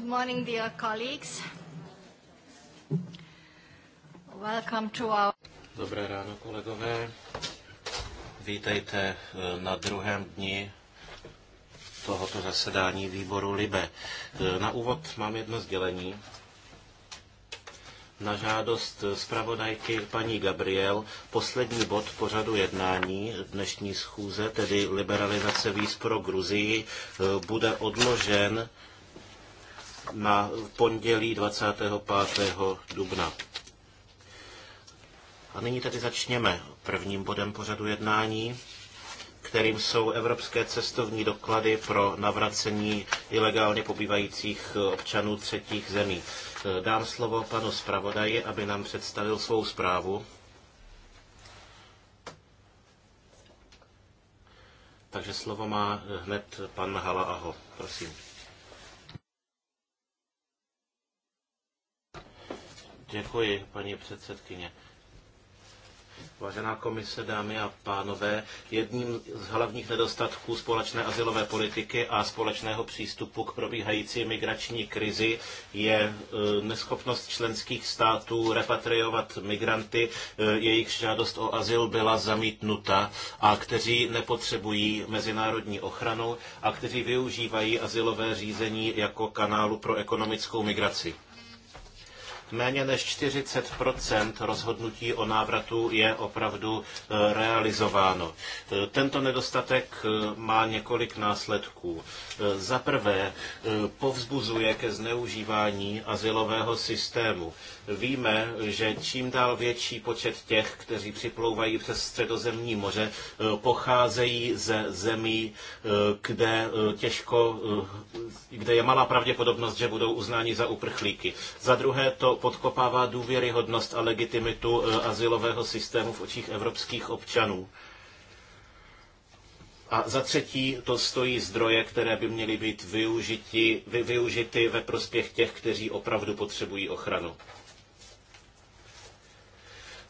Good morning, dear colleagues. Welcome to our... Dobré ráno, kolegové. Vítejte eh, na druhém dni tohoto zasedání výboru LIBE. Eh, na úvod mám jedno sdělení. Na žádost eh, zpravodajky paní Gabriel poslední bod pořadu jednání dnešní schůze, tedy liberalizace výz pro Gruzii, bude odložen na pondělí 25. dubna. A nyní tedy začněme prvním bodem pořadu jednání, kterým jsou evropské cestovní doklady pro navracení ilegálně pobývajících občanů třetích zemí. Dám slovo panu zpravodaji, aby nám představil svou zprávu. Takže slovo má hned pan Hala Aho. Prosím. Děkuji, paní předsedkyně. Vážená komise, dámy a pánové, jedním z hlavních nedostatků společné asilové politiky a společného přístupu k probíhající migrační krizi je e, neschopnost členských států repatriovat migranty, e, jejich žádost o azyl byla zamítnuta a kteří nepotřebují mezinárodní ochranu a kteří využívají asilové řízení jako kanálu pro ekonomickou migraci. Méně než 40 rozhodnutí o návratu je opravdu e, realizováno. E, tento nedostatek e, má několik následků. Za prvé, povzbuzuje ke zneužívání asilového systému. Víme, že čím dál větší počet těch, kteří připlouvají přes středozemní moře, pocházejí ze zemí, kde těžko, kde je malá pravděpodobnost, že budou uznáni za uprchlíky. Za druhé to podkopává důvěryhodnost a legitimitu e, asilového systému v očích evropských občanů. A za třetí to stojí zdroje, které by měly být využiti, vy, využity ve prospěch těch, kteří opravdu potřebují ochranu.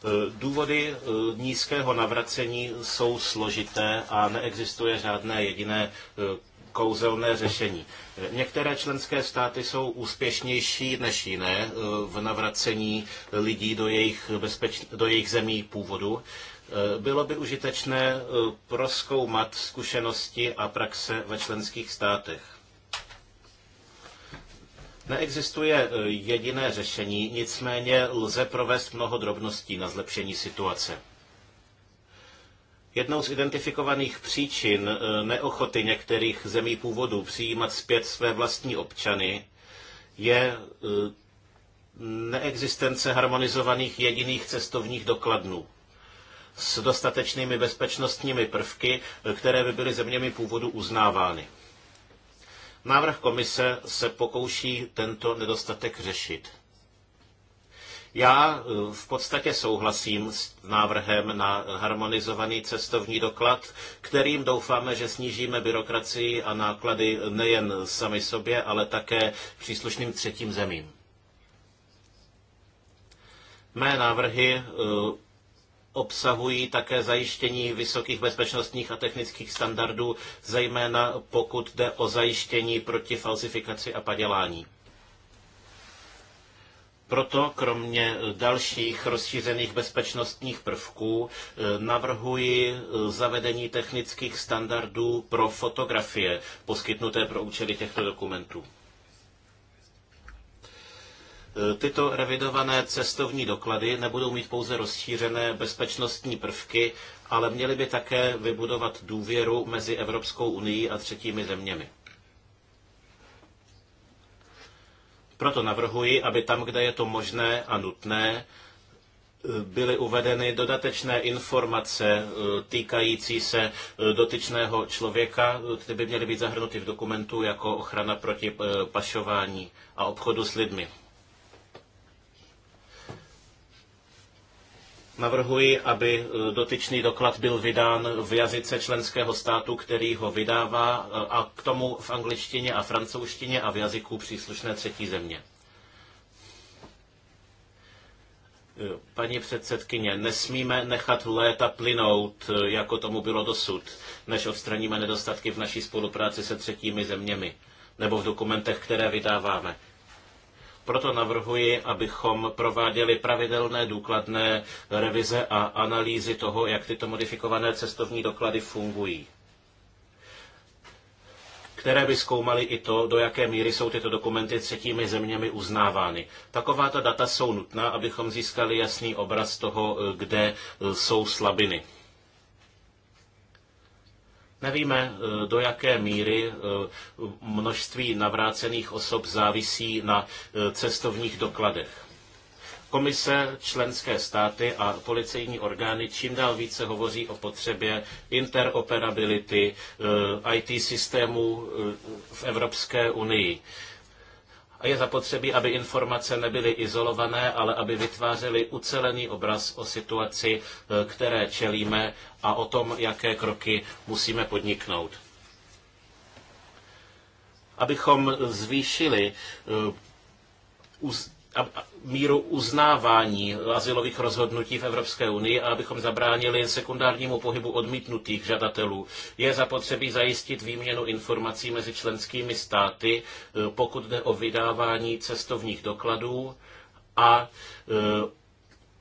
E, důvody e, nízkého navracení jsou složité a neexistuje žádné jediné kouzelné řešení. Některé členské státy jsou úspěšnější než jiné eh, v navracení lidí do jejich, bezpeč... do jejich zemí původu. Eh, bylo by užitečné eh, proskoumat zkušenosti a praxe ve členských státech. Neexistuje jediné řešení, nicméně lze provést mnoho drobností na zlepšení situace. Jednou z identifikovaných příčin eh, neochoty některých zemí původu přijímat zpět své vlastní občany je eh, neexistence harmonizovaných jediných cestovních dokladů s dostatečnými bezpečnostními prvky, eh, které by byly zeměmi původu uznávány. Návrh komise se pokouší tento nedostatek řešit. Já eh, v podstatě souhlasím s návrhem na harmonizovaný cestovní doklad, kterým doufáme, že snížíme byrokracii a náklady nejen sami sobě, ale také příslušným třetím zemím. Mé návrhy eh, obsahují také zajištění vysokých bezpečnostních a technických standardů, zejména pokud jde o zajištění proti falsifikaci a padělání. Proto kromě dalších rozšířených bezpečnostních prvků eh, navrhuji eh, zavedení technických standardů pro fotografie poskytnuté pro účely těchto dokumentů. Eh, tyto revidované cestovní doklady nebudou mít pouze rozšířené bezpečnostní prvky, ale měly by také vybudovat důvěru mezi Evropskou unií a třetími zeměmi. Proto navrhuji, aby tam, kde je to možné a nutné, byly uvedeny dodatečné informace e, týkající se e, dotyčného člověka, které e, by měly být zahrnuty v dokumentu jako ochrana proti pašování a obchodu s lidmi. Navrhuji, aby e, dotyčný doklad byl vydán v jazyce členského státu, který ho vydává, e, a k tomu v angličtině a francouzštině a v jazyku příslušné třetí země. E, paní předsedkyně, nesmíme nechat léta plynout, jako tomu bylo dosud, než odstraníme nedostatky v naší spolupráci se třetími zeměmi nebo v dokumentech, které vydáváme. Proto navrhuji, abychom prováděli pravidelné důkladné revize a analýzy toho, jak tyto modifikované cestovní doklady fungují které by zkoumaly i to, do jaké míry jsou tyto dokumenty třetími zeměmi uznávány. Takováto data jsou nutná, abychom získali jasný obraz toho, kde jsou slabiny. Nevíme, eh, do jaké míry eh, množství navrácených osob závisí na eh, cestovních dokladech. Komise, členské státy a policejní orgány čím dál více hovoří o potřebě interoperability IT systémů v Evropské unii a je zapotřebí, aby informace nebyly izolované, ale aby vytvářely ucelený obraz o situaci, e, které čelíme a o tom, jaké kroky musíme podniknout. Abychom zvýšili e, míru uznávání azylových rozhodnutí v Evropské unii a abychom zabránili sekundárnímu pohybu odmítnutých žadatelů. Je zapotřebí zajistit výměnu informací mezi členskými státy, e, pokud jde o vydávání cestovních dokladů a e,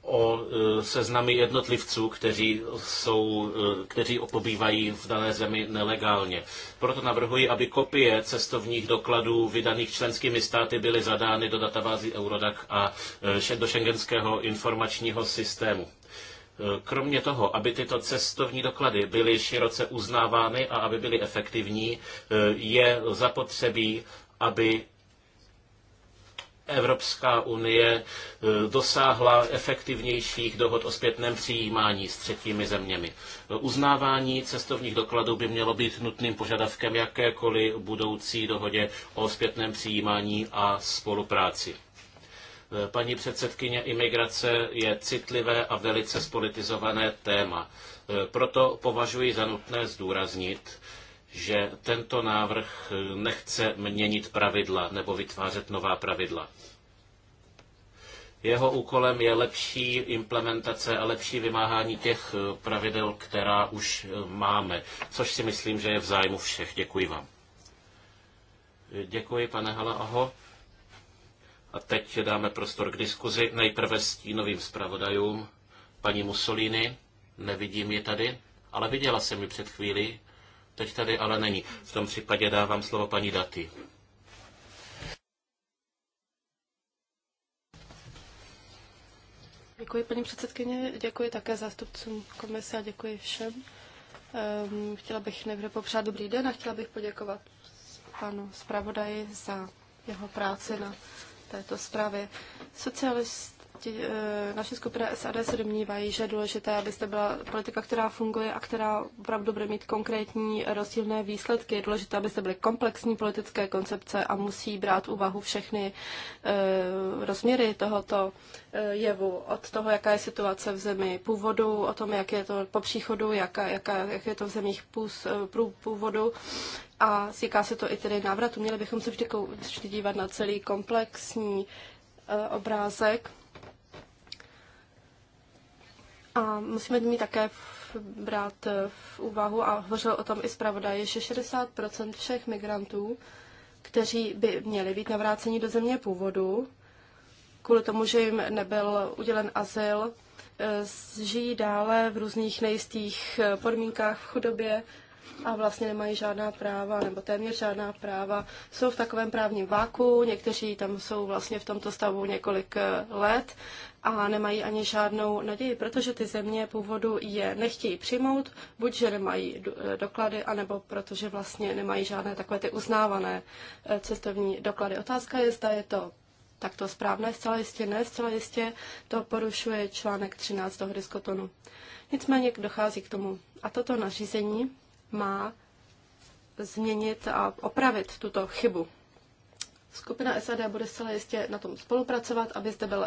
o e, seznamy jednotlivců, kteří, jsou, e, kteří pobývají v dané zemi nelegálně. Proto navrhuji, aby kopie cestovních dokladů vydaných členskými státy byly zadány do databázy Eurodac a e, do šengenského informačního systému. Kromě toho, aby tyto cestovní doklady byly široce uznávány a aby byly efektivní, je zapotřebí, aby Evropská unie e, dosáhla efektivnějších dohod o zpětném přijímání s třetími zeměmi. E, uznávání cestovních dokladů by mělo být nutným požadavkem jakékoliv budoucí dohodě o zpětném přijímání a spolupráci. E, paní předsedkyně, imigrace je citlivé a velice spolitizované téma. Proto považuji za nutné zdůraznit, že tento návrh nechce měnit pravidla nebo vytvářet nová pravidla. Jeho úkolem je lepší implementace a lepší vymáhání těch pravidel, která už máme, což si myslím, že je v zájmu všech. Děkuji vám. Děkuji, pane aho. A teď dáme prostor k diskuzi. Nejprve s stínovým zpravodajům. Paní Mussolini, nevidím je tady, ale viděla jsem ji před chvílí. Teď tady ale není. V tom případě dávám slovo paní Daty. Děkuji, paní předsedkyně, děkuji také zástupcům komise a děkuji všem. Um, chtěla bych nejprve popřát dobrý den a chtěla bych poděkovat panu zpravodaji za jeho práci na této zprávě. Socialist Eh, naše skupina SAD se domnívají, že je důležité, abyste byla politika, která funguje a která opravdu bude mít konkrétní rozdílné výsledky. Je důležité, abyste byly komplexní politické koncepce a musí brát úvahu všechny eh, rozměry tohoto eh, jevu. Od toho, jaká je situace v zemi původu, o tom, jak je to po příchodu, jaká, jaká, jak je to v zemích půs, původu, a zjíká se to i tedy návratu. Měli bychom se vždy, vždy dívat na celý komplexní obrázek. A musíme mít také brát eh, v úvahu, a hovořil o tom i zpravodaj, že 60 všech migrantů, kteří by měli být navráceni do země původu, kvůli tomu, že jim nebyl udělen azyl, eh, žijí dále v různých nejistých eh, podmínkách, v chudobě a vlastně nemají žádná práva, nebo téměř žádná práva. Jsou v takovém právním váku, někteří tam jsou vlastně v tomto stavu několik eh, let a nemají ani žádnou naději, protože ty země původu je nechtějí přijmout, buď že nemají eh, doklady, anebo protože vlastně nemají žádné takové ty uznávané eh, cestovní doklady. Otázka je, zda je to takto správné, zcela jistě ne, zcela jistě to porušuje článek 13 toho diskotonu. Nicméně dochází k tomu. A toto nařízení má změnit a opravit tuto chybu. Skupina SAD bude zcela jistě na tom spolupracovat, aby zde byl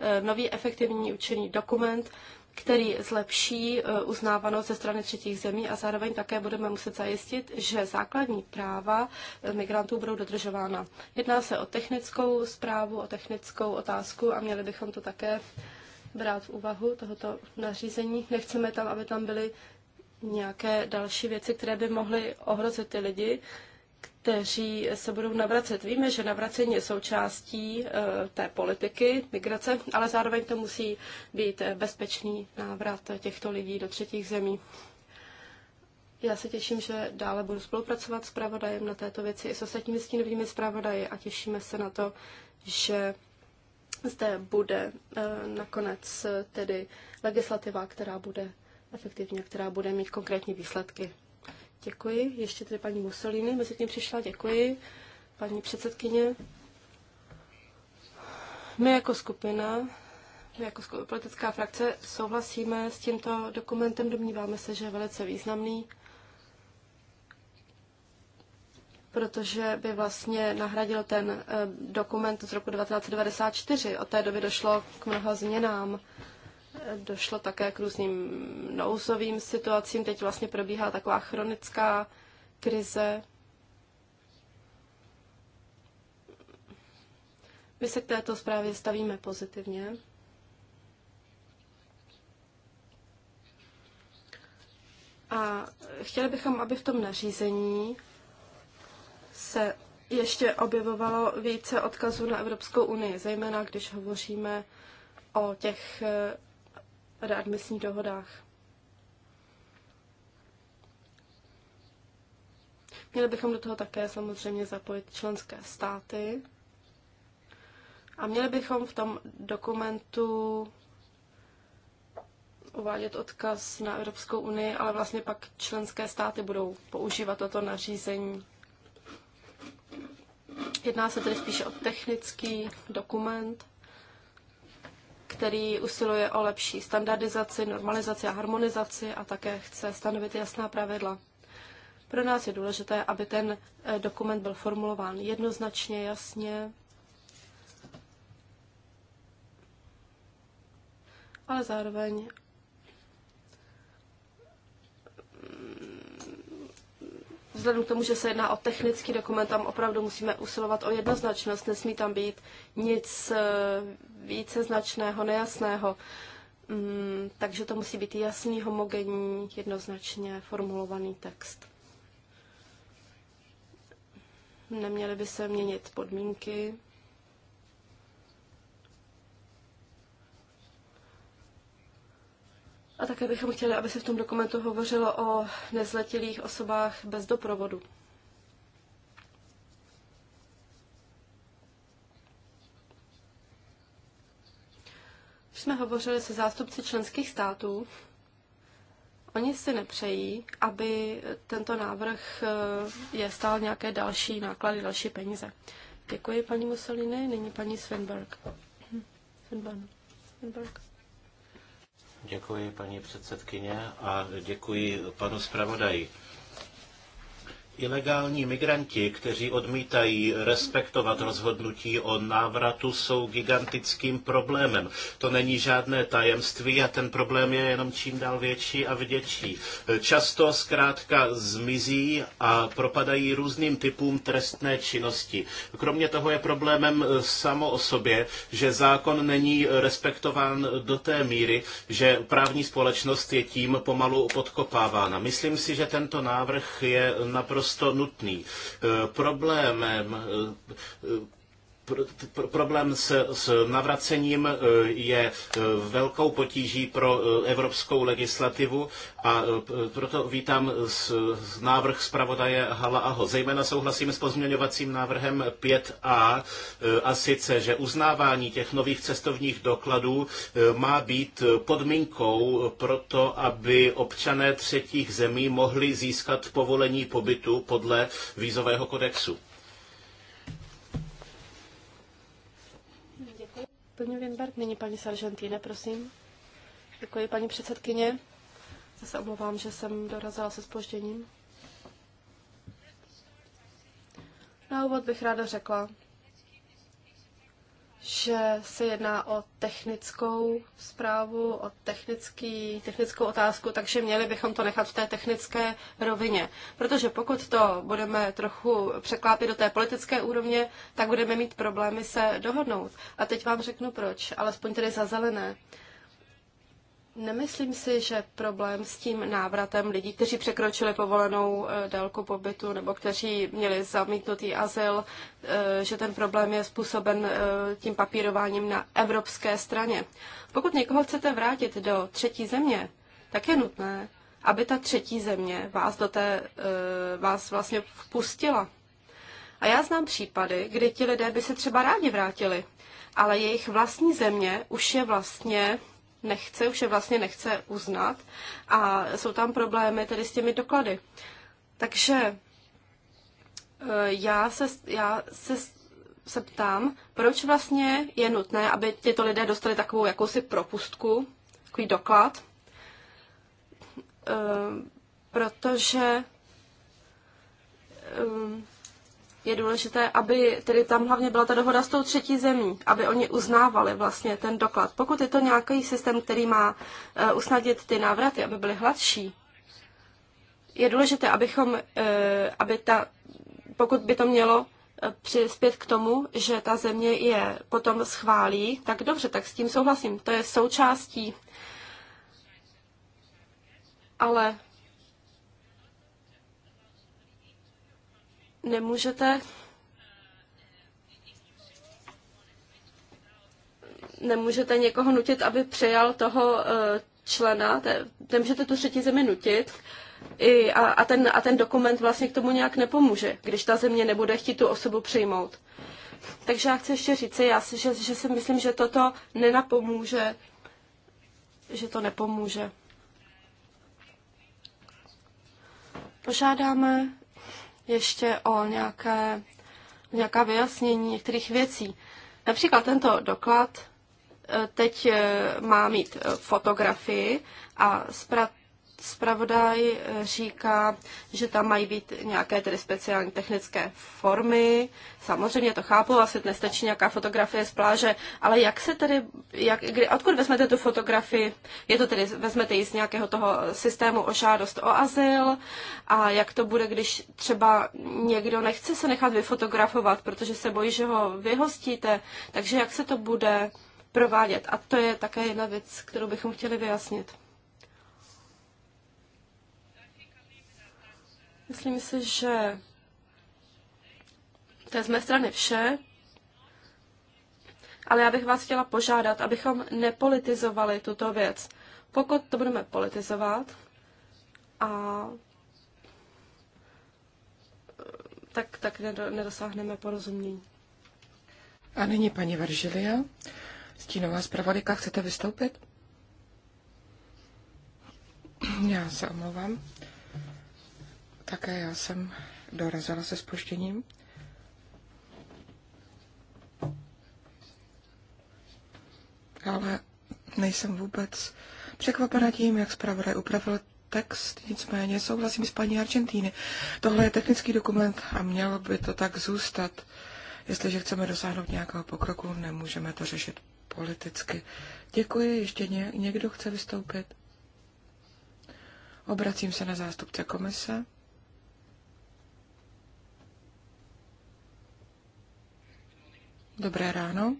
eh, nový efektivní účinný dokument, který zlepší eh, uznávanost ze strany třetích zemí a zároveň také budeme muset zajistit, že základní práva eh, migrantů budou dodržována. Jedná se o technickou zprávu, o technickou otázku a měli bychom to také brát v úvahu tohoto nařízení. Nechceme tam, aby tam byly nějaké další věci, které by mohly ohrozit ty lidi, kteří se budou navracet. Víme, že navracení je součástí eh, té politiky migrace, ale zároveň to musí být bezpečný návrat těchto lidí do třetích zemí. Já se těším, že dále budu spolupracovat s pravodajem na této věci i s ostatními stínovými zpravodaji a těšíme se na to, že zde bude eh, nakonec eh, tedy legislativa, která bude efektivně, která bude mít konkrétní výsledky. Děkuji. Ještě tady paní Mussolini mezi tím přišla. Děkuji. Paní předsedkyně. My jako skupina, my jako politická frakce souhlasíme s tímto dokumentem. Domníváme se, že je velice významný, protože by vlastně nahradil ten eh, dokument z roku 1994. Od té doby došlo k mnoha změnám Došlo také k různým nouzovým situacím. Teď vlastně probíhá taková chronická krize. My se k této zprávě stavíme pozitivně. A chtěli bychom, aby v tom nařízení se ještě objevovalo více odkazů na Evropskou unii, zejména když hovoříme o těch readmisních dohodách. Měli bychom do toho také samozřejmě zapojit členské státy a měli bychom v tom dokumentu uvádět odkaz na Evropskou unii, ale vlastně pak členské státy budou používat toto nařízení. Jedná se tedy spíše o technický dokument, který usiluje o lepší standardizaci, normalizaci a harmonizaci a také chce stanovit jasná pravidla. Pro nás je důležité, aby ten eh, dokument byl formulován jednoznačně, jasně, ale zároveň, Vzhledem k tomu, že se jedná o technický dokument, tam opravdu musíme usilovat o jednoznačnost, nesmí tam být nic eh, více značného, nejasného. Mm, takže to musí být jasný, homogenní, jednoznačně formulovaný text. Neměly by se měnit podmínky A také bychom chtěli, aby se v tom dokumentu hovořilo o nezletilých osobách bez doprovodu. Když jsme hovořili se zástupci členských států, oni si nepřejí, aby tento návrh eh, je stál nějaké další náklady, další peníze. Děkuji paní Mussolini, nyní paní Svenberg. Hm, Svenberg. Svenberg. Děkuji paní předsedkyně a děkuji panu zpravodaji. Ilegální migranti, kteří odmítají respektovat rozhodnutí o návratu, jsou gigantickým problémem. To není žádné tajemství a ten problém je jenom čím dál větší a větší. Často zkrátka zmizí a propadají různým typům trestné činnosti. Kromě toho je problémem samo o sobě, že zákon není respektován do té míry, že právní společnost je tím pomalu podkopávána. Myslím si, že tento návrh je naprosto naprosto nutný. Eh, problémem eh, problém s, s navracením eh, je eh, velkou potíží pro eh, evropskou legislativu a proto vítám z, z návrh zpravodaje Hala Aho. Zejména souhlasím s pozměňovacím návrhem 5a a sice, že uznávání těch nových cestovních dokladů má být podmínkou pro to, aby občané třetích zemí mohli získat povolení pobytu podle vízového kodexu. paní Winberg, nyní paní Sargentine, prosím. Děkuji, paní předsedkyně. Zase se omlouvám, že jsem dorazila se spožděním. Na úvod bych ráda řekla, že se jedná o technickou zprávu, o technický, technickou otázku, takže měli bychom to nechat v té technické rovině. Protože pokud to budeme trochu překlápit do té politické úrovně, tak budeme mít problémy se dohodnout. A teď vám řeknu proč, alespoň tedy za zelené. Nemyslím si, že problém s tím návratem lidí, kteří překročili povolenou eh, délku pobytu nebo kteří měli zamítnutý azyl, eh, že ten problém je způsoben eh, tím papírováním na evropské straně. Pokud někoho chcete vrátit do třetí země, tak je nutné, aby ta třetí země vás do té, vás vlastně vpustila. A já znám případy, kdy ti lidé by se třeba rádi vrátili, ale jejich vlastní země už je vlastně nechce, už je vlastně nechce uznat a jsou tam problémy tedy s těmi doklady. Takže eh, já se, já se, se ptám, proč vlastně je nutné, aby tyto lidé dostali takovou jakousi propustku, takový doklad, eh, protože eh, je důležité, aby tedy tam hlavně byla ta dohoda s tou třetí zemí, aby oni uznávali vlastně ten doklad. Pokud je to nějaký systém, který má eh, usnadnit ty návraty, aby byly hladší, je důležité, abychom, eh, aby ta, pokud by to mělo eh, přispět k tomu, že ta země je potom schválí, tak dobře, tak s tím souhlasím. To je součástí. Ale nemůžete nemůžete někoho nutit, aby přijal toho eh, člena, nemůžete tu třetí zemi nutit i, a, a, ten, a ten dokument vlastně k tomu nějak nepomůže, když ta země nebude chtít tu osobu přijmout. Takže já chci ještě říct, já si, že, že si myslím, že toto nenapomůže, že to nepomůže. Požádáme ještě o nějaké, nějaká vyjasnění některých věcí. Například tento doklad eh, teď eh, má mít eh, fotografii a Spravodaj eh, říká, že tam mají být nějaké tedy speciální technické formy. Samozřejmě to chápu, asi nestačí nějaká fotografie z pláže, ale jak se tedy, jak, kdy, odkud vezmete tu fotografii? Je to tedy, vezmete ji z nějakého toho systému o žádost o azyl a jak to bude, když třeba někdo nechce se nechat vyfotografovat, protože se bojí, že ho vyhostíte, takže jak se to bude provádět? A to je také jedna věc, kterou bychom chtěli vyjasnit. Myslím si, že to je z mé strany vše, ale já bych vás chtěla požádat, abychom nepolitizovali tuto věc. Pokud to budeme politizovat a tak, tak nedosáhneme porozumění. A nyní paní Veržilia, stínová zpravodajka, chcete vystoupit? Já se omlouvám. Také já jsem dorazila se spuštěním. Ale nejsem vůbec překvapena tím, jak zpravodaj upravil text, nicméně souhlasím s paní Argentíny. Tohle je technický dokument a mělo by to tak zůstat. Jestliže chceme dosáhnout nějakého pokroku, nemůžeme to řešit politicky. Děkuji, ještě ně, někdo chce vystoupit? Obracím se na zástupce komise. Dobré ráno.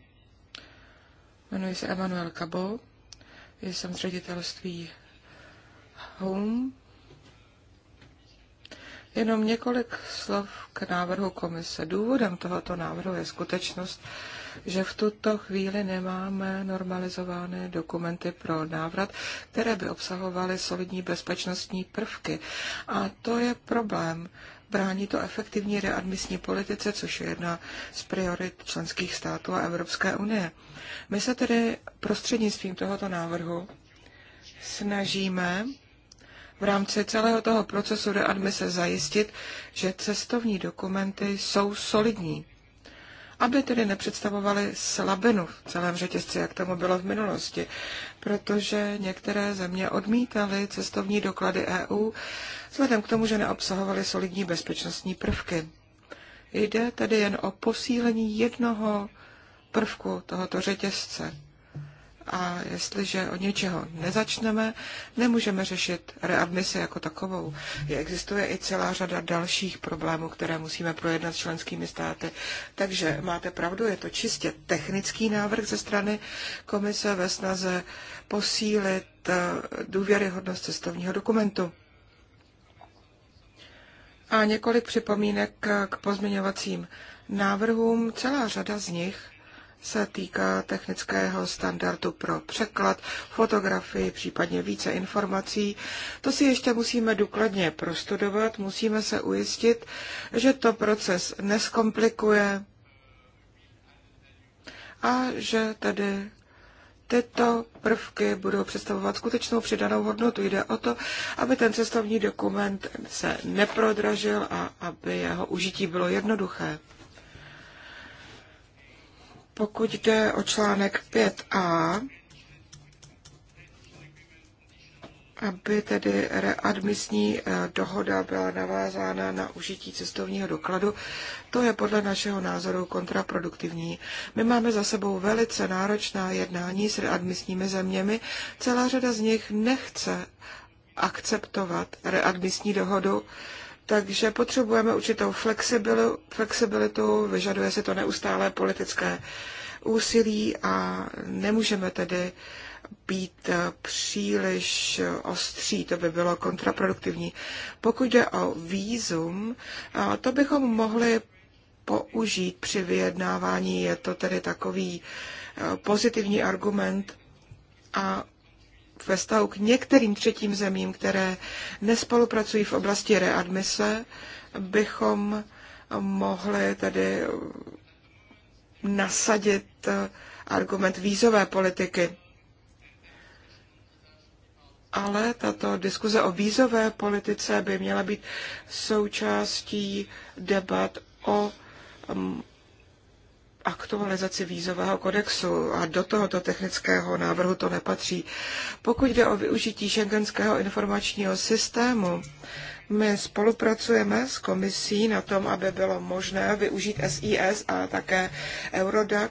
Jmenuji se Emanuel Kabo. Jsem z ředitelství Home. Jenom několik slov k návrhu komise. Důvodem tohoto návrhu je skutečnost, že v tuto chvíli nemáme normalizované dokumenty pro návrat, které by obsahovaly solidní bezpečnostní prvky. A to je problém. Brání to efektivní readmisní politice, což je jedna z priorit členských států a Evropské unie. My se tedy prostřednictvím tohoto návrhu snažíme v rámci celého toho procesu readmise zajistit, že cestovní dokumenty jsou solidní aby tedy nepředstavovaly slabinu v celém řetězci, jak tomu bylo v minulosti, protože některé země odmítaly cestovní doklady EU vzhledem k tomu, že neobsahovaly solidní bezpečnostní prvky. Jde tedy jen o posílení jednoho prvku tohoto řetězce a jestliže od něčeho nezačneme, nemůžeme řešit readmisi jako takovou. Existuje i celá řada dalších problémů, které musíme projednat s členskými státy. Takže máte pravdu, je to čistě technický návrh ze strany komise ve snaze posílit eh, důvěryhodnost cestovního dokumentu. A několik připomínek k pozměňovacím návrhům. Celá řada z nich se týká technického standardu pro překlad, fotografii, případně více informací. To si ještě musíme důkladně prostudovat, musíme se ujistit, že to proces neskomplikuje a že tedy tyto prvky budou představovat skutečnou přidanou hodnotu. Jde o to, aby ten cestovní dokument se neprodražil a aby jeho užití bylo jednoduché. Pokud jde o článek 5a, aby tedy readmisní eh, dohoda byla navázána na užití cestovního dokladu, to je podle našeho názoru kontraproduktivní. My máme za sebou velice náročná jednání s readmisními zeměmi. Celá řada z nich nechce akceptovat readmisní dohodu takže potřebujeme určitou flexibilitu, vyžaduje se to neustálé politické úsilí a nemůžeme tedy být eh, příliš eh, ostří, to by bylo kontraproduktivní. Pokud jde o výzum, eh, to bychom mohli použít při vyjednávání, je to tedy takový pozitivní argument a ve vztahu k některým třetím zemím, které nespolupracují v oblasti readmise, bychom mohli tedy nasadit eh, argument vízové politiky. Ale tato diskuze o vízové politice by měla být součástí debat o mm, aktualizaci vízového kodexu a do tohoto technického návrhu to nepatří. Pokud jde o využití šengenského informačního systému, my spolupracujeme s komisí na tom, aby bylo možné využít SIS a také Eurodac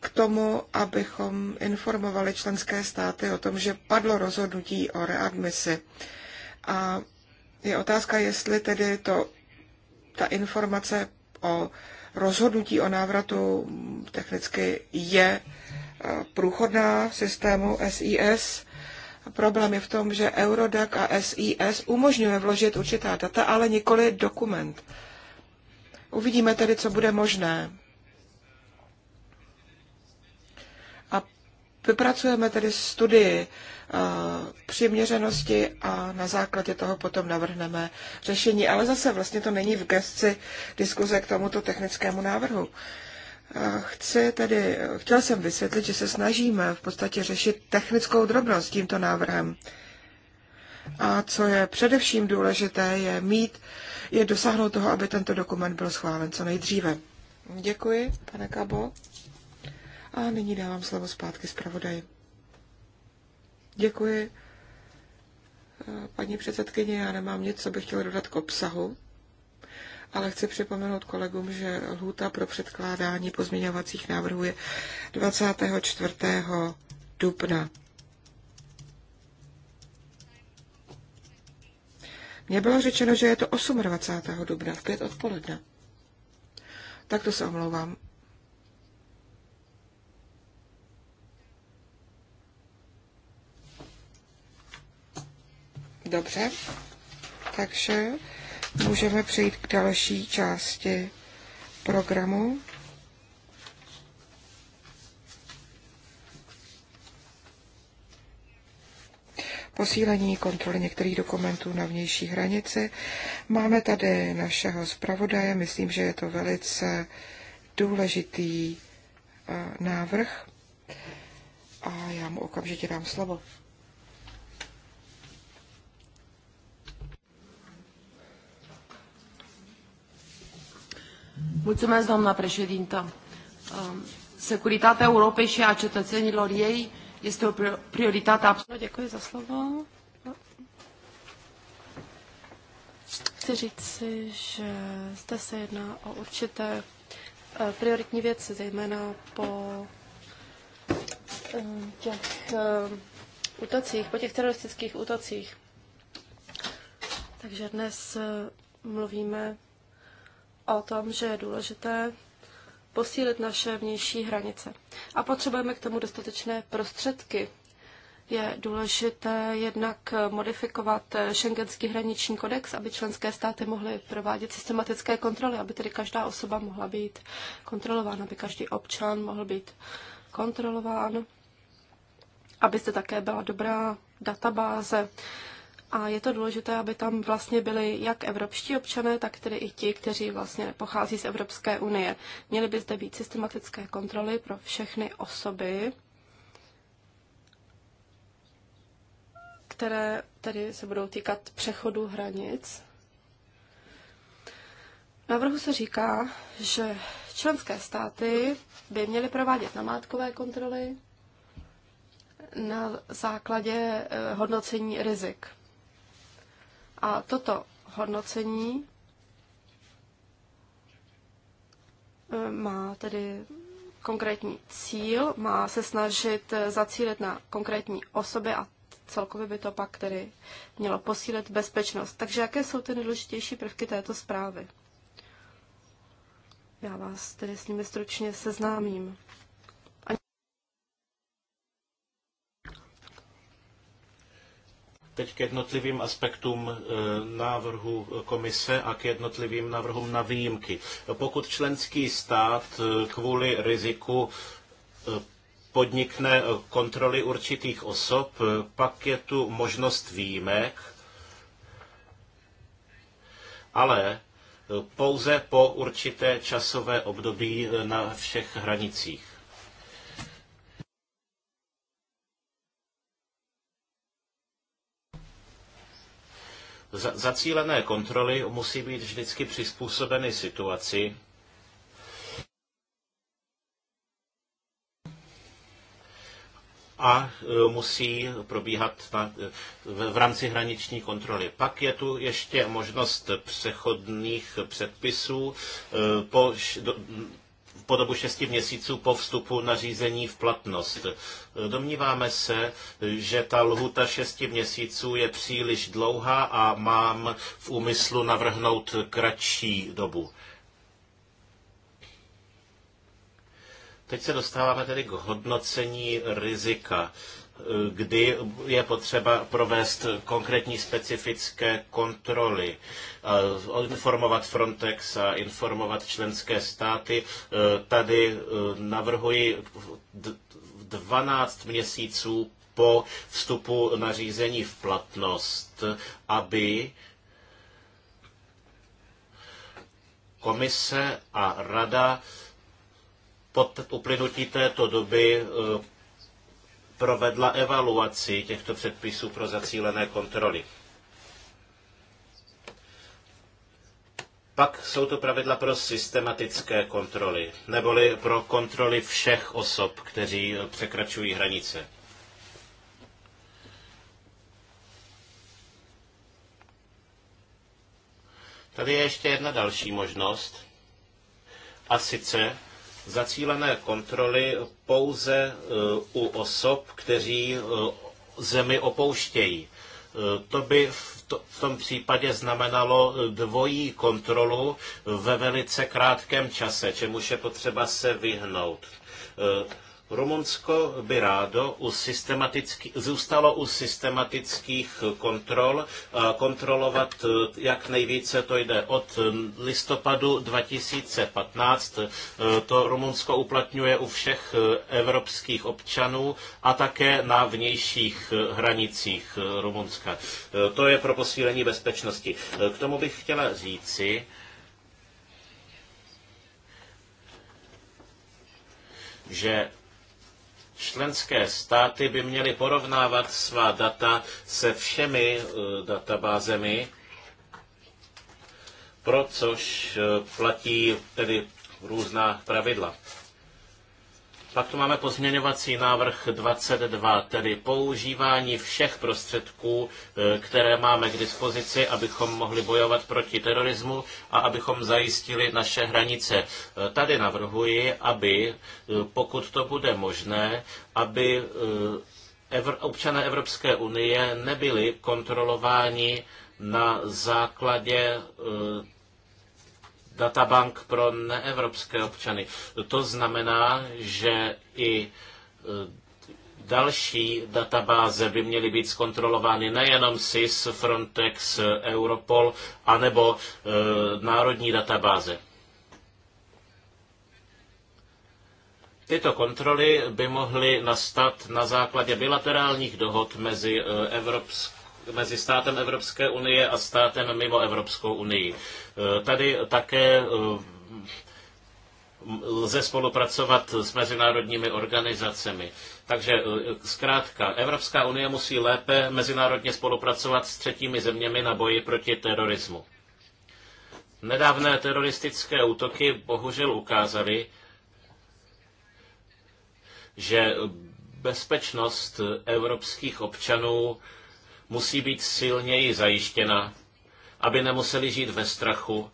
k tomu, abychom informovali členské státy o tom, že padlo rozhodnutí o readmisi. A je otázka, jestli tedy to, ta informace o rozhodnutí o návratu technicky je eh, průchodná v systému SIS. Problém je v tom, že Eurodac a SIS umožňuje vložit určitá data, ale nikoli dokument. Uvidíme tedy, co bude možné. A vypracujeme tedy studii Eh, přiměřenosti a na základě toho potom navrhneme řešení. Ale zase vlastně to není v gesci diskuze k tomuto technickému návrhu. Eh, chci tedy, chtěl jsem vysvětlit, že se snažíme v podstatě řešit technickou drobnost tímto návrhem. A co je především důležité, je mít, je dosáhnout toho, aby tento dokument byl schválen co nejdříve. Děkuji, pane Kabo. A nyní dávám slovo zpátky zpravodaji. Děkuji. Paní předsedkyně, já nemám nic, co bych chtěl dodat k obsahu, ale chci připomenout kolegům, že lhůta pro předkládání pozměňovacích návrhů je 24. dubna. Mně bylo řečeno, že je to 28. dubna v pět odpoledne. Tak to se omlouvám. Dobře, takže můžeme přejít k další části programu. Posílení kontroly některých dokumentů na vnější hranici. Máme tady našeho zpravodaje, myslím, že je to velice důležitý eh, návrh a já mu okamžitě dám slovo. Mulțumesc, doamna președintă. Um, securitatea Europei și a cetățenilor ei este o prioritate absolută. No, děkuji za slovo. Chci říci, že zde se jedná o určité eh, prioritní věci, zejména po eh, těch eh, útocích, po těch teroristických útocích. Takže dnes mluvíme o tom, že je důležité posílit naše vnější hranice. A potřebujeme k tomu dostatečné prostředky. Je důležité jednak modifikovat šengenský hraniční kodex, aby členské státy mohly provádět systematické kontroly, aby tedy každá osoba mohla být kontrolována, aby každý občan mohl být kontrolován, aby zde také byla dobrá databáze a je to důležité, aby tam vlastně byli jak evropští občané, tak tedy i ti, kteří vlastně pochází z Evropské unie. Měly by zde být systematické kontroly pro všechny osoby, které tedy se budou týkat přechodu hranic. V se říká, že členské státy by měly provádět namátkové kontroly na základě eh, hodnocení rizik. A toto hodnocení eh, má tedy konkrétní cíl, má se snažit eh, zacílit na konkrétní osoby a celkově by to pak tedy mělo posílit bezpečnost. Takže jaké jsou ty nejdůležitější prvky této zprávy? Já vás tedy s nimi stručně seznámím. Teď k jednotlivým aspektům e, návrhu komise a k jednotlivým návrhům na výjimky. Pokud členský stát e, kvůli riziku e, podnikne kontroly určitých osob, pak je tu možnost výjimek, ale pouze po určité časové období na všech hranicích. Zacílené kontroly musí být vždycky přizpůsobeny situaci, a e, musí probíhat na, v, v rámci hraniční kontroly. Pak je tu ještě možnost přechodných předpisů e, po, do, po dobu šesti měsíců po vstupu nařízení v platnost. Domníváme se, že ta lhuta šesti měsíců je příliš dlouhá a mám v úmyslu navrhnout kratší dobu. Teď se dostáváme tedy k hodnocení rizika kdy je potřeba provést konkrétní specifické kontroly, eh, informovat Frontex a informovat členské státy. Eh, tady eh, navrhuji 12 měsíců po vstupu nařízení v platnost, aby komise a rada po uplynutí této doby provedla evaluaci těchto předpisů pro zacílené kontroly. Pak jsou to pravidla pro systematické kontroly, neboli pro kontroly všech osob, kteří překračují hranice. Tady je ještě jedna další možnost, a sice zacílené kontroly pouze eh, u osob, kteří eh, zemi opouštějí. Eh, to by v tom případě znamenalo dvojí kontrolu ve velice krátkém čase, čemuž je potřeba se vyhnout. Rumunsko by rádo u zůstalo u systematických kontrol, kontrolovat, e, jak nejvíce to jde. Od listopadu 2015 e, to Rumunsko uplatňuje u všech e, evropských občanů a také na vnějších hranicích Rumunska. To je pro posílení bezpečnosti. K tomu bych chtěla říci, že Členské státy by měly porovnávat svá data se všemi eh, databázemi, pro což eh, platí tedy různá pravidla. Pak tu máme pozměňovací návrh 22, tedy používání všech prostředků, eh, které máme k dispozici, abychom mohli bojovat proti terorismu a abychom zajistili naše hranice. Eh, tady navrhuji, aby, eh, pokud to bude možné, aby občané Evropské unie nebyli kontrolováni na základě databank pro neevropské občany. To znamená, že i e, další databáze by měly být zkontrolovány nejenom SIS, Frontex, Europol, anebo e, národní databáze. Tyto kontroly by mohly nastat na základě bilaterálních dohod mezi, e, Evropsk- mezi státem Evropské unie a státem mimo Evropskou unii. Eh, tady také eh, lze spolupracovat s mezinárodními organizacemi. Takže eh, zkrátka, Evropská unie musí lépe mezinárodně spolupracovat s třetími zeměmi na boji proti terorismu. Nedávné teroristické útoky bohužel ukázaly, že bezpečnost evropských občanů musí být silněji zajištěna aby nemuseli žít ve strachu,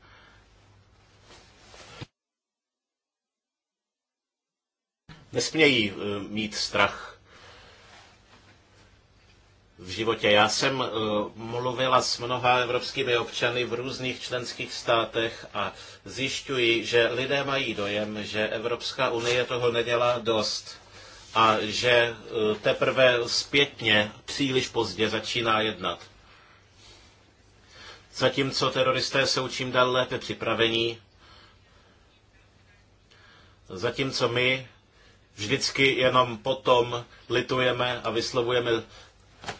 nesmějí eh, mít strach v životě. Já jsem eh, mluvila s mnoha evropskými občany v různých členských státech a zjišťuji, že lidé mají dojem, že Evropská unie toho nedělá dost a že eh, teprve zpětně příliš pozdě začíná jednat zatímco teroristé jsou čím dál lépe připravení, zatímco my vždycky jenom potom litujeme a vyslovujeme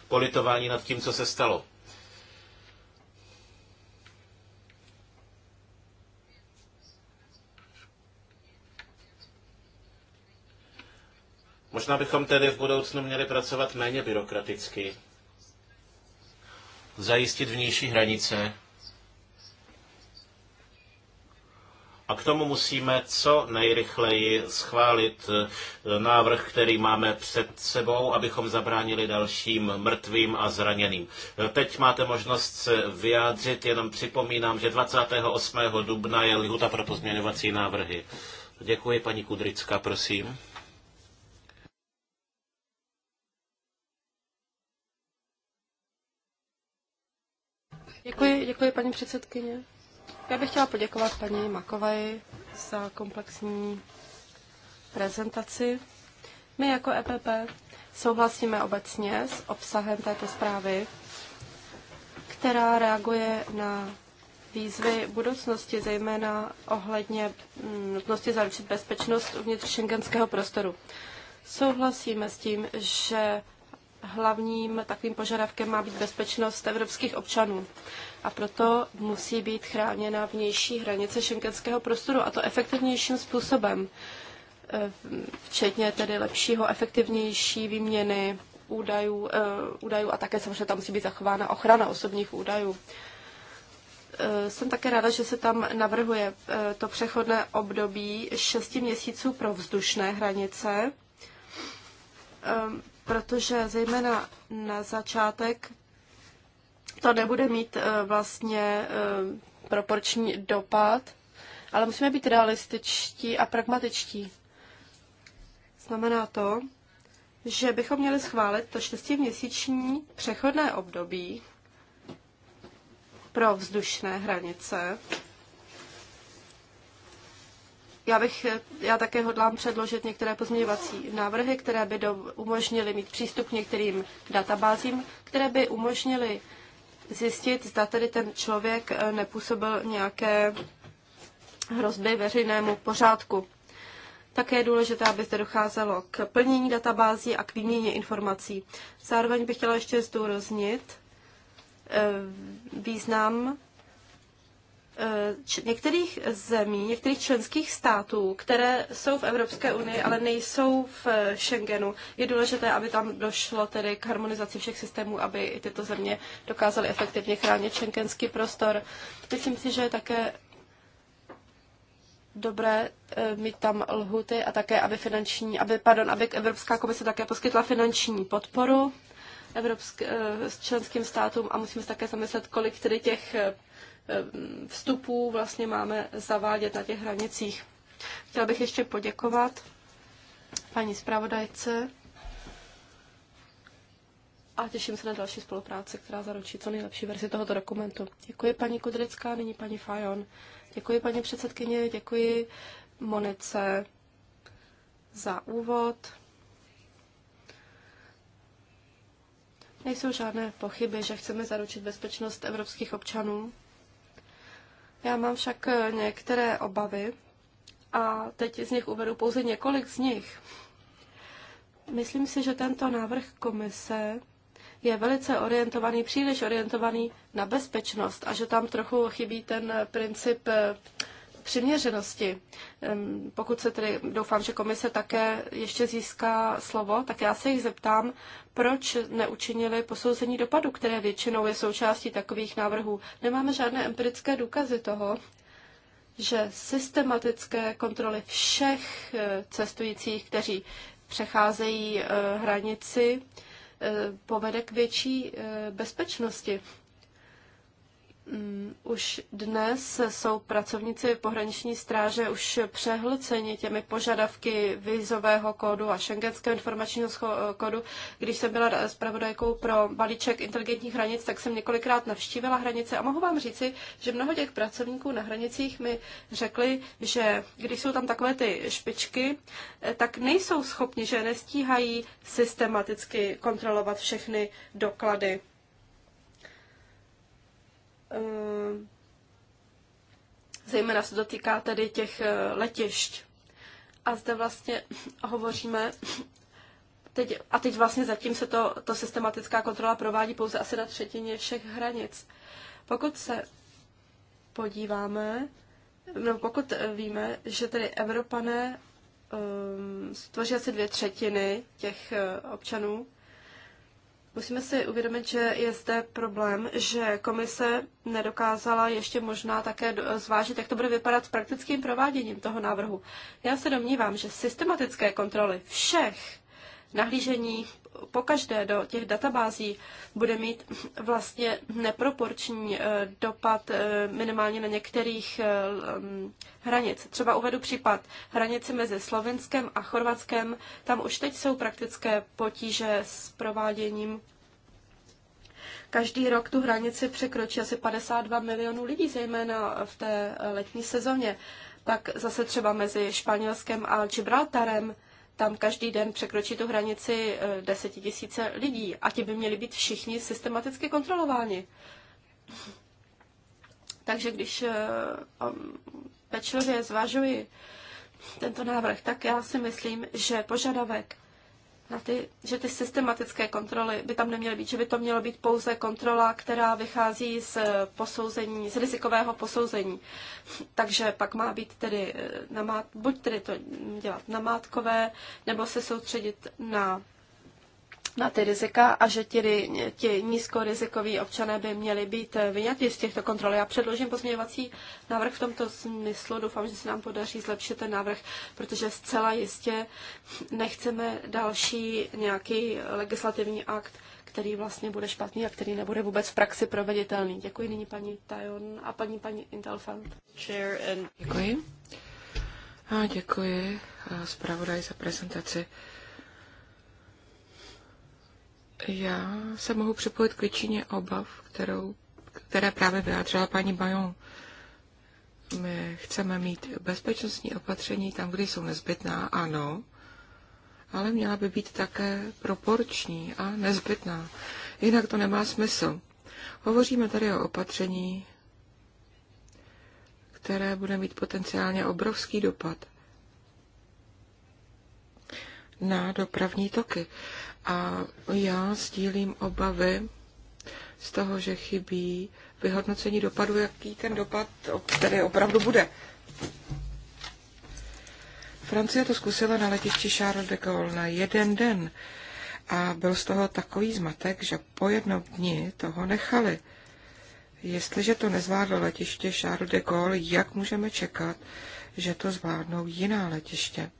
politování nad tím, co se stalo. Možná bychom tedy v budoucnu měli pracovat méně byrokraticky zajistit vnější hranice. A k tomu musíme co nejrychleji schválit eh, návrh, který máme před sebou, abychom zabránili dalším mrtvým a zraněným. Eh, teď máte možnost se vyjádřit, jenom připomínám, že 28. dubna je lhuta pro pozměňovací návrhy. Děkuji, paní Kudrická, prosím. předsedkyně. Já bych chtěla poděkovat paní Makovaji za komplexní prezentaci. My jako EPP souhlasíme obecně s obsahem této zprávy, která reaguje na výzvy budoucnosti, zejména ohledně mm, nutnosti zaručit bezpečnost uvnitř šengenského prostoru. Souhlasíme s tím, že hlavním takovým požadavkem má být bezpečnost evropských občanů. A proto musí být chráněna vnější hranice šenkenského prostoru a to efektivnějším způsobem, eh, včetně tedy lepšího, efektivnější výměny údajů, eh, údajů a také samozřejmě tam musí být zachována ochrana osobních údajů. Eh, jsem také ráda, že se tam navrhuje to přechodné období 6 měsíců pro vzdušné hranice ehm, protože zejména na začátek to nebude mít eh, vlastně eh, proporční dopad, ale musíme být realističtí a pragmatičtí. Znamená to, že bychom měli schválit to šestiměsíční přechodné období pro vzdušné hranice, já, bych, já také hodlám předložit některé pozměňovací návrhy, které by do, umožnily mít přístup k některým databázím, které by umožnily zjistit, zda tedy ten člověk eh, nepůsobil nějaké hrozby veřejnému pořádku. Také je důležité, aby zde docházelo k plnění databází a k výměně informací. Zároveň bych chtěla ještě zdůraznit eh, význam některých zemí, některých členských států, které jsou v Evropské unii, ale nejsou v eh, Schengenu. Je důležité, aby tam došlo tedy k harmonizaci všech systémů, aby i tyto země dokázaly efektivně chránit šengenský prostor. Myslím si, že je také dobré eh, mít tam lhuty a také, aby finanční, aby, pardon, aby Evropská komise také poskytla finanční podporu evropsk, eh, členským státům a musíme se také zamyslet, kolik tedy těch Eh, vstupů vlastně máme zavádět na těch hranicích. Chtěla bych ještě poděkovat paní zpravodajce a těším se na další spolupráci, která zaručí co nejlepší verzi tohoto dokumentu. Děkuji paní Kudrická, nyní paní Fajon. Děkuji paní předsedkyně, děkuji Monice za úvod. Nejsou žádné pochyby, že chceme zaručit bezpečnost evropských občanů já mám však eh, některé obavy a teď z nich uvedu pouze několik z nich. Myslím si, že tento návrh komise je velice orientovaný, příliš orientovaný na bezpečnost a že tam trochu chybí ten princip eh, přiměřenosti. Pokud se tedy, doufám, že komise také ještě získá slovo, tak já se jich zeptám, proč neučinili posouzení dopadu, které většinou je součástí takových návrhů. Nemáme žádné empirické důkazy toho, že systematické kontroly všech eh, cestujících, kteří přecházejí eh, hranici, eh, povede k větší bezpečnosti. Mm, už dnes jsou pracovníci pohraniční stráže už přehlceni těmi požadavky vizového kódu a šengenského informačního eh, kódu. Když jsem byla zpravodajkou pro balíček inteligentních hranic, tak jsem několikrát navštívila hranice a mohu vám říci, že mnoho těch pracovníků na hranicích mi řekli, že když jsou tam takové ty špičky, eh, tak nejsou schopni, že nestíhají systematicky kontrolovat všechny doklady Eh, zejména se dotýká tedy těch eh, letišť. A zde vlastně hovoříme teď, a teď vlastně zatím se to, to systematická kontrola provádí pouze asi na třetině všech hranic. Pokud se podíváme, no pokud víme, že tedy Evropané um, ehm, stvoří asi dvě třetiny těch eh, občanů, Musíme si uvědomit, že je zde problém, že komise nedokázala ještě možná také zvážit, jak to bude vypadat s praktickým prováděním toho návrhu. Já se domnívám, že systematické kontroly všech nahlížení pokaždé do těch databází bude mít vlastně neproporční eh, dopad eh, minimálně na některých eh, mm, hranic. Třeba uvedu případ hranice mezi Slovenskem a Chorvatskem. Tam už teď jsou praktické potíže s prováděním Každý rok tu hranici překročí asi 52 milionů lidí, zejména v té letní sezóně. Tak zase třeba mezi Španělskem a Gibraltarem tam každý den překročí tu hranici eh, desetitisíce lidí a ti by měli být všichni systematicky kontrolováni. Takže když eh, um, pečlivě zvažuji tento návrh, tak já si myslím, že požadavek na ty, že ty systematické kontroly by tam neměly být, že by to mělo být pouze kontrola, která vychází z posouzení, z rizikového posouzení. Takže pak má být tedy, eh, namát, buď tedy to dělat namátkové, nebo se soustředit na na ty rizika a že ti, ti nízkorizikoví občané by měli být vyňati z těchto kontrol. Já předložím pozměňovací návrh v tomto smyslu. Doufám, že se nám podaří zlepšit ten návrh, protože zcela jistě nechceme další nějaký legislativní akt, který vlastně bude špatný a který nebude vůbec v praxi proveditelný. Děkuji nyní paní Tajon a paní paní Intelfant. Děkuji. A děkuji eh, zpravodaj za prezentaci. Já se mohu připojit k většině obav, kterou, které právě vyjádřila paní Bajon. My chceme mít bezpečnostní opatření tam, kde jsou nezbytná, ano, ale měla by být také proporční a nezbytná. Jinak to nemá smysl. Hovoříme tady o opatření, které bude mít potenciálně obrovský dopad na dopravní toky. A já sdílím obavy z toho, že chybí vyhodnocení dopadu, jaký ten dopad tedy opravdu bude. Francie to zkusila na letišti Charles de Gaulle na jeden den a byl z toho takový zmatek, že po jednom dni toho nechali. Jestliže to nezvládlo letiště Charles de Gaulle, jak můžeme čekat, že to zvládnou jiná letiště?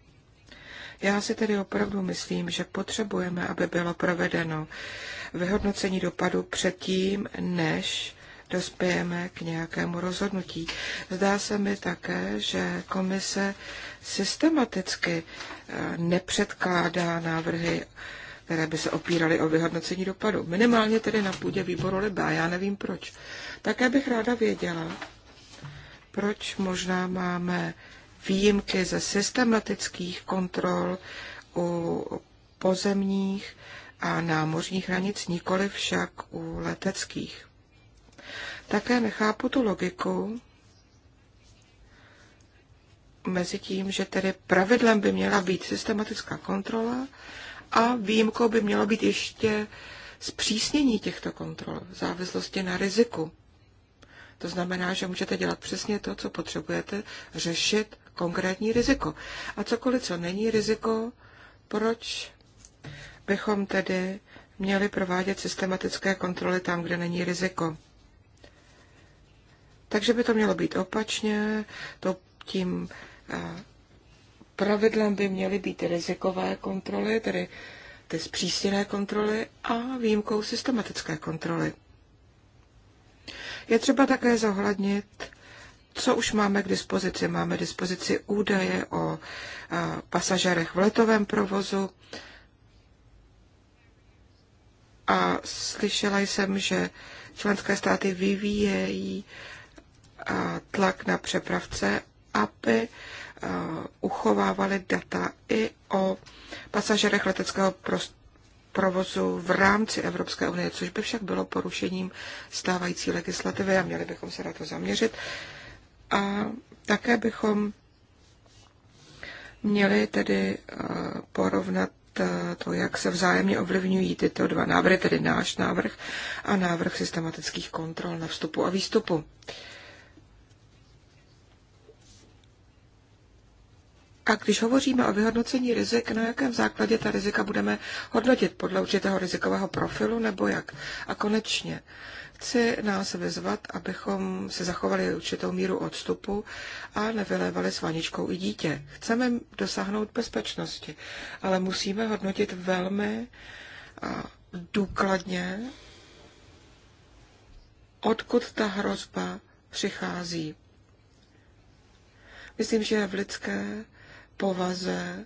Já si tedy opravdu myslím, že potřebujeme, aby bylo provedeno vyhodnocení dopadu předtím, než dospějeme k nějakému rozhodnutí. Zdá se mi také, že komise systematicky eh, nepředkládá návrhy, které by se opíraly o vyhodnocení dopadu. Minimálně tedy na půdě výboru Liba, já nevím proč. Také bych ráda věděla, proč možná máme výjimky ze systematických kontrol u pozemních a námořních hranic, nikoli však u leteckých. Také nechápu tu logiku mezi tím, že tedy pravidlem by měla být systematická kontrola a výjimkou by mělo být ještě zpřísnění těchto kontrol v závislosti na riziku. To znamená, že můžete dělat přesně to, co potřebujete, řešit konkrétní riziko. A cokoliv, co není riziko, proč bychom tedy měli provádět systematické kontroly tam, kde není riziko? Takže by to mělo být opačně, to tím eh, pravidlem by měly být rizikové kontroly, tedy ty zpřísněné kontroly a výjimkou systematické kontroly. Je třeba také zohlednit co už máme k dispozici? Máme k dispozici údaje o pasažerech v letovém provozu. A slyšela jsem, že členské státy vyvíjejí tlak na přepravce, aby uchovávali data i o pasažerech leteckého provozu v rámci Evropské unie, což by však bylo porušením stávající legislativy a měli bychom se na to zaměřit. A také bychom měli tedy eh, porovnat eh, to, jak se vzájemně ovlivňují tyto dva návrhy, tedy náš návrh a návrh systematických kontrol na vstupu a výstupu. A když hovoříme o vyhodnocení rizik, na jakém základě ta rizika budeme hodnotit? Podle určitého rizikového profilu nebo jak? A konečně, chci nás vyzvat, abychom si zachovali určitou míru odstupu a nevylévali s vaničkou i dítě. Chceme dosáhnout bezpečnosti, ale musíme hodnotit velmi důkladně, odkud ta hrozba přichází. Myslím, že v lidské povaze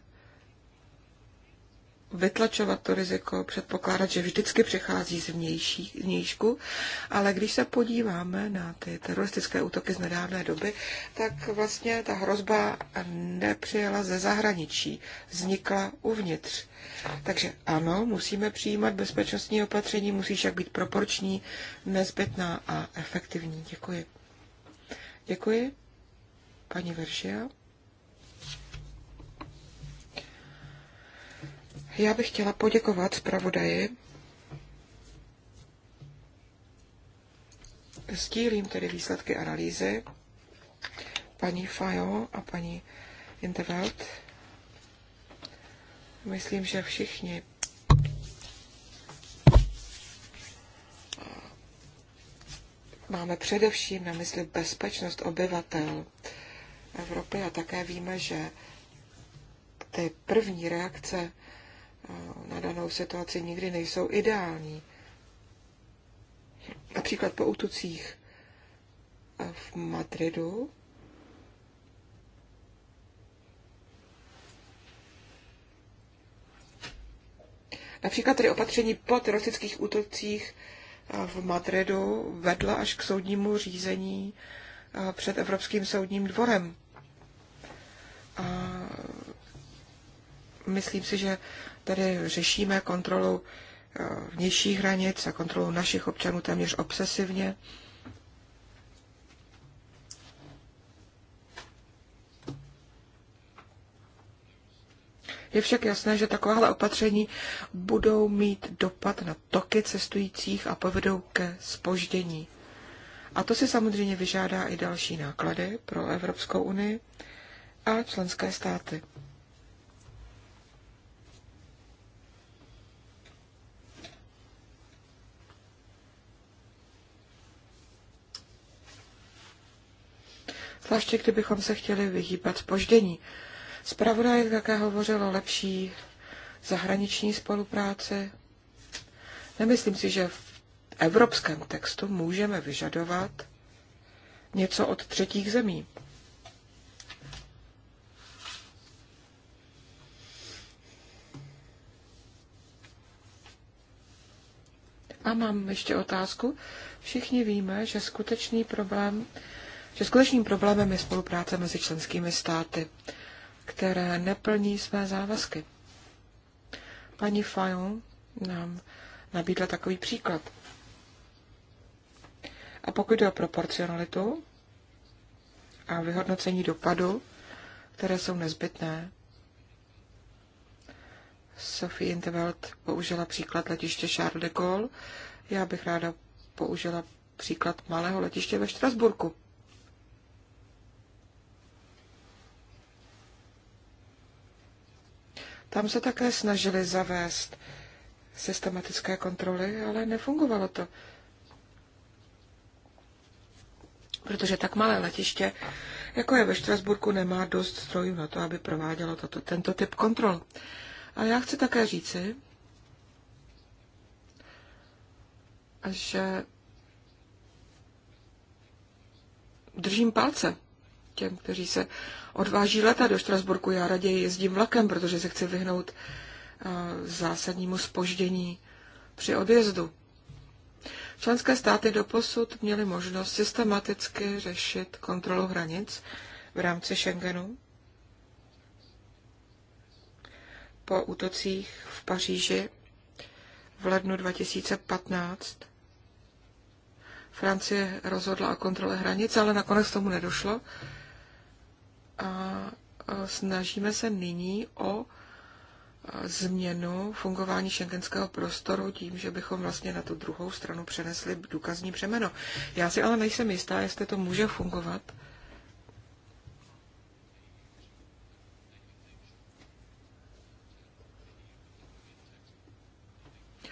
vytlačovat to riziko, předpokládat, že vždycky přichází z vnější, vnějšku, ale když se podíváme na ty teroristické útoky z nedávné doby, tak vlastně ta hrozba nepřijela ze zahraničí, vznikla uvnitř. Takže ano, musíme přijímat bezpečnostní opatření, musí však být proporční, nezbytná a efektivní. Děkuji. Děkuji. Paní Veršia. Já bych chtěla poděkovat zpravodaji. Sdílím tedy výsledky analýzy paní Fajo a paní Intervelt. Myslím, že všichni máme především na mysli bezpečnost obyvatel Evropy a také víme, že ty první reakce Eh, na danou situaci nikdy nejsou ideální. Například po útocích eh, v Madridu Například tedy opatření po teroristických útocích eh, v Madridu vedla až k soudnímu řízení před Evropským soudním dvorem. A myslím si, že tedy řešíme kontrolu eh, vnějších hranic a kontrolu našich občanů téměř obsesivně. Je však jasné, že takováhle opatření budou mít dopad na toky cestujících a povedou ke spoždění. A to si samozřejmě vyžádá i další náklady pro Evropskou unii a členské státy. zvláště kdybychom se chtěli vyhýbat poždění. Zpravodaj také hovořil o lepší zahraniční spolupráci. Nemyslím si, že v evropském textu můžeme vyžadovat něco od třetích zemí. A mám ještě otázku. Všichni víme, že skutečný problém že skutečným problémem je spolupráce mezi členskými státy, které neplní své závazky. Paní Fajon nám nabídla takový příklad. A pokud jde o proporcionalitu a vyhodnocení dopadu, které jsou nezbytné, Sophie Intervelt použila příklad letiště Charles de Gaulle. Já bych ráda použila příklad malého letiště ve Štrasburku. Tam se také snažili zavést systematické kontroly, ale nefungovalo to. Protože tak malé letiště, jako je ve Štrasburku, nemá dost strojů na to, aby provádělo toto tento typ kontrol. A já chci také říci, že držím palce těm, kteří se odváží leta do Štrasburku. Já raději jezdím vlakem, protože se chci vyhnout eh, zásadnímu spoždění při odjezdu. Členské státy doposud měly možnost systematicky řešit kontrolu hranic v rámci Schengenu. Po útocích v Paříži v lednu 2015 Francie rozhodla o kontrole hranic, ale nakonec tomu nedošlo a snažíme se nyní o změnu fungování šengenského prostoru tím, že bychom vlastně na tu druhou stranu přenesli důkazní břemeno. Já si ale nejsem jistá, jestli to může fungovat.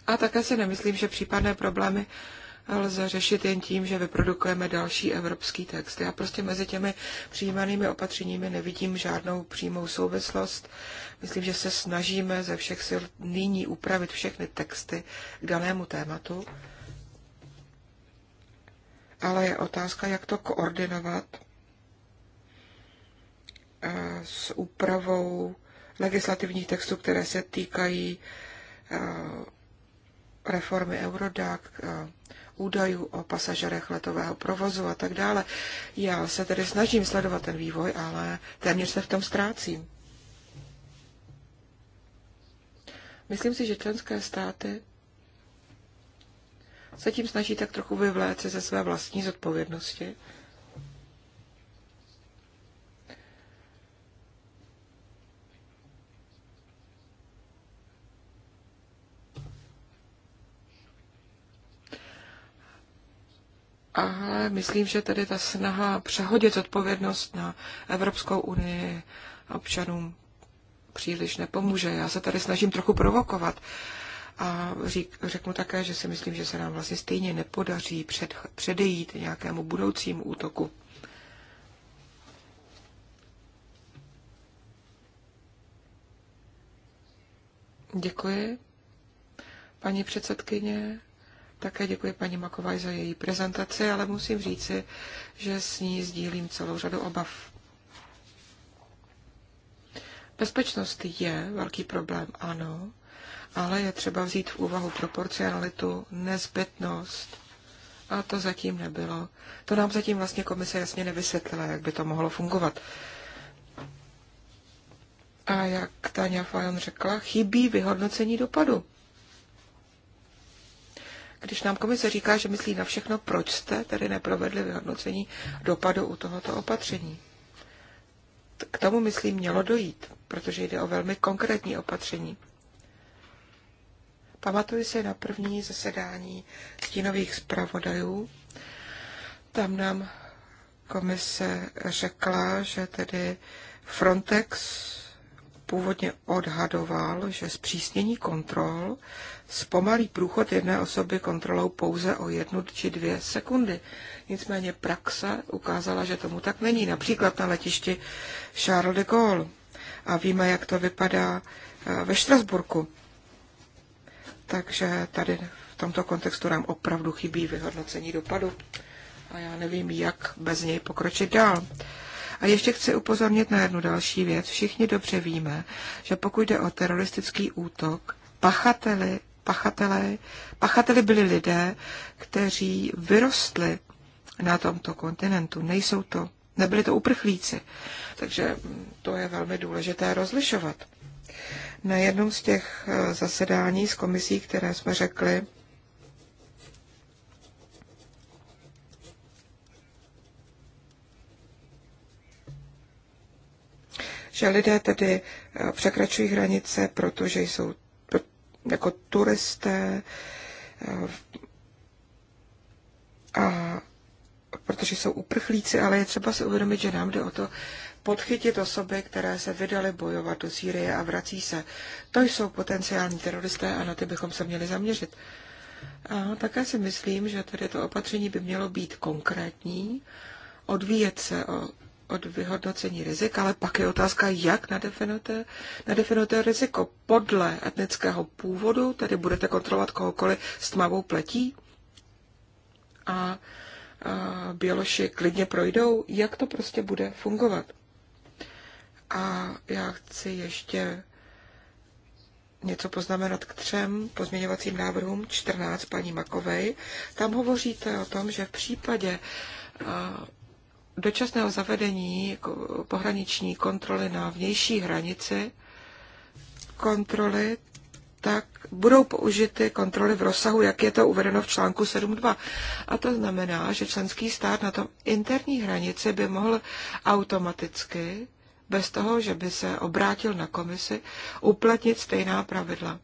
A také si nemyslím, že případné problémy lze řešit jen tím, že vyprodukujeme další evropský text. Já prostě mezi těmi přijímanými opatřeními nevidím žádnou přímou souvislost. Myslím, že se snažíme ze všech sil nyní upravit všechny texty k danému tématu. Ale je otázka, jak to koordinovat eh, s úpravou legislativních textů, které se týkají eh, reformy Eurodac, eh, údajů o pasažerech letového provozu a tak dále. Já se tedy snažím sledovat ten vývoj, ale téměř se v tom ztrácím. Myslím si, že členské státy se tím snaží tak trochu vyvléci ze své vlastní zodpovědnosti ale myslím, že tedy ta snaha přehodit odpovědnost na Evropskou unii občanům příliš nepomůže. Já se tady snažím trochu provokovat. A řík, řeknu také, že si myslím, že se nám vlastně stejně nepodaří před, předejít nějakému budoucímu útoku. Děkuji. Paní předsedkyně, také děkuji paní Maková za její prezentaci, ale musím říci, že s ní sdílím celou řadu obav. Bezpečnost je velký problém, ano, ale je třeba vzít v úvahu proporcionalitu, nezbytnost. A to zatím nebylo. To nám zatím vlastně komise jasně nevysvětlila, jak by to mohlo fungovat. A jak Tania Fajon řekla, chybí vyhodnocení dopadu. Když nám komise říká, že myslí na všechno, proč jste tedy neprovedli vyhodnocení dopadu u tohoto opatření? K tomu, myslím, mělo dojít, protože jde o velmi konkrétní opatření. Pamatuji si na první zasedání stínových zpravodajů. Tam nám komise řekla, že tedy Frontex původně odhadoval, že zpřísnění kontrol zpomalí průchod jedné osoby kontrolou pouze o jednu či dvě sekundy. Nicméně praxe ukázala, že tomu tak není. Například na letišti Charles de Gaulle. A víme, jak to vypadá eh, ve Štrasburku. Takže tady v tomto kontextu nám opravdu chybí vyhodnocení dopadu. A já nevím, jak bez něj pokročit dál. A ještě chci upozornit na jednu další věc. Všichni dobře víme, že pokud jde o teroristický útok, pachateli, pachatelé, pachateli byli lidé, kteří vyrostli na tomto kontinentu. Nejsou to, nebyli to uprchlíci. Takže to je velmi důležité rozlišovat. Na jednom z těch eh, zasedání s komisí, které jsme řekli, že lidé tedy eh, překračují hranice, protože jsou jako turisté eh, a protože jsou uprchlíci, ale je třeba si uvědomit, že nám jde o to podchytit osoby, které se vydaly bojovat do Sýrie a vrací se. To jsou potenciální teroristé a na ty bychom se měli zaměřit. A také si myslím, že tedy to opatření by mělo být konkrétní, odvíjet se od vyhodnocení rizik, ale pak je otázka, jak nadefinujete, nadefinujete riziko. Podle etnického původu, tedy budete kontrolovat kohokoliv s tmavou pletí a, a běloši klidně projdou, jak to prostě bude fungovat. A já chci ještě něco poznamenat k třem pozměňovacím návrhům 14 paní Makovej. Tam hovoříte o tom, že v případě dočasného zavedení pohraniční kontroly na vnější hranici, kontroly, tak budou použity kontroly v rozsahu, jak je to uvedeno v článku 7.2. A to znamená, že členský stát na tom interní hranici by mohl automaticky, bez toho, že by se obrátil na komisi, uplatnit stejná pravidla.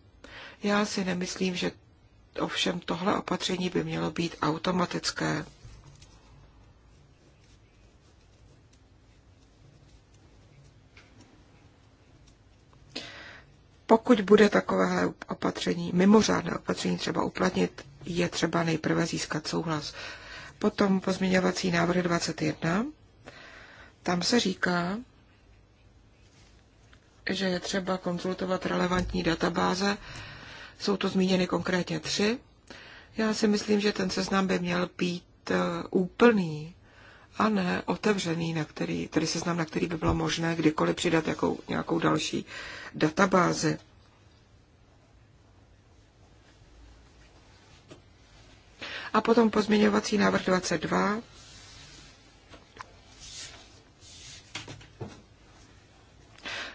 Já si nemyslím, že ovšem tohle opatření by mělo být automatické. pokud bude takové opatření, mimořádné opatření třeba uplatnit, je třeba nejprve získat souhlas. Potom pozměňovací návrh 21. Tam se říká, že je třeba konzultovat relevantní databáze. Jsou to zmíněny konkrétně tři. Já si myslím, že ten seznam by měl být eh, úplný a ne otevřený, na který, tedy seznam, na který by bylo možné kdykoliv přidat jakou, nějakou další databázi. A potom pozměňovací návrh 22.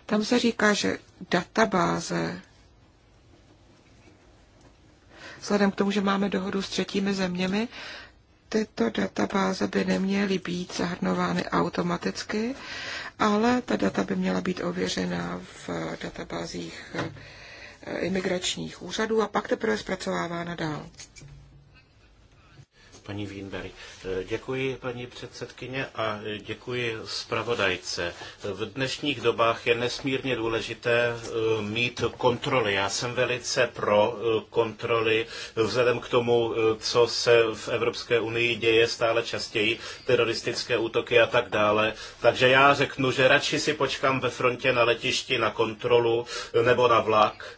Tam se říká, že databáze, vzhledem k tomu, že máme dohodu s třetími zeměmi, tyto databáze by neměly být zahrnovány automaticky, ale ta data by měla být ověřena v databázích eh, imigračních úřadů a pak teprve zpracovávána dál paní Wienberry. E, děkuji, paní předsedkyně, a děkuji zpravodajce. V dnešních dobách je nesmírně důležité e, mít kontroly. Já jsem velice pro e, kontroly vzhledem k tomu, co se v Evropské unii děje stále častěji, teroristické útoky a tak dále. Takže já řeknu, že radši si počkám ve frontě na letišti na kontrolu nebo na vlak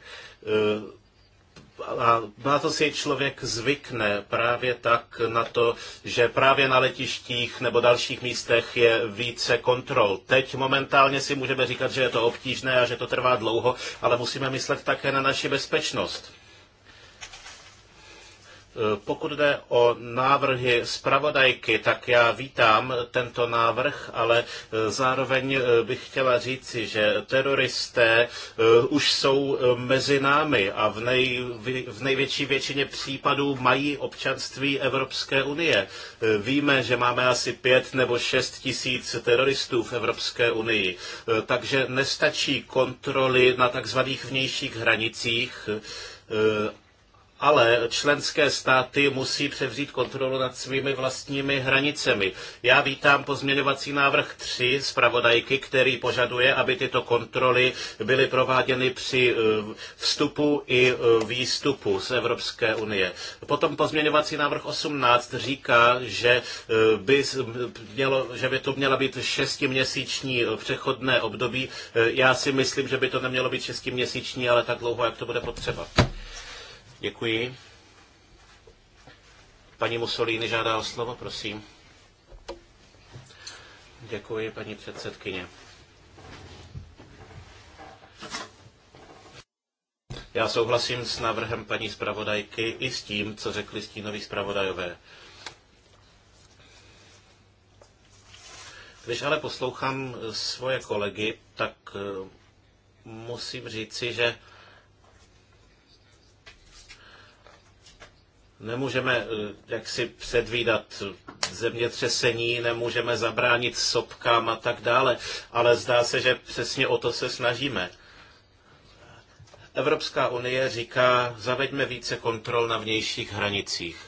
a na to si člověk zvykne právě tak na to, že právě na letištích nebo dalších místech je více kontrol. Teď momentálně si můžeme říkat, že je to obtížné a že to trvá dlouho, ale musíme myslet také na naši bezpečnost. Pokud jde o návrhy zpravodajky, tak já vítám tento návrh, ale e, zároveň e, bych chtěla říci, že teroristé e, už jsou mezi námi a v, nej, v největší většině případů mají občanství Evropské unie. Víme, že máme asi pět nebo šest tisíc teroristů v Evropské unii, takže nestačí kontroly na takzvaných vnějších hranicích, ale členské státy musí převzít kontrolu nad svými vlastními hranicemi. Já vítám pozměňovací návrh 3 zpravodajky, který požaduje, aby tyto kontroly byly prováděny při eh, vstupu i eh, výstupu z Evropské unie. Potom pozměňovací návrh 18 říká, že eh, by, mělo, že by to měla být šestiměsíční přechodné období. Já si myslím, že by to nemělo být šestiměsíční, ale tak dlouho, jak to bude potřeba. Děkuji. Paní Mussolini žádá o slovo, prosím. Děkuji, paní předsedkyně. Já souhlasím s návrhem paní zpravodajky i s tím, co řekli stínoví zpravodajové. Když ale poslouchám eh, svoje kolegy, tak eh, musím říci, že Nemůžeme eh, jaksi předvídat eh, zemětřesení, nemůžeme zabránit sopkám a tak dále, ale zdá se, že přesně o to se snažíme. Evropská unie říká, zaveďme více kontrol na vnějších hranicích.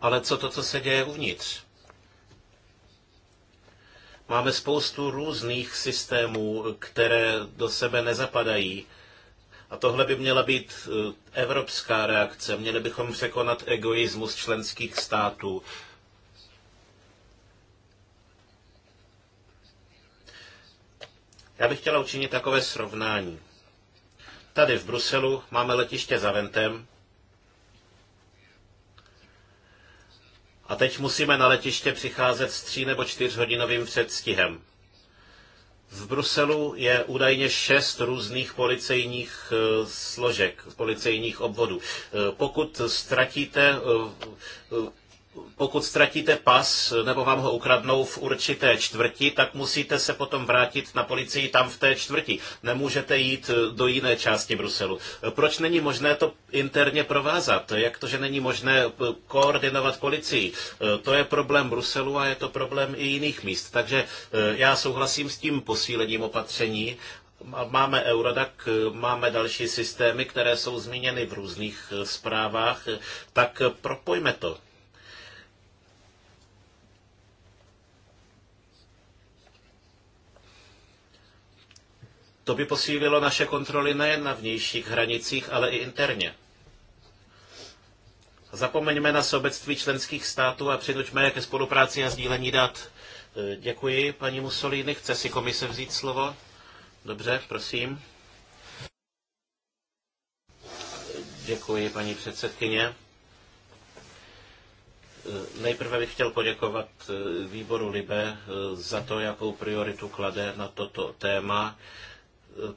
Ale co to, co se děje uvnitř? Máme spoustu různých systémů, které do sebe nezapadají a tohle by měla být eh, evropská reakce. Měli bychom překonat egoismus členských států. Já bych chtěla učinit takové srovnání. Tady v Bruselu máme letiště za Ventem, A teď musíme na letiště přicházet s tří nebo čtyřhodinovým předstihem. V Bruselu je údajně šest různých policejních eh, složek, policejních obvodů. Eh, pokud ztratíte eh, pokud ztratíte pas nebo vám ho ukradnou v určité čtvrti, tak musíte se potom vrátit na policii tam v té čtvrti. Nemůžete jít eh, do jiné části Bruselu. Proč není možné to interně provázat? Jak to, že není možné eh, koordinovat policii? Eh, to je problém Bruselu a je to problém i jiných míst. Takže já souhlasím s tím posílením opatření, Máme Eurodac, máme další systémy, které jsou zmíněny v různých zprávách, tak propojme to. To by posílilo naše kontroly nejen na vnějších hranicích, ale i interně. Zapomeňme na sobectví členských států a přinučme je ke spolupráci a sdílení dat. E, děkuji, paní Mussolini. Chce si komise vzít slovo? Dobře, prosím. Děkuji, paní předsedkyně. E, nejprve bych chtěl poděkovat e, výboru Libe za to, jakou prioritu klade na toto téma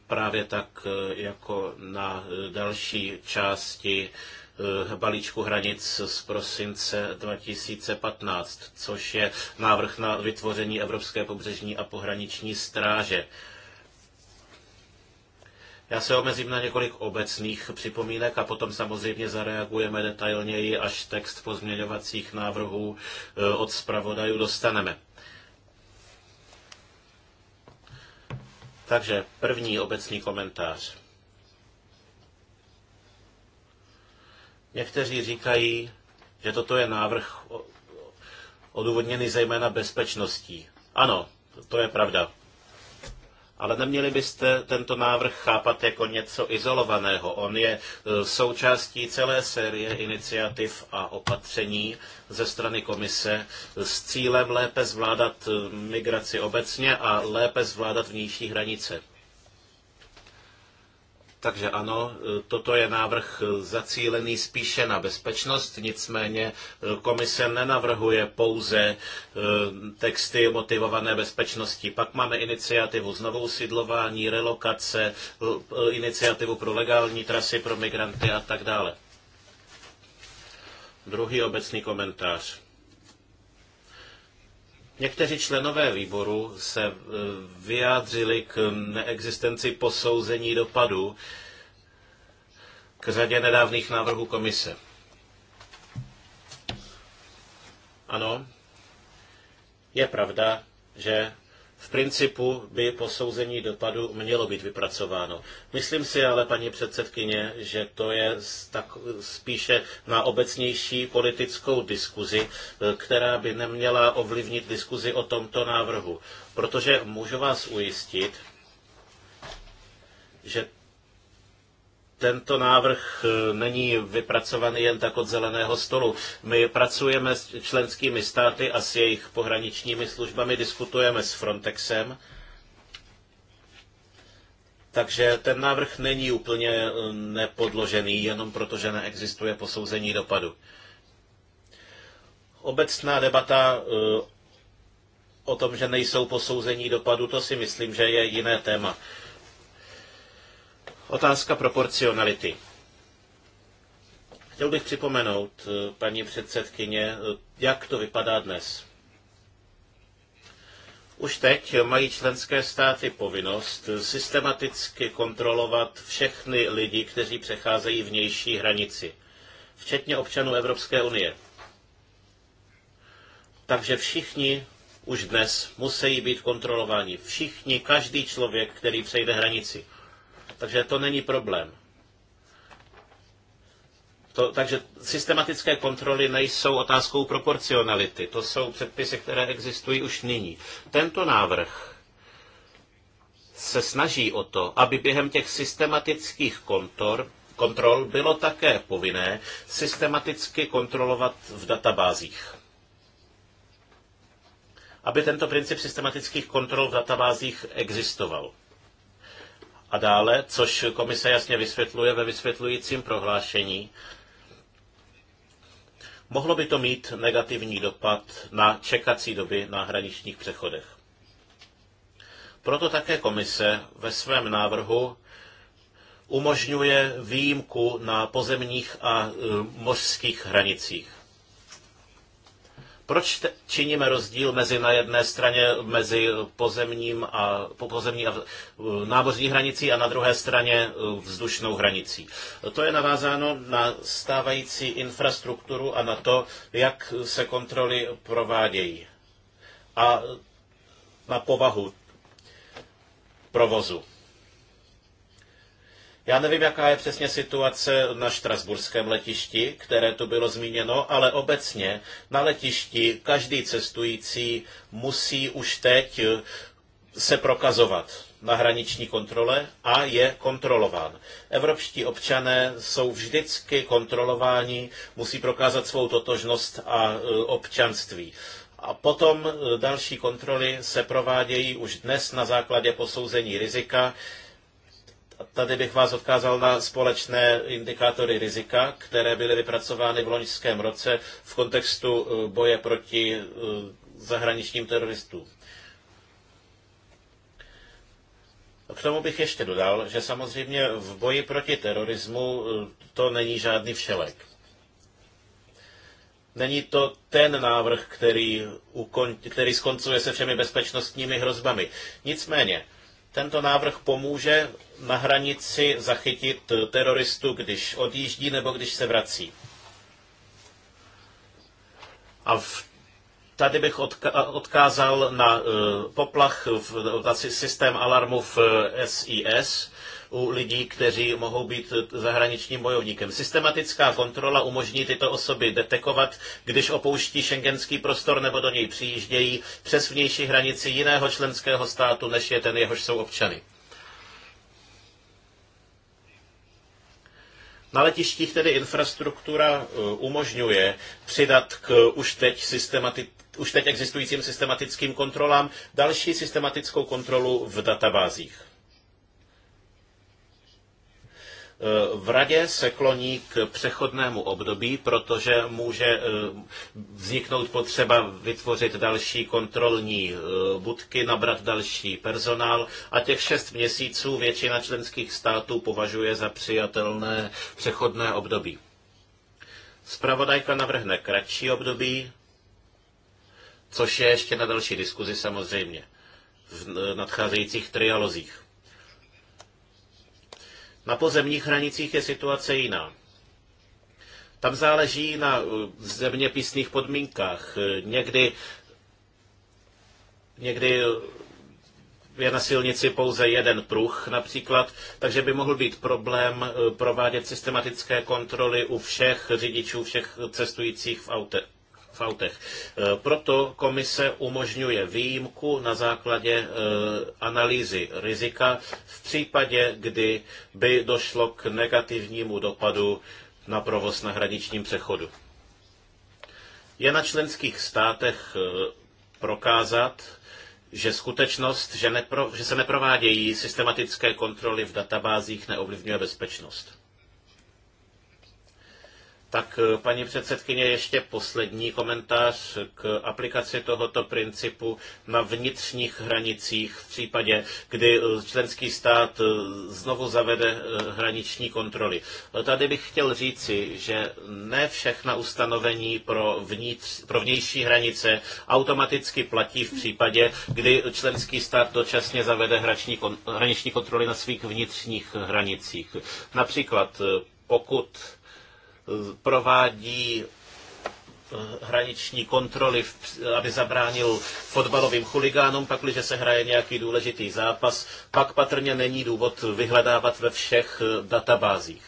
právě tak eh, jako na eh, další části eh, balíčku hranic z prosince 2015, což je návrh na vytvoření Evropské pobřežní a pohraniční stráže. Já se omezím na několik obecných připomínek a potom samozřejmě zareagujeme detailněji, až text pozměňovacích návrhů od zpravodajů dostaneme. Takže první obecný komentář. Někteří říkají, že toto je návrh odůvodněný zejména bezpečností. Ano, to je pravda ale neměli byste tento návrh chápat jako něco izolovaného. On je e, součástí celé série iniciativ a opatření ze strany komise s cílem lépe zvládat e, migraci obecně a lépe zvládat vnější hranice. Takže ano, toto je návrh zacílený spíše na bezpečnost, nicméně komise nenavrhuje pouze e, texty motivované bezpečností. Pak máme iniciativu znovu usídlování, relokace, e, iniciativu pro legální trasy pro migranty a tak dále. Druhý obecný komentář. Někteří členové výboru se e, vyjádřili k neexistenci posouzení dopadu k řadě nedávných návrhů komise. Ano, je pravda, že v principu by posouzení dopadu mělo být vypracováno. Myslím si ale, paní předsedkyně, že to je tak spíše na obecnější politickou diskuzi, e, která by neměla ovlivnit diskuzi o tomto návrhu. Protože můžu vás ujistit, že tento návrh eh, není vypracovaný jen tak od zeleného stolu. My pracujeme s členskými státy a s jejich pohraničními službami, diskutujeme s Frontexem. Takže ten návrh není úplně eh, nepodložený, jenom protože neexistuje posouzení dopadu. Obecná debata eh, o tom, že nejsou posouzení dopadu, to si myslím, že je jiné téma. Otázka proporcionality. Chtěl bych připomenout, eh, paní předsedkyně, eh, jak to vypadá dnes. Už teď mají členské státy povinnost systematicky kontrolovat všechny lidi, kteří přecházejí vnější hranici, včetně občanů Evropské unie. Takže všichni už dnes musí být kontrolováni. Všichni, každý člověk, který přejde hranici. Takže to není problém. To, takže systematické kontroly nejsou otázkou proporcionality. To jsou předpisy, které existují už nyní. Tento návrh se snaží o to, aby během těch systematických kontor, kontrol bylo také povinné systematicky kontrolovat v databázích. Aby tento princip systematických kontrol v databázích existoval. A dále, což komise jasně vysvětluje ve vysvětlujícím prohlášení, mohlo by to mít negativní dopad na čekací doby na hraničních přechodech. Proto také komise ve svém návrhu umožňuje výjimku na pozemních a e, mořských hranicích. Proč te, činíme rozdíl mezi na jedné straně mezi pozemním a, po pozemní a námořní hranicí a na druhé straně e, vzdušnou hranicí? To je navázáno na stávající infrastrukturu a na to, jak se kontroly provádějí a na povahu provozu. Já nevím, jaká je přesně situace na štrasburském letišti, které tu bylo zmíněno, ale obecně na letišti každý cestující musí už teď eh, se prokazovat na hraniční kontrole a je kontrolován. Evropští občané jsou vždycky kontrolováni, musí prokázat svou totožnost a eh, občanství. A potom eh, další kontroly se provádějí už dnes na základě posouzení rizika, Tady bych vás odkázal na společné indikátory rizika, které byly vypracovány v loňském roce v kontextu eh, boje proti eh, zahraničním teroristům. K tomu bych ještě dodal, že samozřejmě v boji proti terorismu eh, to není žádný všelek. Není to ten návrh, který, ukon, který skoncuje se všemi bezpečnostními hrozbami. Nicméně, tento návrh pomůže na hranici zachytit teroristu, když odjíždí nebo když se vrací. A v, tady bych odka, odkázal na uh, poplach, v, na systém alarmu v SIS e, u lidí, kteří mohou být zahraničním bojovníkem. Systematická kontrola umožní tyto osoby detekovat, když opouští šengenský prostor nebo do něj přijíždějí přes vnější hranici jiného členského státu, než je ten, jehož jsou občany. Na letištích tedy infrastruktura e, umožňuje přidat k už teď systematickým už teď existujícím systematickým kontrolám další systematickou kontrolu v databázích. Eh, v radě se kloní k přechodnému období, protože může eh, vzniknout potřeba vytvořit další kontrolní eh, budky, nabrat další personál a těch šest měsíců většina členských států považuje za přijatelné přechodné období. Spravodajka navrhne kratší období, což je ještě na další diskuzi samozřejmě v nadcházejících trialozích. Na pozemních hranicích je situace jiná. Tam záleží na uh, zeměpisných podmínkách. Uh, někdy, někdy uh, je na silnici pouze jeden pruh například, takže by mohl být problém provádět systematické kontroly u všech řidičů, všech cestujících v autě, v autech. Eh, proto komise umožňuje výjimku na základě eh, analýzy rizika v případě, kdy by došlo k negativnímu dopadu na provoz na hraničním přechodu. Je na členských státech eh, prokázat, že skutečnost, že, nepro, že se neprovádějí systematické kontroly v databázích, neovlivňuje bezpečnost. Tak eh, paní předsedkyně, ještě poslední komentář k aplikaci tohoto principu na vnitřních hranicích v případě, kdy eh, členský stát eh, znovu zavede hraniční kontroly. Tady bych chtěl říci, že ne všechna ustanovení pro, vnitř, pro vnější hranice automaticky platí v případě, kdy členský stát dočasně zavede hrační, hraniční kontroly na svých vnitřních hranicích. Například pokud provádí eh, hraniční kontroly, aby zabránil fotbalovým chuligánům, pakliže se hraje nějaký důležitý zápas, pak patrně není důvod vyhledávat ve všech eh, databázích.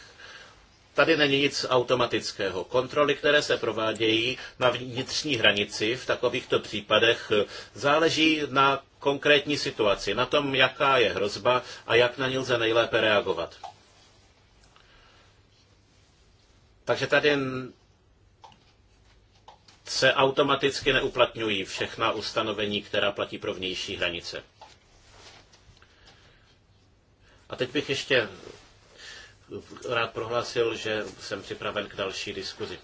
Tady není nic automatického. Kontroly, které se provádějí na vnitřní hranici v takovýchto případech, eh, záleží na konkrétní situaci, na tom, jaká je hrozba a jak na ní lze nejlépe reagovat. Takže tady se automaticky neuplatňují všechna ustanovení, která platí pro vnější hranice. A teď bych ještě rád prohlásil, že jsem připraven k další diskuzi.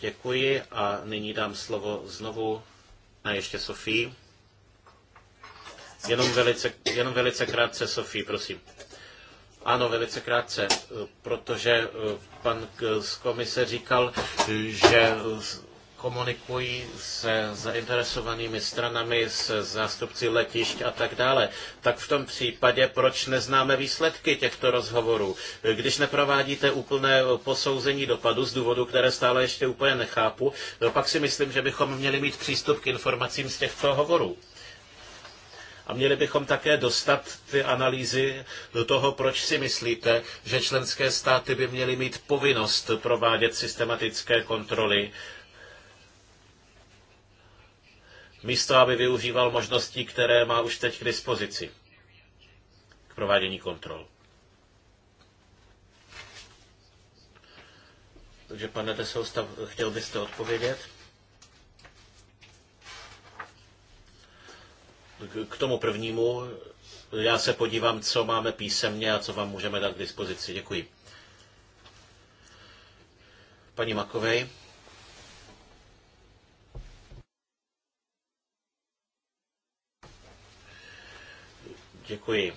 Děkuji a nyní dám slovo znovu na ještě Sofii. Jenom velice, jenom velice krátce, Sofii, prosím. Ano, velice krátce, protože eh, pan eh, z komise říkal, že eh, komunikují se zainteresovanými stranami, s zástupci letišť a tak dále. Tak v tom případě proč neznáme výsledky těchto rozhovorů? Když neprovádíte úplné posouzení dopadu z důvodu, které stále ještě úplně nechápu, pak si myslím, že bychom měli mít přístup k informacím z těchto hovorů. A měli bychom také dostat ty analýzy do toho, proč si myslíte, že členské státy by měly mít povinnost provádět systematické kontroly místo aby využíval možností, které má už teď k dispozici k provádění kontrol. Takže pane Tesousta, chtěl byste odpovědět? K tomu prvnímu já se podívám, co máme písemně a co vám můžeme dát k dispozici. Děkuji. Paní Makovej. Děkuji.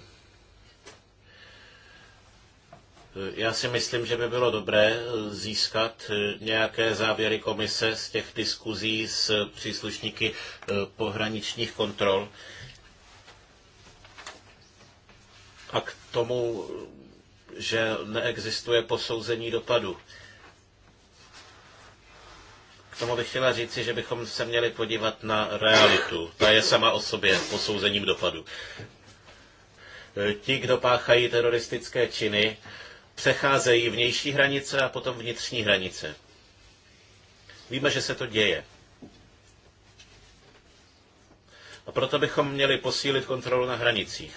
Já si myslím, že by bylo dobré eh, získat eh, nějaké závěry komise z těch diskuzí s příslušníky eh, pohraničních kontrol. A k tomu, že neexistuje posouzení dopadu. K tomu bych chtěla říci, že bychom se měli podívat na realitu. Ta je sama o sobě posouzením dopadu. Ti, kdo páchají teroristické činy, přecházejí vnější hranice a potom vnitřní hranice. Víme, že se to děje. A proto bychom měli posílit kontrolu na hranicích.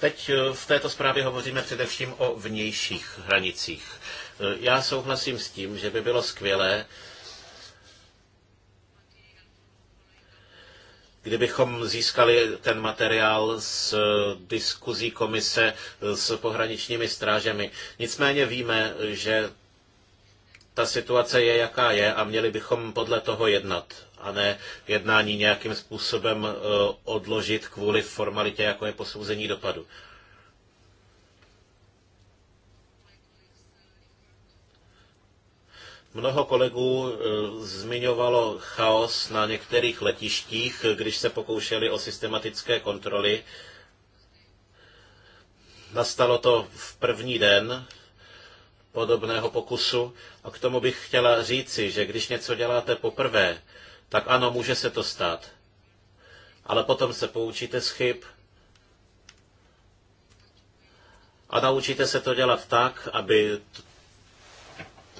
Teď eh, v této zprávě hovoříme především o vnějších hranicích. Eh, já souhlasím s tím, že by bylo skvělé, kdybychom získali ten materiál z eh, diskuzí komise eh, s pohraničními strážemi. Nicméně víme, že ta situace je, jaká je a měli bychom podle toho jednat a ne jednání nějakým způsobem eh, odložit kvůli formalitě, jako je posouzení dopadu. Mnoho kolegů eh, zmiňovalo chaos na některých letištích, když se pokoušeli o systematické kontroly. Nastalo to v první den podobného pokusu a k tomu bych chtěla říci, že když něco děláte poprvé, tak ano, může se to stát. Ale potom se poučíte z chyb a naučíte se to dělat tak, aby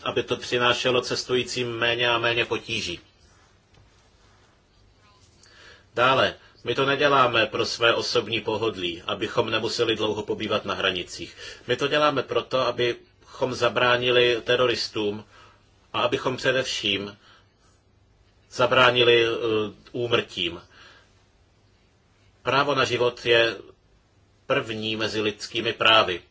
aby to přinášelo cestujícím méně a méně potíží. Dále, my to neděláme pro své osobní pohodlí, abychom nemuseli dlouho pobývat na hranicích. My to děláme proto, abychom zabránili teroristům a abychom především zabránili eh, úmrtím. Právo na život je první mezi lidskými právy.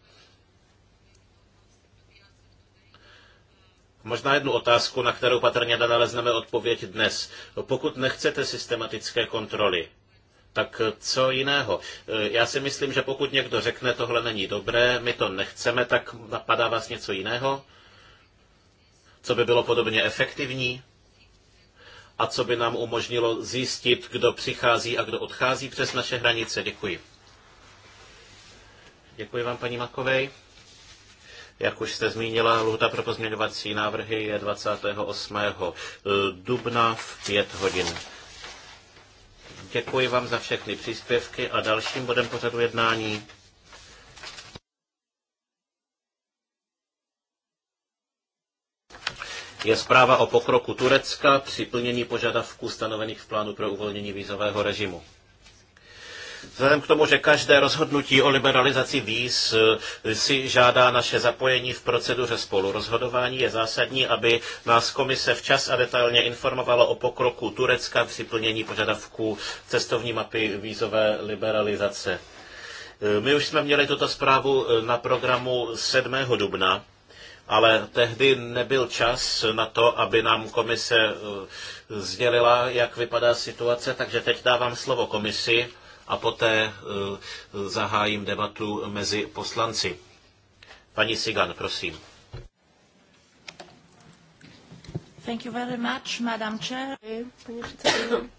Možná jednu otázku, na kterou patrně nenalezneme odpověď dnes. Pokud nechcete systematické kontroly, tak co jiného? Já si myslím, že pokud někdo řekne, tohle není dobré, my to nechceme, tak napadá vás něco jiného, co by bylo podobně efektivní a co by nám umožnilo zjistit, kdo přichází a kdo odchází přes naše hranice. Děkuji. Děkuji vám, paní Makovej. Jak už jste zmínila, lhuta pro pozměňovací návrhy je 28. dubna v 5 hodin. Děkuji vám za všechny příspěvky a dalším bodem pořadu jednání je zpráva o pokroku Turecka při plnění požadavků stanovených v plánu pro uvolnění vízového režimu. Vzhledem k tomu, že každé rozhodnutí o liberalizaci víz eh, si žádá naše zapojení v proceduře spolurozhodování, je zásadní, aby nás komise včas a detailně informovala o pokroku Turecka při plnění požadavků cestovní mapy vízové liberalizace. Eh, my už jsme měli tuto zprávu eh, na programu 7. dubna, ale tehdy nebyl čas na to, aby nám komise sdělila, jak vypadá situace, takže teď dávám slovo komisi a poté eh, zahájím debatu mezi poslanci. Paní Sigan, prosím. Thank you very much, Madam Chair. Paní předsedající,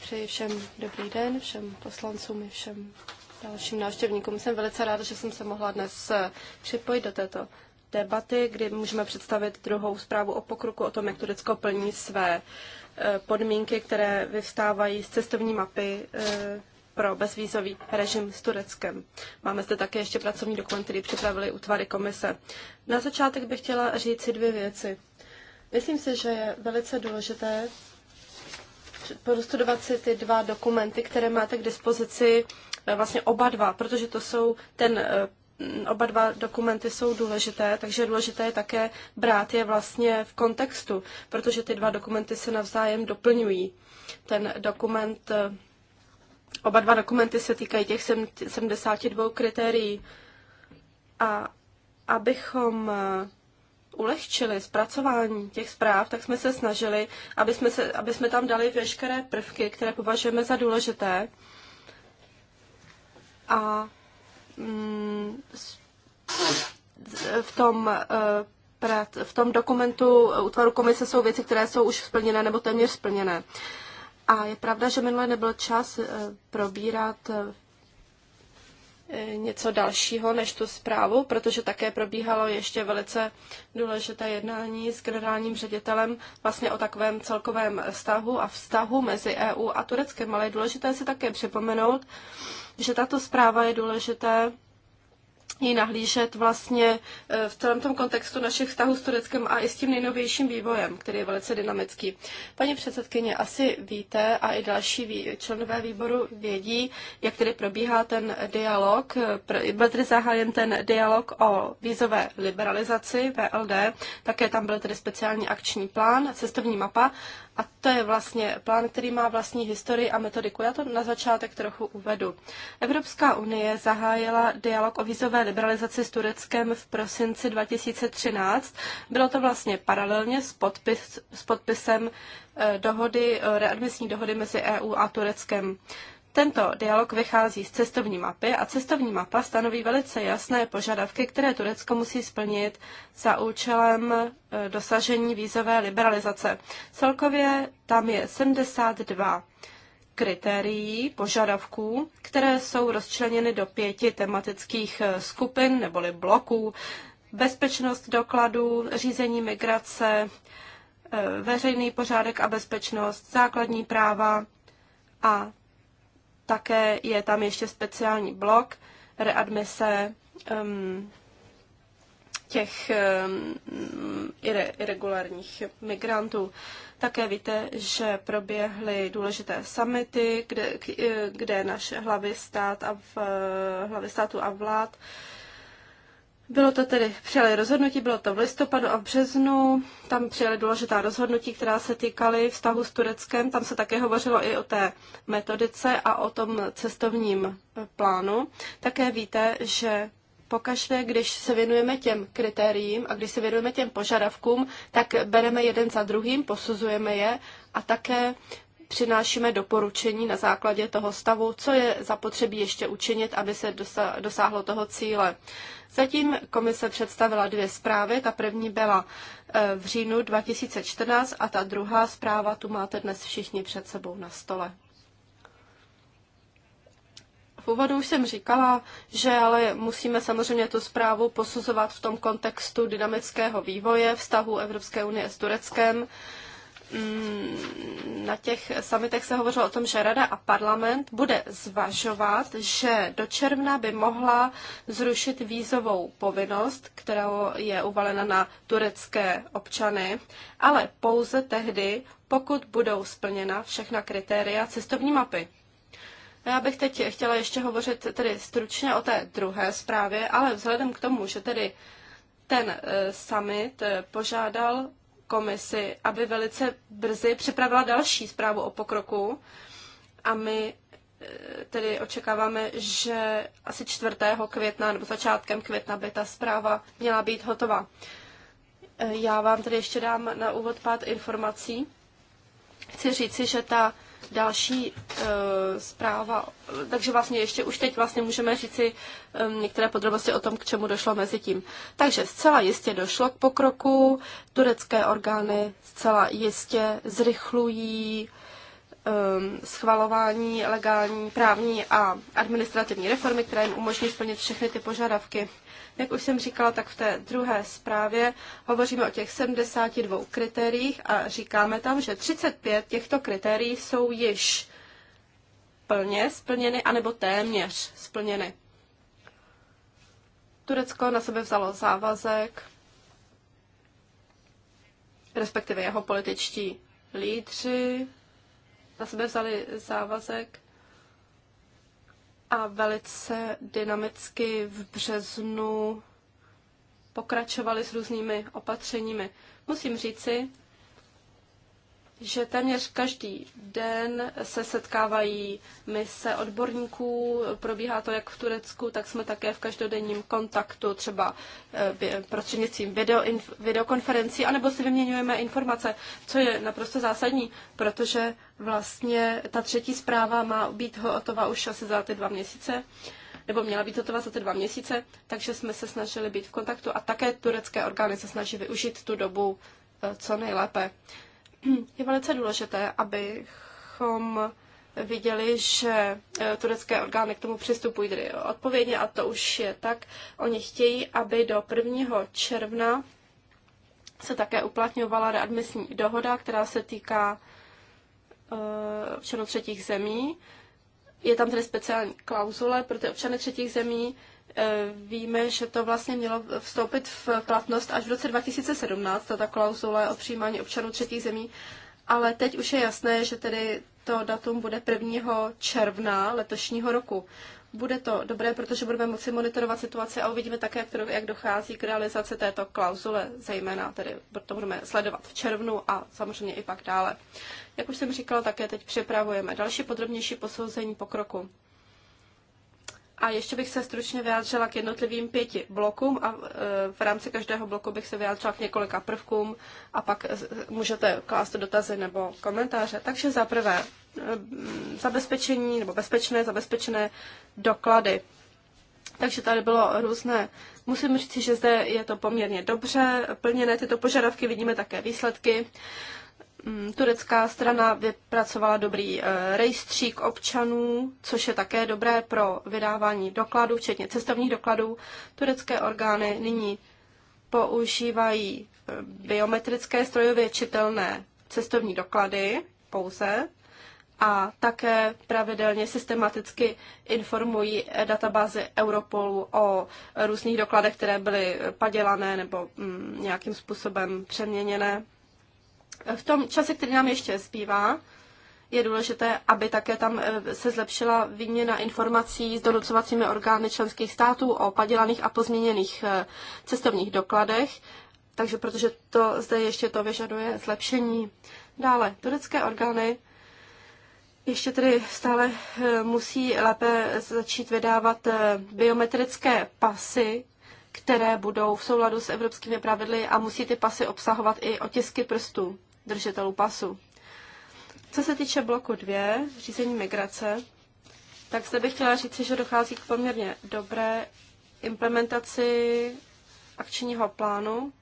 Přeji všem dobrý den, všem poslancům i všem dalším návštěvníkům. Jsem velice ráda, že jsem se mohla dnes eh, připojit do této debaty, kdy můžeme představit druhou zprávu o pokroku o tom, jak Turecko plní své podmínky, které vyvstávají z cestovní mapy eh, pro bezvízový režim s Tureckem. Máme zde také ještě pracovní dokument, který připravili útvary komise. Na začátek bych chtěla říct si dvě věci. Myslím si, že je velice důležité prostudovat si ty dva dokumenty, které máte k dispozici, eh, vlastně oba dva, protože to jsou ten eh, oba dva dokumenty jsou důležité, takže důležité je také brát je vlastně v kontextu, protože ty dva dokumenty se navzájem doplňují. Ten dokument, eh, oba dva dokumenty se týkají těch 72 kritérií a abychom eh, ulehčili zpracování těch zpráv, tak jsme se snažili, aby jsme, se, aby jsme tam dali veškeré prvky, které považujeme za důležité. A Mm, v tom eh, v tom dokumentu eh, útvaru komise jsou věci, které jsou už splněné nebo téměř splněné. A je pravda, že minule nebyl čas eh, probírat E, něco dalšího než tu zprávu, protože také probíhalo ještě velice důležité jednání s generálním ředitelem vlastně o takovém celkovém vztahu a vztahu mezi EU a Tureckem. Ale je důležité si také připomenout, že tato zpráva je důležité ji nahlížet vlastně eh, v celém tom kontextu našich vztahů s Tureckem a i s tím nejnovějším vývojem, který je velice dynamický. Paní předsedkyně, asi víte a i další členové výboru vědí, jak tedy probíhá ten dialog. Eh, byl tedy zahájen ten dialog o vízové liberalizaci VLD, také tam byl tedy speciální akční plán, cestovní mapa a to je vlastně plán, který má vlastní historii a metodiku. Já to na začátek trochu uvedu. Evropská unie zahájila dialog o vízové liberalizaci s Tureckem v prosinci 2013. Bylo to vlastně paralelně s, podpis, s podpisem eh, dohody, eh, readmisní dohody mezi EU a Tureckem. Tento dialog vychází z cestovní mapy a cestovní mapa stanoví velice jasné požadavky, které Turecko musí splnit za účelem e, dosažení vízové liberalizace. Celkově tam je 72 kritérií, požadavků, které jsou rozčleněny do pěti tematických e, skupin neboli bloků. Bezpečnost dokladů, řízení migrace, e, veřejný pořádek a bezpečnost, základní práva a také je tam ještě speciální blok readmise um, těch um, ire, irregulárních migrantů. Také víte, že proběhly důležité samity, kde, kde naše hlavy, stát a v, hlavy státu a vlád uh, bylo to tedy, přijali rozhodnutí, bylo to v listopadu a v březnu, tam přijali důležitá rozhodnutí, která se týkaly vztahu s Tureckem, tam se také hovořilo i o té metodice a o tom cestovním eh, plánu. Také víte, že pokaždé, když se věnujeme těm kritériím a když se věnujeme těm požadavkům, tak bereme jeden za druhým, posuzujeme je a také přinášíme doporučení na základě toho stavu, co je zapotřebí ještě učinit, aby se dosáhlo toho cíle. Zatím komise představila dvě zprávy. Ta první byla eh, v říjnu 2014 a ta druhá zpráva tu máte dnes všichni před sebou na stole. V úvodu už jsem říkala, že ale musíme samozřejmě tu zprávu posuzovat v tom kontextu dynamického vývoje vztahu Evropské unie s Tureckem Mm, na těch samitech se hovořilo o tom, že Rada a parlament bude zvažovat, že do června by mohla zrušit vízovou povinnost, která je uvalena na turecké občany, ale pouze tehdy, pokud budou splněna všechna kritéria cestovní mapy. Já bych teď chtěla ještě hovořit tedy stručně o té druhé zprávě, ale vzhledem k tomu, že tedy ten eh, summit eh, požádal komisi, aby velice brzy připravila další zprávu o pokroku a my eh, tedy očekáváme, že asi 4. května nebo začátkem května by ta zpráva měla být hotová. Eh, já vám tedy ještě dám na úvod pát informací. Chci říci, že ta další uh, zpráva, takže vlastně ještě už teď vlastně můžeme říci um, některé podrobnosti o tom, k čemu došlo mezi tím. Takže zcela jistě došlo k pokroku, turecké orgány zcela jistě zrychlují Um, schvalování legální, právní a administrativní reformy, které jim umožní splnit všechny ty požadavky. Jak už jsem říkala, tak v té druhé zprávě hovoříme o těch 72 kritériích a říkáme tam, že 35 těchto kritérií jsou již plně splněny anebo téměř splněny. Turecko na sebe vzalo závazek, respektive jeho političtí lídři na sebe vzali závazek a velice dynamicky v březnu pokračovali s různými opatřeními. Musím říci, že téměř každý den se setkávají mise odborníků, probíhá to jak v Turecku, tak jsme také v každodenním kontaktu, třeba eh, prostřednictvím video, videokonferencí, anebo si vyměňujeme informace, co je naprosto zásadní, protože vlastně ta třetí zpráva má být hotová už asi za ty dva měsíce, nebo měla být hotová za ty dva měsíce, takže jsme se snažili být v kontaktu a také turecké orgány se snaží využít tu dobu eh, co nejlépe. Je velice důležité, abychom viděli, že eh, turecké orgány k tomu přistupují tedy odpovědně a to už je tak. Oni chtějí, aby do 1. června se také uplatňovala readmisní dohoda, která se týká Eh, občanů třetích zemí. Je tam tedy speciální klauzule pro ty občany třetích zemí. Eh, víme, že to vlastně mělo vstoupit v platnost až v roce 2017, tato klauzule o přijímání občanů třetích zemí, ale teď už je jasné, že tedy to datum bude 1. června letošního roku. Bude to dobré, protože budeme moci monitorovat situaci a uvidíme také, jak, jak dochází k realizaci této klauzule, zejména tedy to budeme sledovat v červnu a samozřejmě i pak dále. Jak už jsem říkala, také teď připravujeme další podrobnější posouzení pokroku. A ještě bych se stručně vyjádřila k jednotlivým pěti blokům a e, v rámci každého bloku bych se vyjádřila k několika prvkům a pak můžete klást dotazy nebo komentáře. Takže za prvé Eh, zabezpečení nebo bezpečné, zabezpečené doklady. Takže tady bylo různé. Musím říct, že zde je to poměrně dobře plněné. Tyto požadavky vidíme také výsledky. Mm, turecká strana vypracovala dobrý eh, rejstřík občanů, což je také dobré pro vydávání dokladů, včetně cestovních dokladů. Turecké orgány nyní používají eh, biometrické strojově čitelné cestovní doklady pouze a také pravidelně systematicky informují databázy Europolu o různých dokladech, které byly padělané nebo mm, nějakým způsobem přeměněné. V tom čase, který nám ještě zbývá, je důležité, aby také tam e, se zlepšila výměna informací s donucovacími orgány členských států o padělaných a pozměněných e, cestovních dokladech, takže protože to zde ještě to vyžaduje zlepšení. Dále, turecké orgány ještě tedy stále eh, musí lépe začít vydávat eh, biometrické pasy, které budou v souladu s evropskými pravidly a musí ty pasy obsahovat i otisky prstů držitelů pasu. Co se týče bloku 2, řízení migrace, tak zde bych chtěla říct, že dochází k poměrně dobré implementaci akčního plánu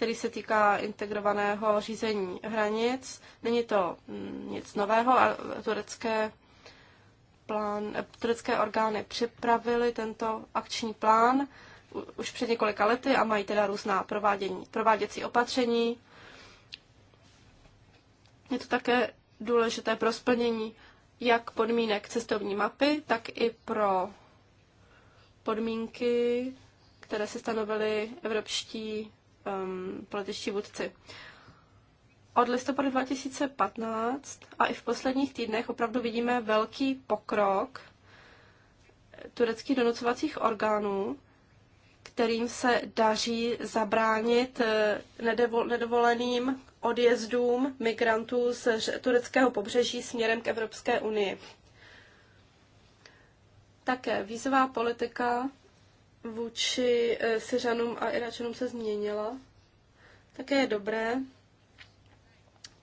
který se týká integrovaného řízení hranic. Není to mm, nic nového a turecké, plán, eh, turecké orgány připravili tento akční plán už před několika lety a mají teda různá provádění, prováděcí opatření. Je to také důležité pro splnění jak podmínek cestovní mapy, tak i pro podmínky, které se stanovili evropští um, političtí vůdci. Od listopadu 2015 a i v posledních týdnech opravdu vidíme velký pokrok tureckých donucovacích orgánů, kterým se daří zabránit eh, nedovoleným odjezdům migrantů z tureckého pobřeží směrem k Evropské unii. Také vízová politika vůči eh, Syřanům a Iračanům se změnila. Také je dobré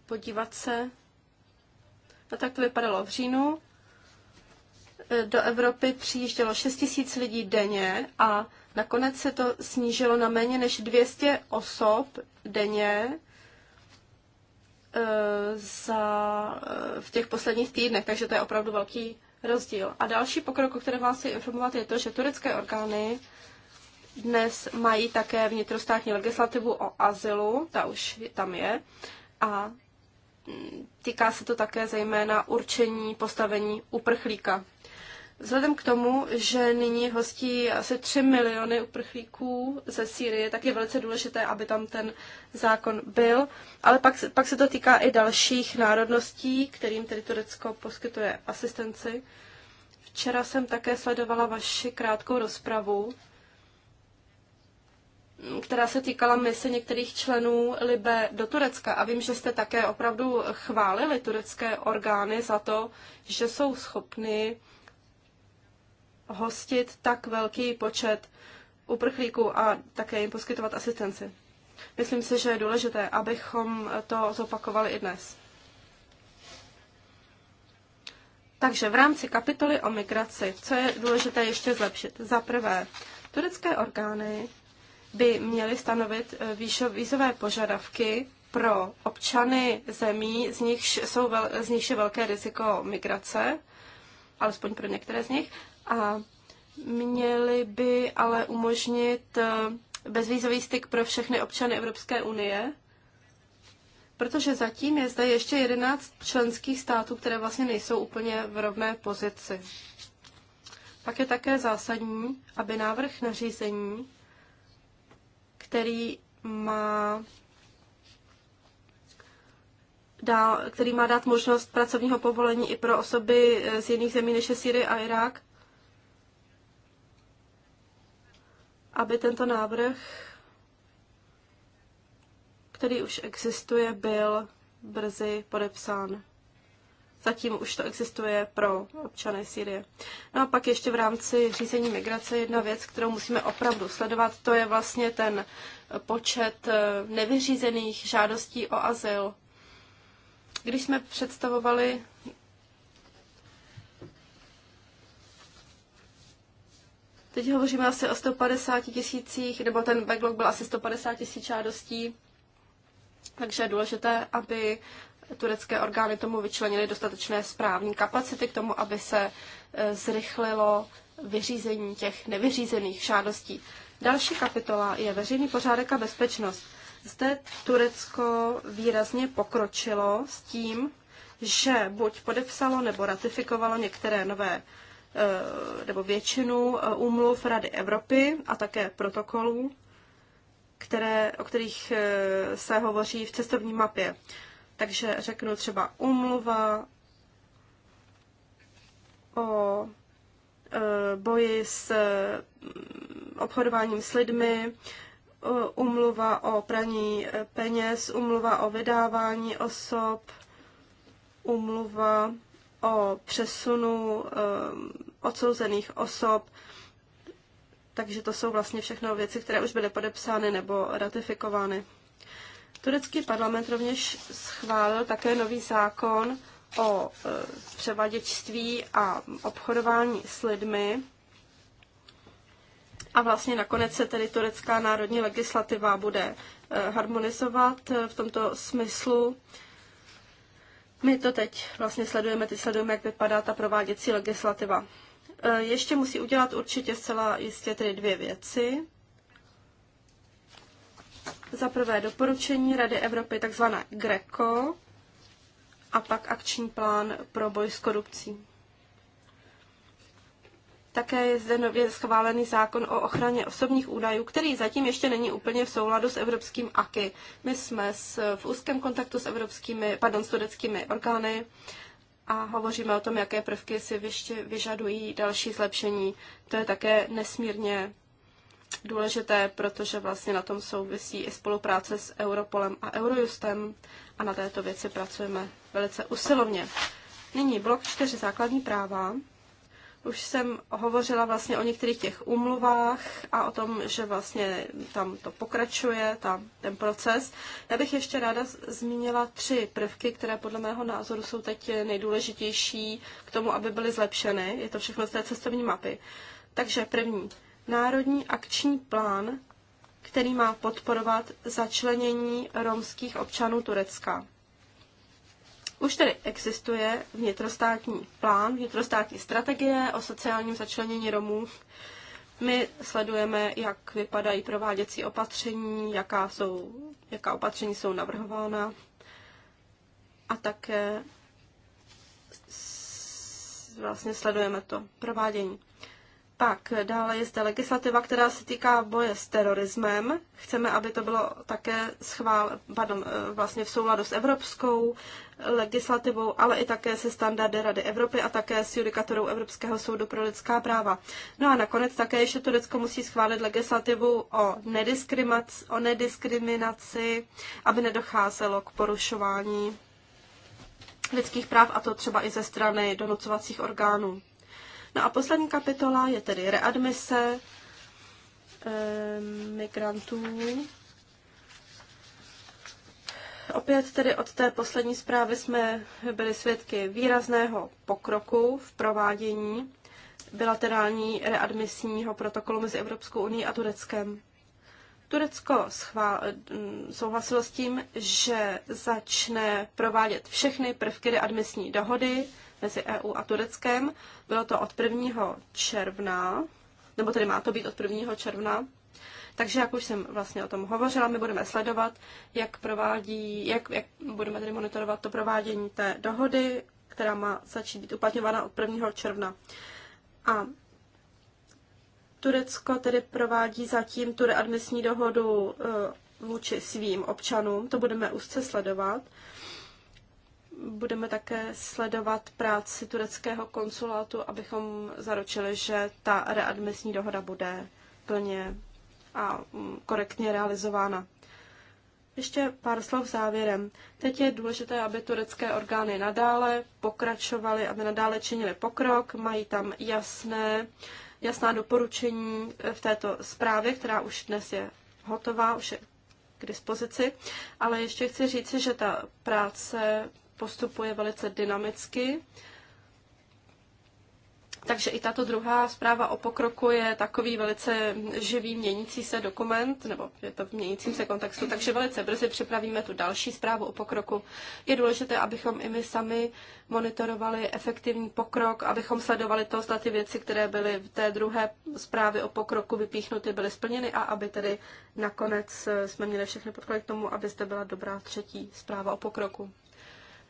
podívat se. A tak to vypadalo v říjnu. Eh, do Evropy přijíždělo 6 tisíc lidí denně a nakonec se to snížilo na méně než 200 osob denně eh, za, v těch posledních týdnech, takže to je opravdu velký rozdíl. A další pokrok, o kterém vás chci informovat, je to, že turecké orgány dnes mají také vnitrostátní legislativu o azylu, ta už tam je, a mm, týká se to také zejména určení postavení uprchlíka. Vzhledem k tomu, že nyní hostí asi 3 miliony uprchlíků ze Sýrie, tak je velice důležité, aby tam ten zákon byl. Ale pak, pak se to týká i dalších národností, kterým tedy Turecko poskytuje asistenci. Včera jsem také sledovala vaši krátkou rozpravu, která se týkala mise některých členů Libe do Turecka. A vím, že jste také opravdu chválili turecké orgány za to, že jsou schopny hostit tak velký počet uprchlíků a také jim poskytovat asistenci. Myslím si, že je důležité, abychom to zopakovali i dnes. Takže v rámci kapitoly o migraci, co je důležité ještě zlepšit? Za prvé, turecké orgány by měly stanovit eh, výzové požadavky pro občany zemí, z nichž, jsou, z nichž je velké riziko migrace, alespoň pro některé z nich, a měli by ale umožnit eh, bezvízový styk pro všechny občany Evropské unie, protože zatím je zde ještě 11 členských států, které vlastně nejsou úplně v rovné pozici. Pak je také zásadní, aby návrh nařízení, který má dá, který má dát možnost pracovního povolení i pro osoby eh, z jiných zemí než je Syrie a Irák, aby tento návrh, který už existuje, byl brzy podepsán. Zatím už to existuje pro občany Syrie. No a pak ještě v rámci řízení migrace jedna věc, kterou musíme opravdu sledovat, to je vlastně ten počet eh, nevyřízených žádostí o azyl. Když jsme představovali Teď hovoříme asi o 150 tisících, nebo ten backlog byl asi 150 tisíc žádostí, takže je důležité, aby turecké orgány tomu vyčlenily dostatečné správní kapacity k tomu, aby se e, zrychlilo vyřízení těch nevyřízených žádostí. Další kapitola je veřejný pořádek a bezpečnost. Zde Turecko výrazně pokročilo s tím, že buď podepsalo nebo ratifikovalo některé nové Eh, nebo většinu eh, úmluv Rady Evropy a také protokolů, které, o kterých eh, se hovoří v cestovní mapě. Takže řeknu třeba umluva o boji s obchodováním s lidmi, umluva o praní peněz, umluva o vydávání osob, umluva o přesunu odsouzených osob. Takže to jsou vlastně všechno věci, které už byly podepsány nebo ratifikovány. Turecký parlament rovněž schválil také nový zákon o e, převaděčství a obchodování s lidmi. A vlastně nakonec se tedy turecká národní legislativa bude e, harmonizovat e, v tomto smyslu. My to teď vlastně sledujeme, ty sledujeme, jak vypadá ta prováděcí legislativa. Eh, ještě musí udělat určitě zcela jistě tedy dvě věci. Za prvé doporučení Rady Evropy, takzvané GRECO, a pak akční plán pro boj s korupcí. Také je zde nově schválený zákon o ochraně osobních údajů, který zatím ještě není úplně v souladu s evropským AKY. My jsme s, v úzkém kontaktu s evropskými, pardon, studeckými orgány a hovoříme o tom, jaké prvky si ještě vyžadují další zlepšení. To je také nesmírně důležité, protože vlastně na tom souvisí i spolupráce s Europolem a Eurojustem a na této věci pracujeme velice usilovně. Nyní blok čtyři základní práva. Už jsem hovořila vlastně o některých těch umluvách a o tom, že vlastně tam to pokračuje, tam ten proces. Já bych ještě ráda zmínila tři prvky, které podle mého názoru jsou teď nejdůležitější k tomu, aby byly zlepšeny. Je to všechno z té cestovní mapy. Takže první, národní akční plán, který má podporovat začlenění romských občanů Turecka. Už tedy existuje vnitrostátní plán, vnitrostátní strategie o sociálním začlenění Romů. My sledujeme, jak vypadají prováděcí opatření, jaká, jsou, jaká opatření jsou navrhována a také vlastně sledujeme to provádění. Pak dále je zde legislativa, která se týká boje s terorismem. Chceme, aby to bylo také schvál, pardon, eh, vlastně v souladu s evropskou legislativou, ale i také se standardy Rady Evropy a také s judikaturou Evropského soudu pro lidská práva. No a nakonec také ještě Turecko musí schválit legislativu o, o nediskriminaci, aby nedocházelo k porušování lidských práv, a to třeba i ze strany donucovacích orgánů. No a poslední kapitola je tedy readmise e, migrantů. Opět tedy od té poslední zprávy jsme byli svědky výrazného pokroku v provádění bilaterální readmisního protokolu mezi Evropskou unii a Tureckem. Turecko schvál, mm, souhlasilo s tím, že začne provádět všechny prvky readmisní dohody, mezi EU a Tureckem. Bylo to od 1. června, nebo tedy má to být od 1. června. Takže jak už jsem vlastně o tom hovořila, my budeme sledovat, jak provádí, jak, jak budeme tedy monitorovat to provádění té dohody, která má začít být uplatňována od 1. června. A Turecko tedy provádí zatím tu readmisní dohodu eh, vůči svým občanům, to budeme úzce sledovat budeme také sledovat práci tureckého konsulátu, abychom zaručili, že ta readmisní dohoda bude plně a mm, korektně realizována. Ještě pár slov závěrem. Teď je důležité, aby turecké orgány nadále pokračovaly, aby nadále činili pokrok. Mají tam jasné, jasná doporučení eh, v této zprávě, která už dnes je hotová, už je k dispozici. Ale ještě chci říci, že ta práce postupuje velice dynamicky. Takže i tato druhá zpráva o pokroku je takový velice živý, měnící se dokument, nebo je to v měnícím se kontextu, takže velice brzy připravíme tu další zprávu o pokroku. Je důležité, abychom i my sami monitorovali efektivní pokrok, abychom sledovali to, zda ty věci, které byly v té druhé zprávě o pokroku vypíchnuty, byly splněny a aby tedy nakonec eh, jsme měli všechny podklady k tomu, aby zde byla dobrá třetí zpráva o pokroku.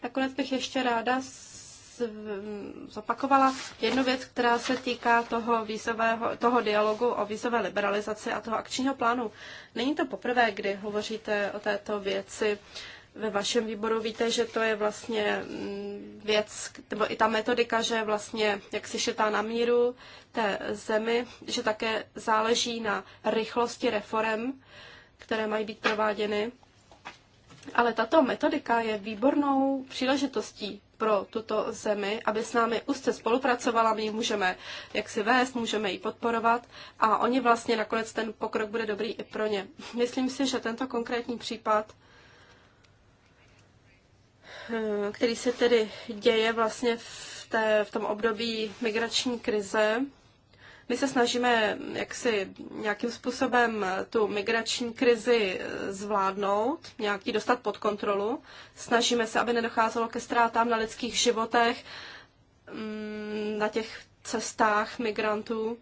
Nakonec bych ještě ráda zopakovala jednu věc, která se týká toho, vízového, toho dialogu o vízové liberalizaci a toho akčního plánu. Není to poprvé, kdy hovoříte o této věci ve vašem výboru. Víte, že to je vlastně mm, věc, nebo i ta metodika, že vlastně jak si šetá na míru té zemi, že také záleží na rychlosti reform, které mají být prováděny. Ale tato metodika je výbornou příležitostí pro tuto zemi, aby s námi úzce spolupracovala, my ji můžeme jak si vést, můžeme ji podporovat a oni vlastně nakonec ten pokrok bude dobrý i pro ně. Myslím si, že tento konkrétní případ eh, který se tedy děje vlastně v, té, v tom období migrační krize, my se snažíme jaksi nějakým způsobem tu migrační krizi eh, zvládnout, nějaký dostat pod kontrolu. Snažíme se, aby nedocházelo ke ztrátám na lidských životech, mm, na těch cestách migrantů.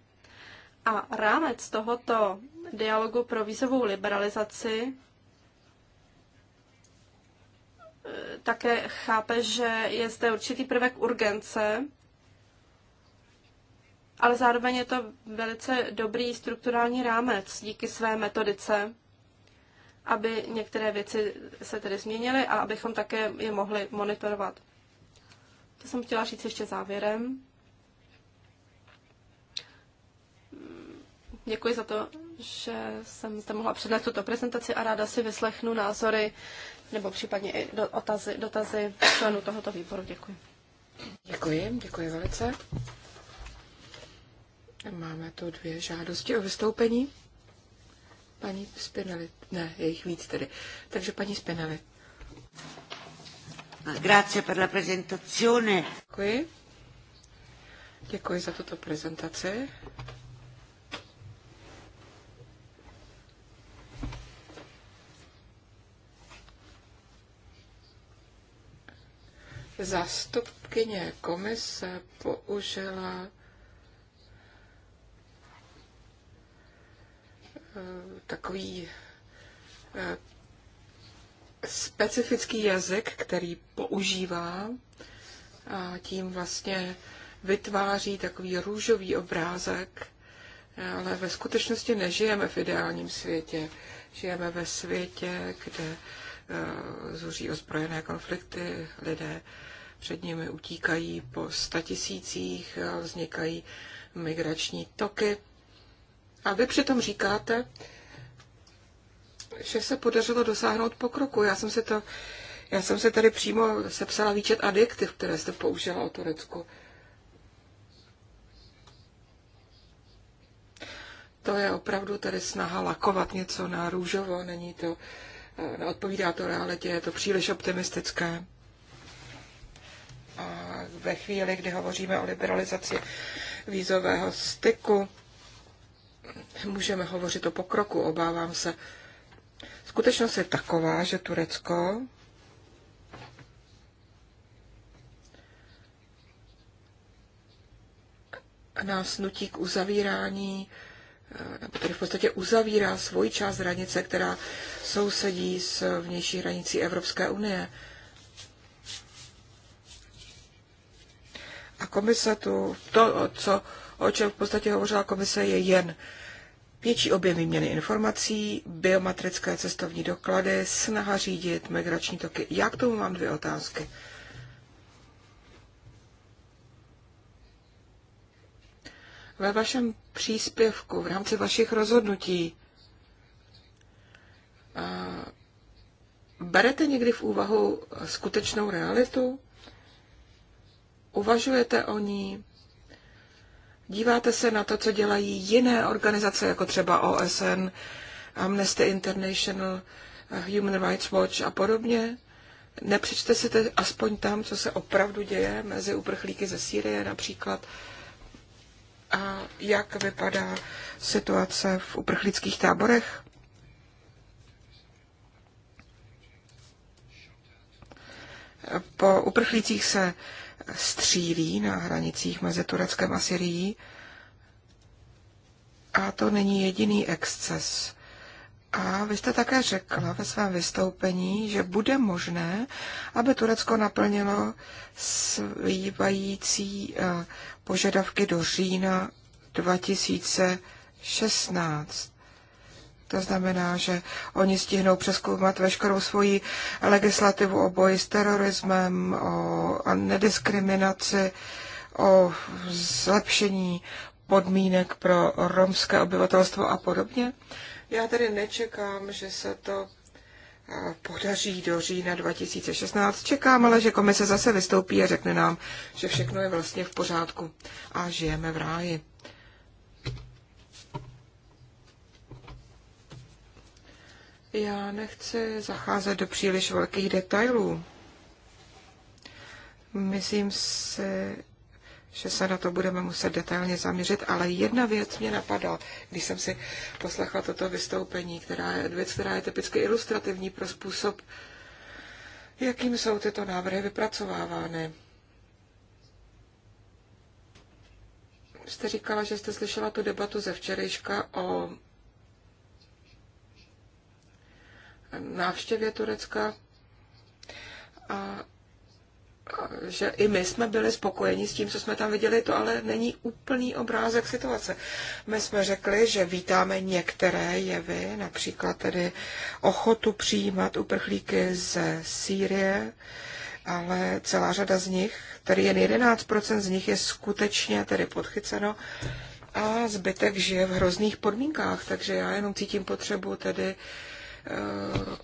A rámec tohoto dialogu pro vízovou liberalizaci eh, také chápe, že je zde určitý prvek urgence, ale zároveň je to velice dobrý strukturální rámec díky své metodice, aby některé věci se tedy změnily a abychom také je mohli monitorovat. To jsem chtěla říct ještě závěrem. Děkuji za to, že jsem zde mohla přednést tuto prezentaci a ráda si vyslechnu názory nebo případně i dotazy, dotazy členů tohoto výboru. Děkuji. Děkuji, děkuji velice. Máme tu dvě žádosti o vystoupení. Paní Spinelli, ne, je jich víc tedy. Takže paní Spinelli. Ah, grazie per la presentazione. Děkuji. Děkuji za tuto prezentaci. Zástupkyně komise použila Eh, takový eh, specifický jazyk, který používá a tím vlastně vytváří takový růžový obrázek, ale ve skutečnosti nežijeme v ideálním světě. Žijeme ve světě, kde eh, zuří ozbrojené konflikty, lidé před nimi utíkají po statisících, vznikají migrační toky. A vy přitom říkáte, že se podařilo dosáhnout pokroku. Já jsem se to, já jsem se tady přímo sepsala výčet adjektiv, které jste použila o Turecku. To je opravdu tedy snaha lakovat něco na růžovo, není to, eh, neodpovídá to realitě, je to příliš optimistické. A ve chvíli, kdy hovoříme o liberalizaci vízového styku, můžeme hovořit o pokroku, obávám se. Skutečnost je taková, že Turecko nás nutí k uzavírání, eh, nebo tedy v podstatě uzavírá svoji část hranice, která sousedí s vnější hranicí Evropské unie. A komise tu to, co o čem v podstatě hovořila komise, je jen větší objem výměny informací, biometrické cestovní doklady, snaha řídit migrační toky. Já k tomu mám dvě otázky. Ve vašem příspěvku, v rámci vašich rozhodnutí, berete někdy v úvahu skutečnou realitu? Uvažujete o ní? Díváte se na to, co dělají jiné organizace, jako třeba OSN, Amnesty International, Human Rights Watch a podobně? Nepřečte si to aspoň tam, co se opravdu děje mezi uprchlíky ze Sýrie například a jak vypadá situace v uprchlických táborech? Po uprchlících se střílí na hranicích mezi Tureckem a Syrií. A to není jediný exces. A vy jste také řekla ve svém vystoupení, že bude možné, aby Turecko naplnilo svývající eh, požadavky do října 2016. To znamená, že oni stihnou přeskoumat veškerou svoji legislativu o boji s terorismem, o nediskriminaci, o zlepšení podmínek pro romské obyvatelstvo a podobně. Já tedy nečekám, že se to eh, podaří do října 2016. Čekám ale, že komise zase vystoupí a řekne nám, že všechno je vlastně v pořádku a žijeme v ráji. Já nechci zacházet do příliš velkých detailů. Myslím si, že se na to budeme muset detailně zaměřit, ale jedna věc mě napadla, když jsem si poslechla toto vystoupení, která je věc, která je typicky ilustrativní pro způsob, jakým jsou tyto návrhy vypracovávány. Jste říkala, že jste slyšela tu debatu ze včerejška o návštěvě Turecka a že i my jsme byli spokojeni s tím, co jsme tam viděli, to ale není úplný obrázek situace. My jsme řekli, že vítáme některé jevy, například tedy ochotu přijímat uprchlíky ze Sýrie, ale celá řada z nich, tedy jen 11% z nich je skutečně tedy podchyceno a zbytek žije v hrozných podmínkách, takže já jenom cítím potřebu tedy uh, Eh,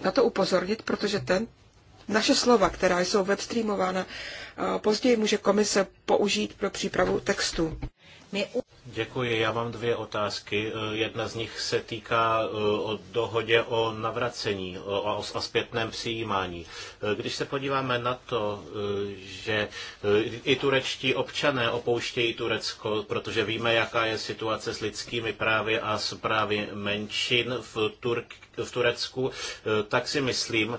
na to upozornit, protože ten, naše slova, která jsou webstreamována, eh, později může komise použít pro přípravu textu. Děkuji. Já mám dvě otázky. Eh, jedna z nich se týká eh, o dohodě o navracení a zpětném přijímání. Eh, když se podíváme na to, že i turečtí občané opouštějí Turecko, protože víme, jaká je situace s lidskými právy a s právy menšin v, Turk, v Turecku, tak si myslím,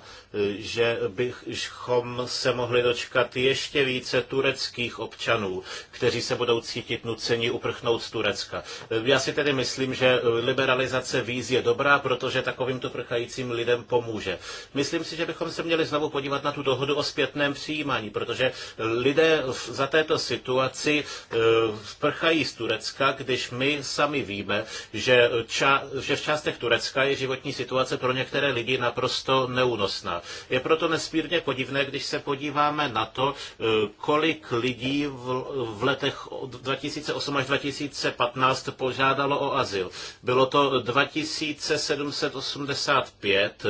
že bychom se mohli dočkat ještě více tureckých občanů, kteří se budou cítit nuceni uprchnout z Turecka. E, já si tedy myslím, že e, liberalizace víz je dobrá, protože takovýmto prchajícím lidem pomůže. Myslím si, že bychom se měli znovu podívat na tu dohodu o zpětném přijímání, protože lidé za této situaci e, prchají z Turecka, když my sami víme, že, ča, že v částech Turecka je životní situace pro některé lidi naprosto neúnosná. Je proto nesmírně podivné, když se podíváme na to, kolik lidí v, v letech od 2008 až 2000 2015 požádalo o azyl. Bylo to 2785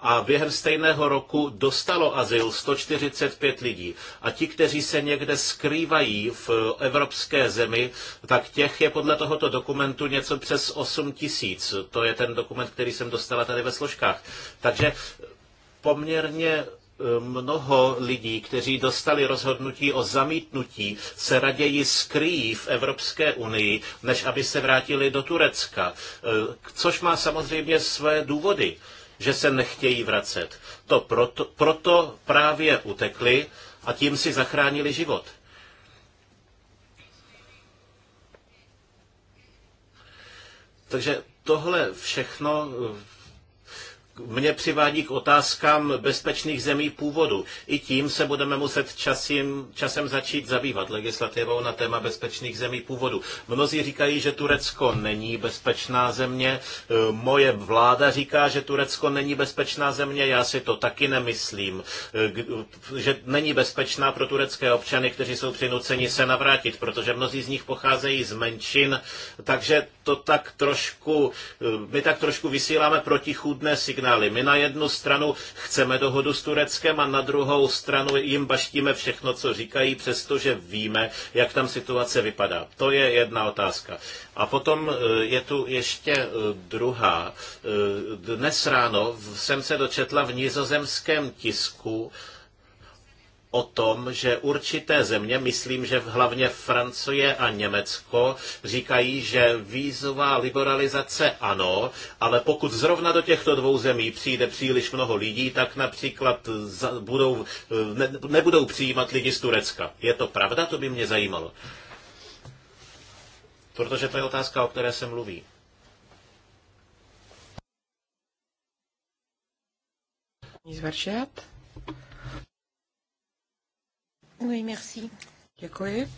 a během stejného roku dostalo azyl 145 lidí. A ti, kteří se někde skrývají v evropské zemi, tak těch je podle tohoto dokumentu něco přes 8 tisíc. To je ten dokument, který jsem dostala tady ve složkách. Takže poměrně mnoho lidí, kteří dostali rozhodnutí o zamítnutí, se raději skryjí v Evropské unii, než aby se vrátili do Turecka. E, což má samozřejmě své důvody, že se nechtějí vracet. To proto, proto právě utekli a tím si zachránili život. Takže tohle všechno mě přivádí k otázkám bezpečných zemí původu. I tím se budeme muset časím, časem začít zabývat legislativou na téma bezpečných zemí původu. Mnozí říkají, že Turecko není bezpečná země. E, moje vláda říká, že Turecko není bezpečná země. Já si to taky nemyslím, e, že není bezpečná pro turecké občany, kteří jsou přinuceni se navrátit, protože mnozí z nich pocházejí z menšin, takže to tak trošku, e, my tak trošku vysíláme protichůdné signály signály. My na jednu stranu chceme dohodu s Tureckem a na druhou stranu jim baštíme všechno, co říkají, přestože víme, jak tam situace vypadá. To je jedna otázka. A potom e, je tu ještě e, druhá. E, dnes ráno jsem se dočetla v nizozemském tisku, o tom, že určité země, myslím, že hlavně Francie a Německo, říkají, že vízová liberalizace ano, ale pokud zrovna do těchto dvou zemí přijde příliš mnoho lidí, tak například budou, eh, ne, nebudou přijímat lidi z Turecka. Je to pravda? To by mě zajímalo. Protože to je otázka, o které se mluví. Zvršet? Oui, merci. Děkuji.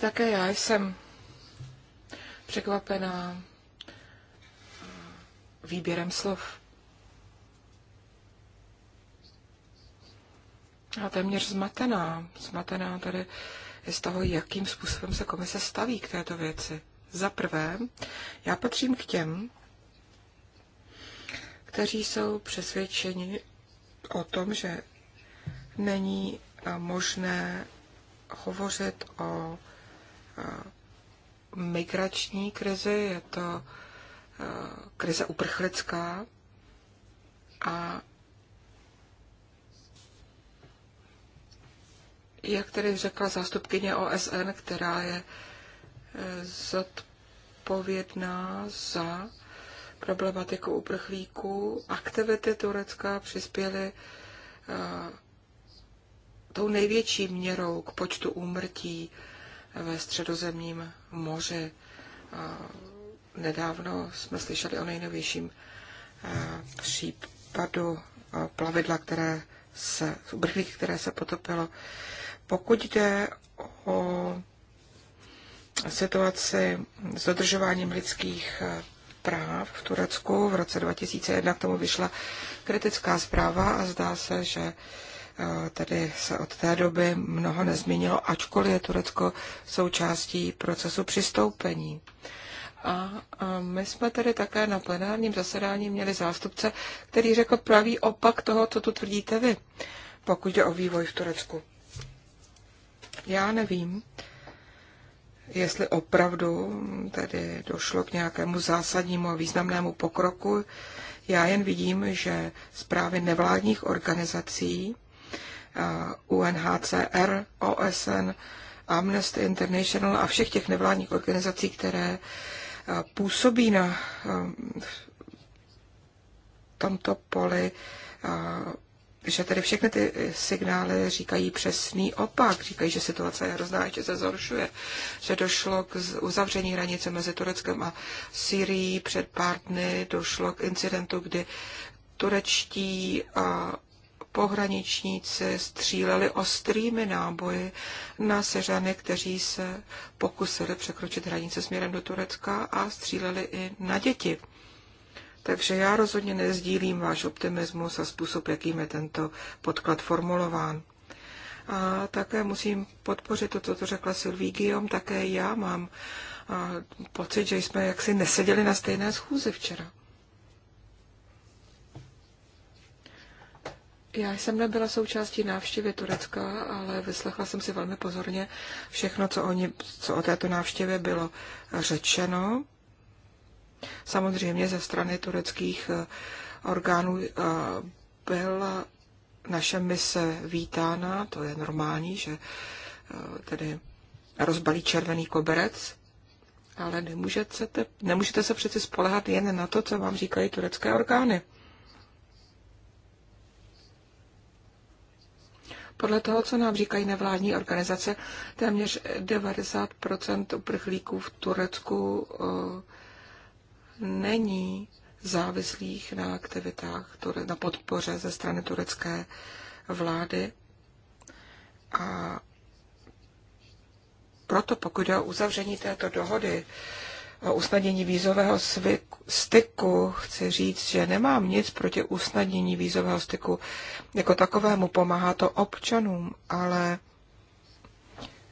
Také já jsem překvapená výběrem slov. A téměř zmatená. Zmatená tady je z toho, jakým způsobem se komise staví k této věci. Za prvé, já patřím k těm, kteří jsou přesvědčeni, o tom, že není eh, možné hovořit o eh, migrační krizi, je to eh, krize uprchlická a jak tedy řekla zástupkyně OSN, která je zodpovědná za problematiku uprchlíků. Aktivity Turecka přispěly eh, tou největší měrou k počtu úmrtí ve středozemním moři. Eh, nedávno jsme slyšeli o nejnovějším eh, případu plavidla, které se, uprchlík, které se potopilo. Pokud jde o situaci s dodržováním lidských práv v Turecku. V roce 2001 k tomu vyšla kritická zpráva a zdá se, že e, tedy se od té doby mnoho nezměnilo, ačkoliv je Turecko součástí procesu přistoupení. A, a my jsme tedy také na plenárním zasedání měli zástupce, který řekl pravý opak toho, co tu tvrdíte vy, pokud jde o vývoj v Turecku. Já nevím, jestli opravdu tedy došlo k nějakému zásadnímu a významnému pokroku. Já jen vidím, že zprávy nevládních organizací, UNHCR, OSN, Amnesty International a všech těch nevládních organizací, které působí na tomto poli, že tedy všechny ty signály říkají přesný opak. Říkají, že situace je hrozná, že se zhoršuje, že došlo k uzavření hranice mezi Tureckem a Syrií. Před pár dny došlo k incidentu, kdy turečtí pohraničníci stříleli ostrými náboji na seřany, kteří se pokusili překročit hranice směrem do Turecka a stříleli i na děti. Takže já rozhodně nezdílím váš optimismus a způsob, jakým je tento podklad formulován. A také musím podpořit to, co to řekla Sylvie Guillaume, také já mám pocit, že jsme jaksi neseděli na stejné schůzi včera. Já jsem nebyla součástí návštěvy Turecka, ale vyslechla jsem si velmi pozorně všechno, co, oni, co o této návštěvě bylo řečeno. Samozřejmě ze strany tureckých eh, orgánů eh, byla naše mise vítána, to je normální, že eh, tedy rozbalí červený koberec, ale nemůžete, nemůžete se přeci spolehat jen na to, co vám říkají turecké orgány. Podle toho, co nám říkají nevládní organizace, téměř 90 uprchlíků v Turecku není závislých na aktivitách, na podpoře ze strany turecké vlády. A proto, pokud je o uzavření této dohody, o usnadnění vízového styku, chci říct, že nemám nic proti usnadnění vízového styku jako takovému. Pomáhá to občanům, ale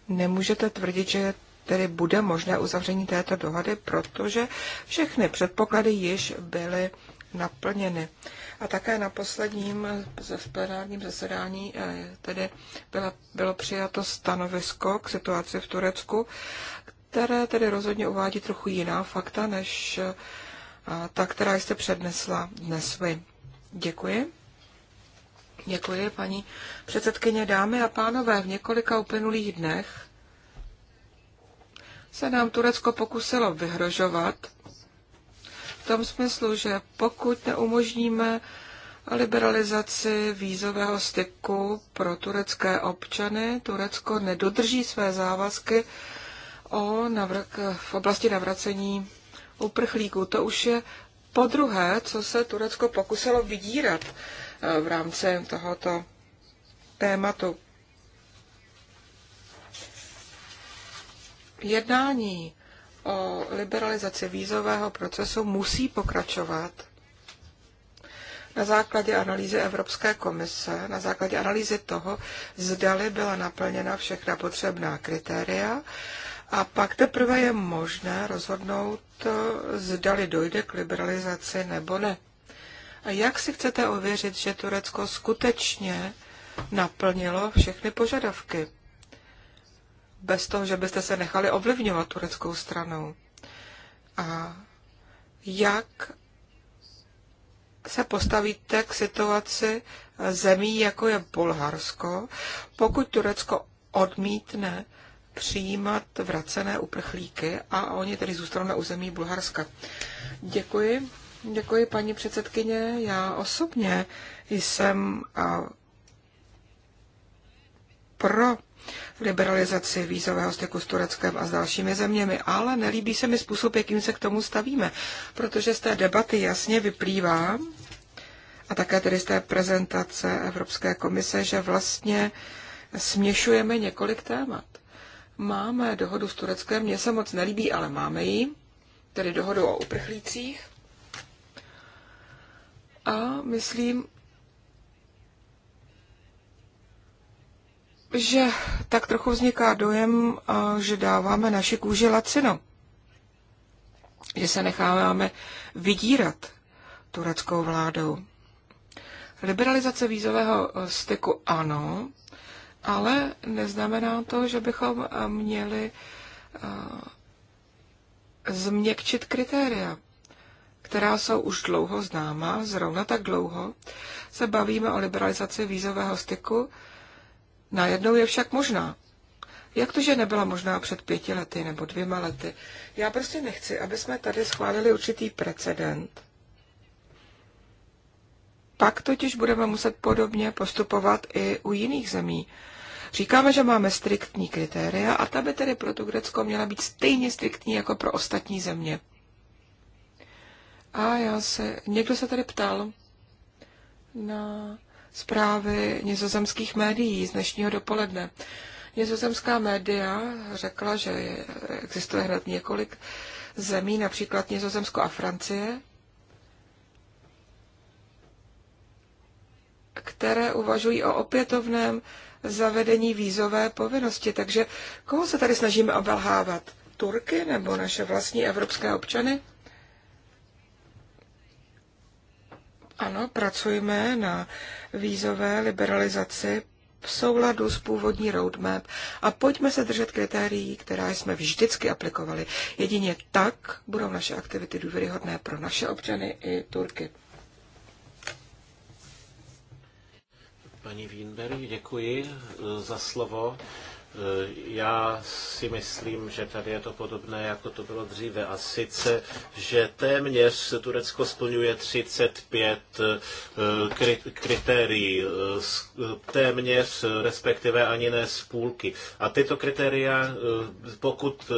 nemůžete tvrdit, že je tedy bude možné uzavření této dohody, protože všechny předpoklady již byly naplněny. A také na posledním plenárním zasedání eh, tedy byla, bylo přijato stanovisko k situaci v Turecku, které tedy rozhodně uvádí trochu jiná fakta, než eh, ta, která jste přednesla dnes vy. Děkuji. Děkuji, paní předsedkyně, dámy a pánové. V několika uplynulých dnech se nám Turecko pokusilo vyhrožovat v tom smyslu, že pokud neumožníme liberalizaci vízového styku pro turecké občany, Turecko nedodrží své závazky o navrk, v oblasti navracení uprchlíků. To už je po druhé, co se Turecko pokusilo vydírat eh, v rámci tohoto tématu. Jednání o liberalizaci vízového procesu musí pokračovat na základě analýzy Evropské komise, na základě analýzy toho, zdali byla naplněna všechna potřebná kritéria a pak teprve je možné rozhodnout, eh, zdali dojde k liberalizaci nebo ne. A jak si chcete ověřit, že Turecko skutečně naplnilo všechny požadavky? bez toho, že byste se nechali ovlivňovat tureckou stranou. A jak se postavíte k situaci zemí, jako je Bulharsko, pokud Turecko odmítne přijímat vracené uprchlíky a oni tedy zůstanou na území Bulharska. Děkuji. Děkuji, paní předsedkyně. Já osobně jsem pro v liberalizaci vízového styku s Tureckem a s dalšími zeměmi, ale nelíbí se mi způsob, jakým se k tomu stavíme, protože z té debaty jasně vyplývá, a také tedy z té prezentace Evropské komise, že vlastně směšujeme několik témat. Máme dohodu s Tureckem, mně se moc nelíbí, ale máme ji, tedy dohodu o uprchlících. A myslím, že tak trochu vzniká dojem, že dáváme naši kůži lacino, že se necháváme vydírat tureckou vládou. Liberalizace vízového e, styku ano, ale neznamená to, že bychom e, měli e, změkčit kritéria, která jsou už dlouho známa, zrovna tak dlouho se bavíme o liberalizaci vízového styku, Najednou je však možná. Jak to, že nebyla možná před pěti lety nebo dvěma lety? Já prostě nechci, aby jsme tady schválili určitý precedent. Pak totiž budeme muset podobně postupovat i u jiných zemí. Říkáme, že máme striktní kritéria a ta by tedy pro tu Grecko měla být stejně striktní jako pro ostatní země. A já se, někdo se tady ptal na zprávy nizozemských médií z dnešního dopoledne. Nizozemská média řekla, že existuje hned několik zemí, například Nizozemsko a Francie, které uvažují o opětovném zavedení vízové povinnosti. Takže koho se tady snažíme obelhávat? Turky nebo naše vlastní evropské občany? Ano, pracujeme na vízové liberalizaci v souladu s původní roadmap a pojďme se držet kritérií, která jsme vždycky aplikovali. Jedině tak budou naše aktivity důvěryhodné pro naše občany i Turky. Paní Wienberg, děkuji za slovo. Eh, já si myslím, že tady je to podobné, jako to bylo dříve. A sice, že téměř Turecko splňuje 35 eh, kritérií, eh, téměř, respektive ani ne z půlky. A tyto kritéria, pokud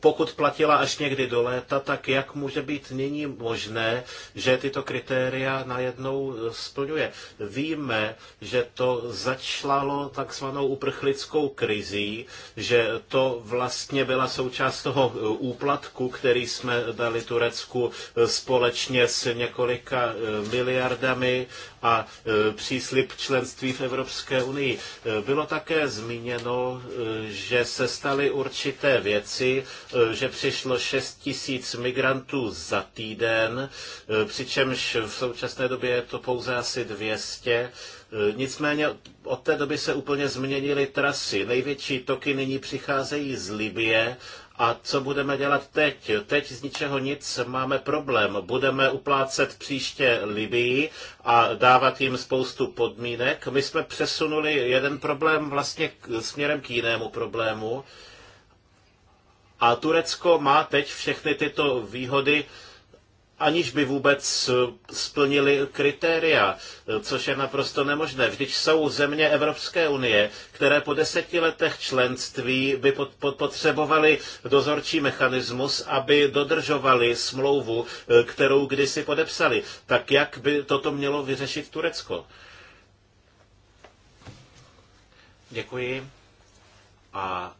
pokud platila až někdy do léta, tak jak může být nyní možné, že tyto kritéria najednou e, splňuje? Víme, že to začalo takzvanou uprchlickou krizí, že to vlastně byla součást toho e, úplatku, který jsme dali Turecku e, společně s několika miliardami a e, příslip členství v Evropské unii. E, bylo také zmíněno, e, že se staly určité věci, že přišlo 6 tisíc migrantů za týden, přičemž v současné době je to pouze asi 200. Nicméně od té doby se úplně změnily trasy. Největší toky nyní přicházejí z Libie a co budeme dělat teď? Teď z ničeho nic máme problém. Budeme uplácet příště Libii a dávat jim spoustu podmínek. My jsme přesunuli jeden problém vlastně směrem k jinému problému. A Turecko má teď všechny tyto výhody aniž by vůbec eh, splnili kritéria, eh, což je naprosto nemožné. Vždyť jsou země Evropské unie, které po deseti letech členství by potřebovali dozorčí mechanismus, aby dodržovali smlouvu, eh, kterou kdysi podepsali. Tak jak by toto mělo vyřešit Turecko? Děkuji. A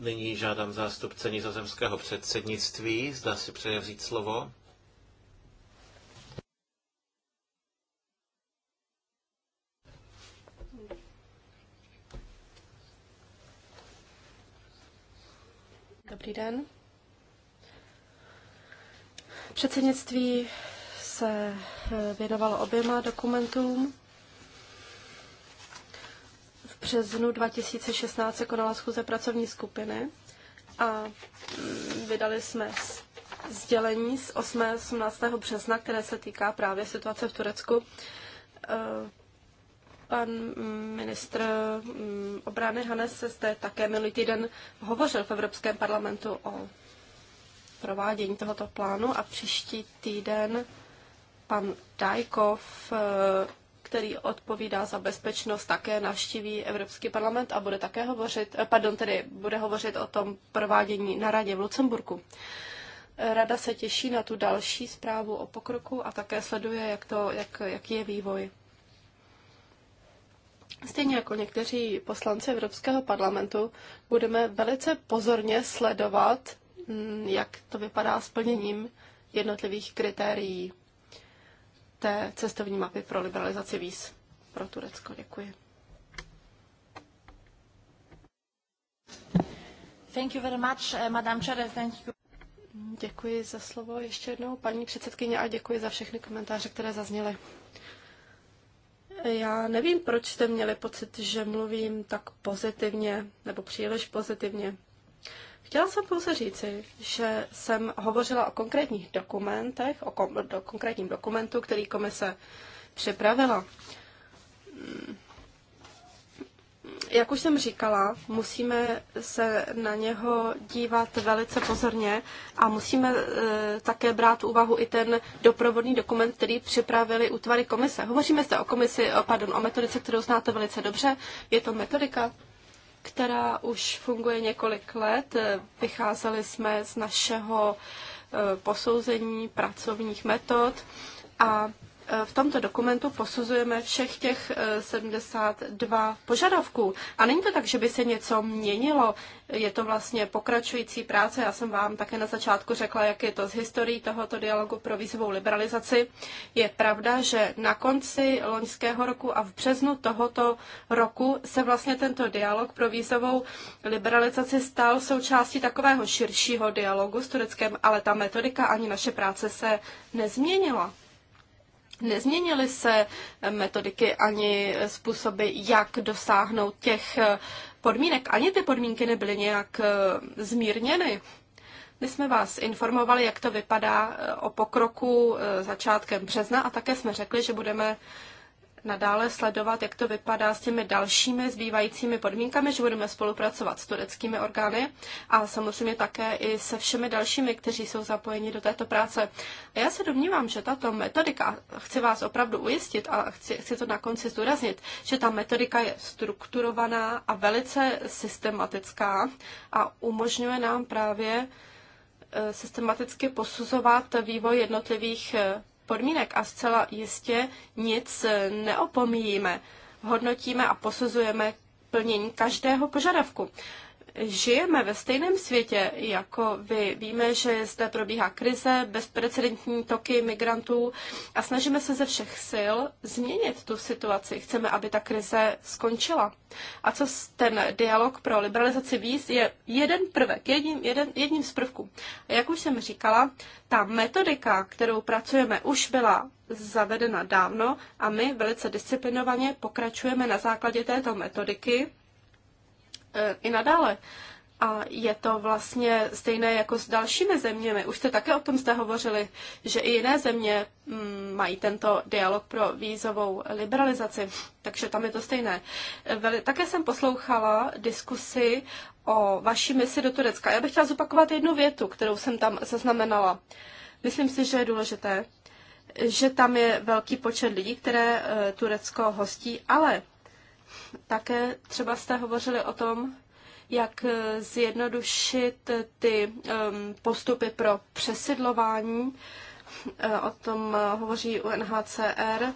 nyní žádám zástupce nizozemského předsednictví. Zda si přeje vzít slovo. Dobrý den. Předsednictví se eh, věnovalo oběma dokumentům. V březnu 2016 se konala schůze pracovní skupiny a mm, vydali jsme sdělení z 8. 18. března, které se týká právě situace v Turecku eh, Pan mm, ministr mm, obrany Hanes se zde také minulý týden hovořil v Evropském parlamentu o provádění tohoto plánu a příští týden pan Dajkov, eh, který odpovídá za bezpečnost, také navštíví Evropský parlament a bude také hovořit, eh, pardon, tedy bude hovořit o tom provádění na radě v Lucemburku. Rada se těší na tu další zprávu o pokroku a také sleduje, jak to, jak, jaký je vývoj Stejně jako někteří poslanci Evropského parlamentu budeme velice pozorně sledovat, mm, jak to vypadá s plněním jednotlivých kritérií té cestovní mapy pro liberalizaci víz pro Turecko. Děkuji. Thank you very much, eh, Madam Chair. Thank you. Děkuji za slovo ještě jednou, paní předsedkyně, a děkuji za všechny komentáře, které zazněly. Já nevím, proč jste měli pocit, že mluvím tak pozitivně nebo příliš pozitivně. Chtěla jsem pouze říci, že jsem hovořila o konkrétních dokumentech, o kom- o konkrétním dokumentu, který komise připravila. Hmm jak už jsem říkala, musíme se na něho dívat velice pozorně a musíme eh, také brát v úvahu i ten doprovodný dokument, který připravili útvary komise. Hovoříme zde o komisi, pardon, o metodice, kterou znáte velice dobře. Je to metodika, která už funguje několik let. Vycházeli jsme z našeho eh, posouzení pracovních metod a Eh, v tomto dokumentu posuzujeme všech těch 72 eh, požadavků. A není to tak, že by se něco měnilo. Je to vlastně pokračující práce. Já jsem vám také na začátku řekla, jak je to z historií tohoto dialogu pro výzvou liberalizaci. Je pravda, že na konci loňského roku a v březnu tohoto roku se vlastně tento dialog pro výzovou liberalizaci stal součástí takového širšího dialogu s Tureckem, ale ta metodika ani naše práce se nezměnila. Nezměnily se metodiky ani způsoby, jak dosáhnout těch podmínek. Ani ty podmínky nebyly nějak eh, zmírněny. My jsme vás informovali, jak to vypadá eh, o pokroku eh, začátkem března a také jsme řekli, že budeme nadále sledovat, jak to vypadá s těmi dalšími zbývajícími podmínkami, že budeme spolupracovat s tureckými orgány a samozřejmě také i se všemi dalšími, kteří jsou zapojeni do této práce. A já se domnívám, že tato metodika, chci vás opravdu ujistit a chci, chci to na konci zdůraznit, že ta metodika je strukturovaná a velice systematická a umožňuje nám právě eh, systematicky posuzovat vývoj jednotlivých eh, podmínek a zcela jistě nic neopomíjíme. Hodnotíme a posuzujeme plnění každého požadavku žijeme ve stejném světě jako vy. Víme, že zde probíhá krize, bezprecedentní toky migrantů a snažíme se ze všech sil změnit tu situaci. Chceme, aby ta krize skončila. A co ten dialog pro liberalizaci víz je jeden prvek, jedním, jeden, jedním z prvků. Jak už jsem říkala, ta metodika, kterou pracujeme, už byla zavedena dávno a my velice disciplinovaně pokračujeme na základě této metodiky E, i nadále. A je to vlastně stejné jako s dalšími zeměmi. Už jste také o tom jste hovořili, že i jiné země mm, mají tento dialog pro vízovou liberalizaci, takže tam je to stejné. také jsem poslouchala diskusi o vaší misi do Turecka. Já bych chtěla zopakovat jednu větu, kterou jsem tam zaznamenala. Myslím si, že je důležité, že tam je velký počet lidí, které e, Turecko hostí, ale také třeba jste hovořili o tom, jak eh, zjednodušit eh, ty ehm, postupy pro přesidlování. Eh, o tom hovoří UNHCR.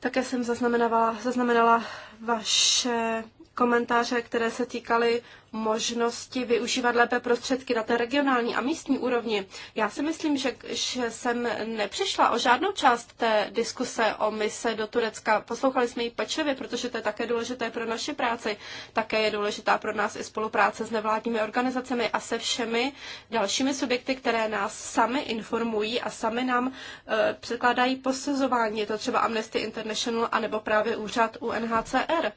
Také jsem zaznamenala, zaznamenala vaše komentáře, které se týkaly možnosti využívat lépe prostředky na té regionální a místní úrovni. Já si myslím, že, že jsem nepřišla o žádnou část té diskuse o mise do Turecka. Poslouchali jsme ji pečlivě, protože to je také důležité pro naši práci. Také je důležitá pro nás i spolupráce s nevládními organizacemi a se všemi dalšími subjekty, které nás sami informují a sami nám e, překládají posuzování. Je to třeba Amnesty International anebo právě úřad UNHCR.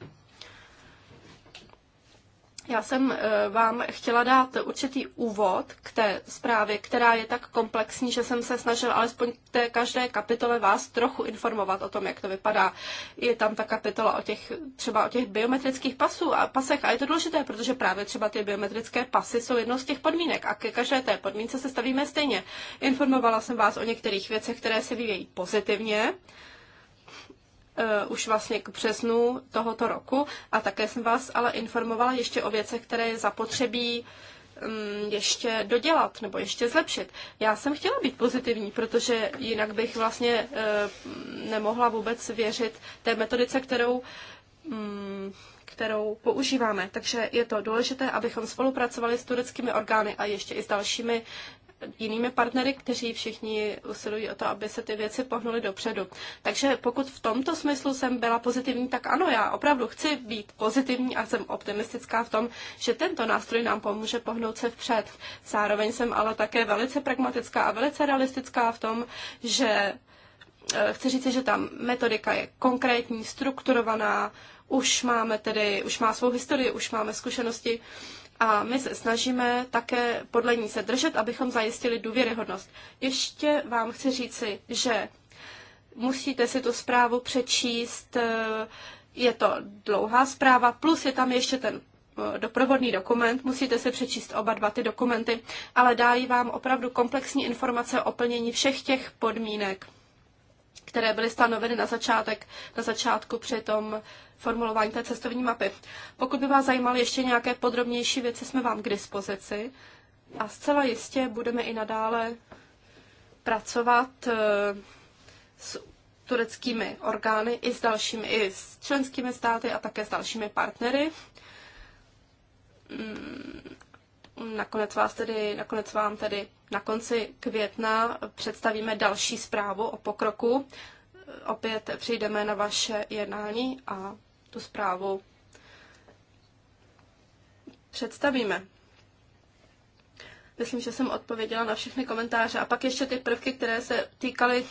Já jsem eh, vám chtěla dát určitý úvod k té zprávě, která je tak komplexní, že jsem se snažila, alespoň k té každé kapitole vás trochu informovat o tom, jak to vypadá. Je tam ta kapitola o těch, třeba o těch biometrických pasů a pasech a je to důležité, protože právě třeba ty biometrické pasy jsou jednou z těch podmínek a ke každé té podmínce se stavíme stejně. Informovala jsem vás o některých věcech, které se vyvíjejí pozitivně, uh, už vlastně k březnu tohoto roku a také jsem vás ale informovala ještě o věcech, které je zapotřebí um, ještě dodělat nebo ještě zlepšit. Já jsem chtěla být pozitivní, protože jinak bych vlastně uh, nemohla vůbec věřit té metodice, kterou um, kterou používáme. Takže je to důležité, abychom spolupracovali s tureckými orgány a ještě i s dalšími jinými partnery, kteří všichni usilují o to, aby se ty věci pohnuly dopředu. Takže pokud v tomto smyslu jsem byla pozitivní, tak ano, já opravdu chci být pozitivní a jsem optimistická v tom, že tento nástroj nám pomůže pohnout se vpřed. Zároveň jsem ale také velice pragmatická a velice realistická v tom, že eh, chci říct, že ta metodika je konkrétní, strukturovaná, už máme tedy, už má svou historii, už máme zkušenosti a my se snažíme také podle ní se držet, abychom zajistili důvěryhodnost. Ještě vám chci říci, že musíte si tu zprávu přečíst, eh, je to dlouhá zpráva, plus je tam ještě ten eh, doprovodný dokument, musíte si přečíst oba dva ty dokumenty, ale dají vám opravdu komplexní informace o plnění všech těch podmínek, které byly stanoveny na, začátek, na začátku při tom formulování té cestovní mapy. Pokud by vás zajímaly ještě nějaké podrobnější věci, jsme vám k dispozici a zcela jistě budeme i nadále pracovat eh, s tureckými orgány i s dalšími, i s členskými státy a také s dalšími partnery. Mm, nakonec, vás tedy, nakonec vám tedy na konci května představíme další zprávu o pokroku. Opět přijdeme na vaše jednání a tu zprávu představíme. Myslím, že jsem odpověděla na všechny komentáře. A pak ještě ty prvky, které se týkaly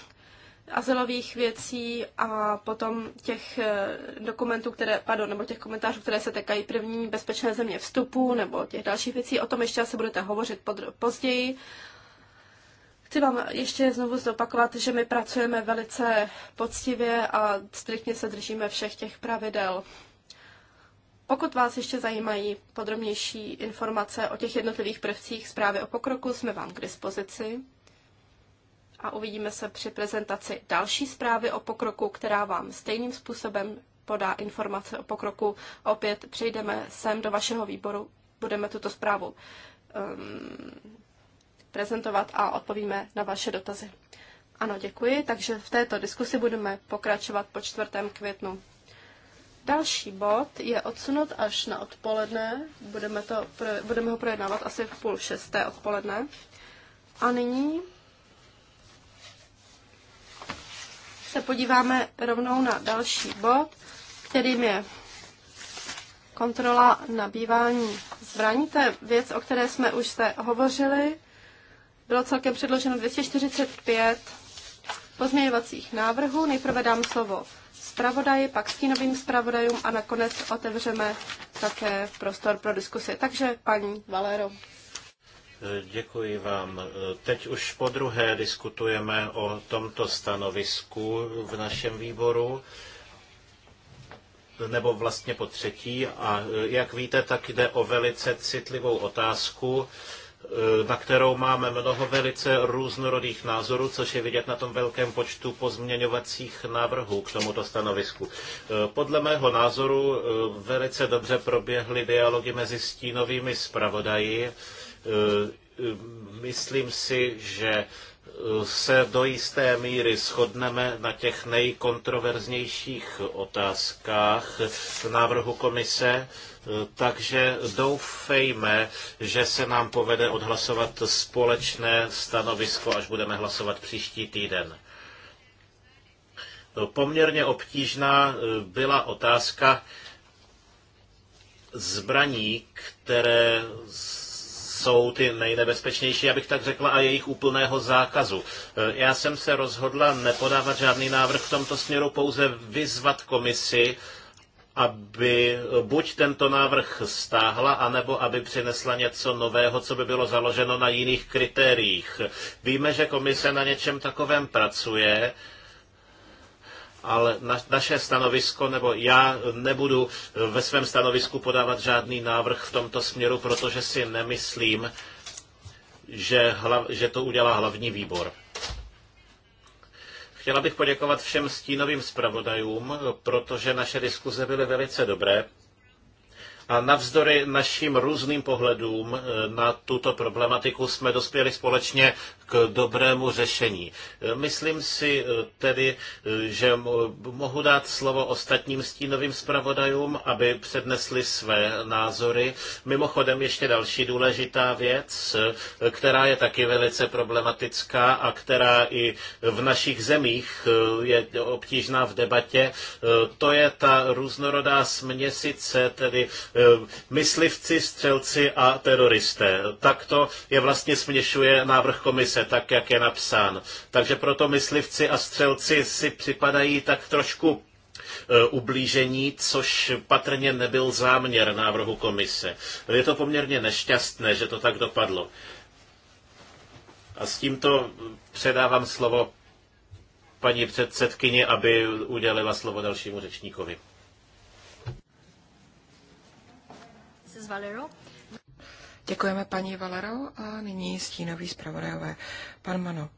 azylových věcí a potom těch eh, dokumentů, které, pardon, nebo těch komentářů, které se týkají první bezpečné země vstupu nebo těch dalších věcí. O tom ještě asi budete hovořit pod, později. Chci vám ještě znovu zopakovat, že my pracujeme velice poctivě a striktně se držíme všech těch pravidel. Pokud vás ještě zajímají podrobnější informace o těch jednotlivých prvcích zprávy o pokroku, jsme vám k dispozici. A uvidíme se při prezentaci další zprávy o pokroku, která vám stejným způsobem podá informace o pokroku. Opět přejdeme sem do vašeho výboru, budeme tuto zprávu um, prezentovat a odpovíme na vaše dotazy. Ano, děkuji, takže v této diskusi budeme pokračovat po 4. květnu. Další bod je odsunut až na odpoledne. Budeme, to, budeme ho projednávat asi v půl šesté odpoledne. A nyní se podíváme rovnou na další bod, kterým je kontrola nabývání zbraní. To je věc, o které jsme už se hovořili bylo celkem předloženo 245 pozměňovacích návrhů. Nejprve dám slovo zpravodaji, pak stínovým zpravodajům a nakonec otevřeme také prostor pro diskusi. Takže paní Valero. Děkuji vám. Teď už po druhé diskutujeme o tomto stanovisku v našem výboru nebo vlastně po třetí. A jak víte, tak jde o velice citlivou otázku, Eh, na kterou máme mnoho velice různorodých názorů, což je vidět na tom velkém počtu pozměňovacích návrhů k tomuto stanovisku. Eh, podle mého názoru eh, velice dobře proběhly dialogy mezi stínovými zpravodaji. Myslím si, že se do jisté míry shodneme na těch nejkontroverznějších otázkách návrhu komise takže doufejme, že se nám povede odhlasovat společné stanovisko, až budeme hlasovat příští týden. Poměrně obtížná eh, byla otázka zbraní, které jsou ty nejnebezpečnější, abych tak řekla, a jejich úplného zákazu. Eh, já jsem se rozhodla nepodávat žádný návrh v tomto směru, pouze vyzvat komisi, aby eh, buď tento návrh stáhla, anebo aby přinesla něco nového, co by bylo založeno na jiných kritériích. Víme, že komise na něčem takovém pracuje, ale na, naše stanovisko, nebo já nebudu eh, ve svém stanovisku podávat žádný návrh v tomto směru, protože si nemyslím, že, hla, že to udělá hlavní výbor. Chtěla bych poděkovat všem stínovým zpravodajům, protože naše diskuze byly velice dobré. A navzdory našim různým pohledům eh, na tuto problematiku jsme dospěli společně k dobrému řešení. Eh, myslím si eh, tedy, že mohu dát slovo ostatním stínovým zpravodajům, aby přednesli své názory. Mimochodem ještě další důležitá věc, která je taky velice problematická a která i v našich zemích je obtížná v debatě, to je ta různorodá směsice, tedy Eh, myslivci, střelci a teroristé. Tak to je vlastně směšuje návrh komise, tak jak je napsán. Takže proto myslivci a střelci si připadají tak trošku eh, ublížení, což patrně nebyl záměr návrhu komise. Je to poměrně nešťastné, že to tak dopadlo. A s tímto předávám slovo paní předsedkyni, aby udělila slovo dalšímu řečníkovi. Valero. Děkujeme paní Valero a nyní stínový zpravodajové. Pan Mano.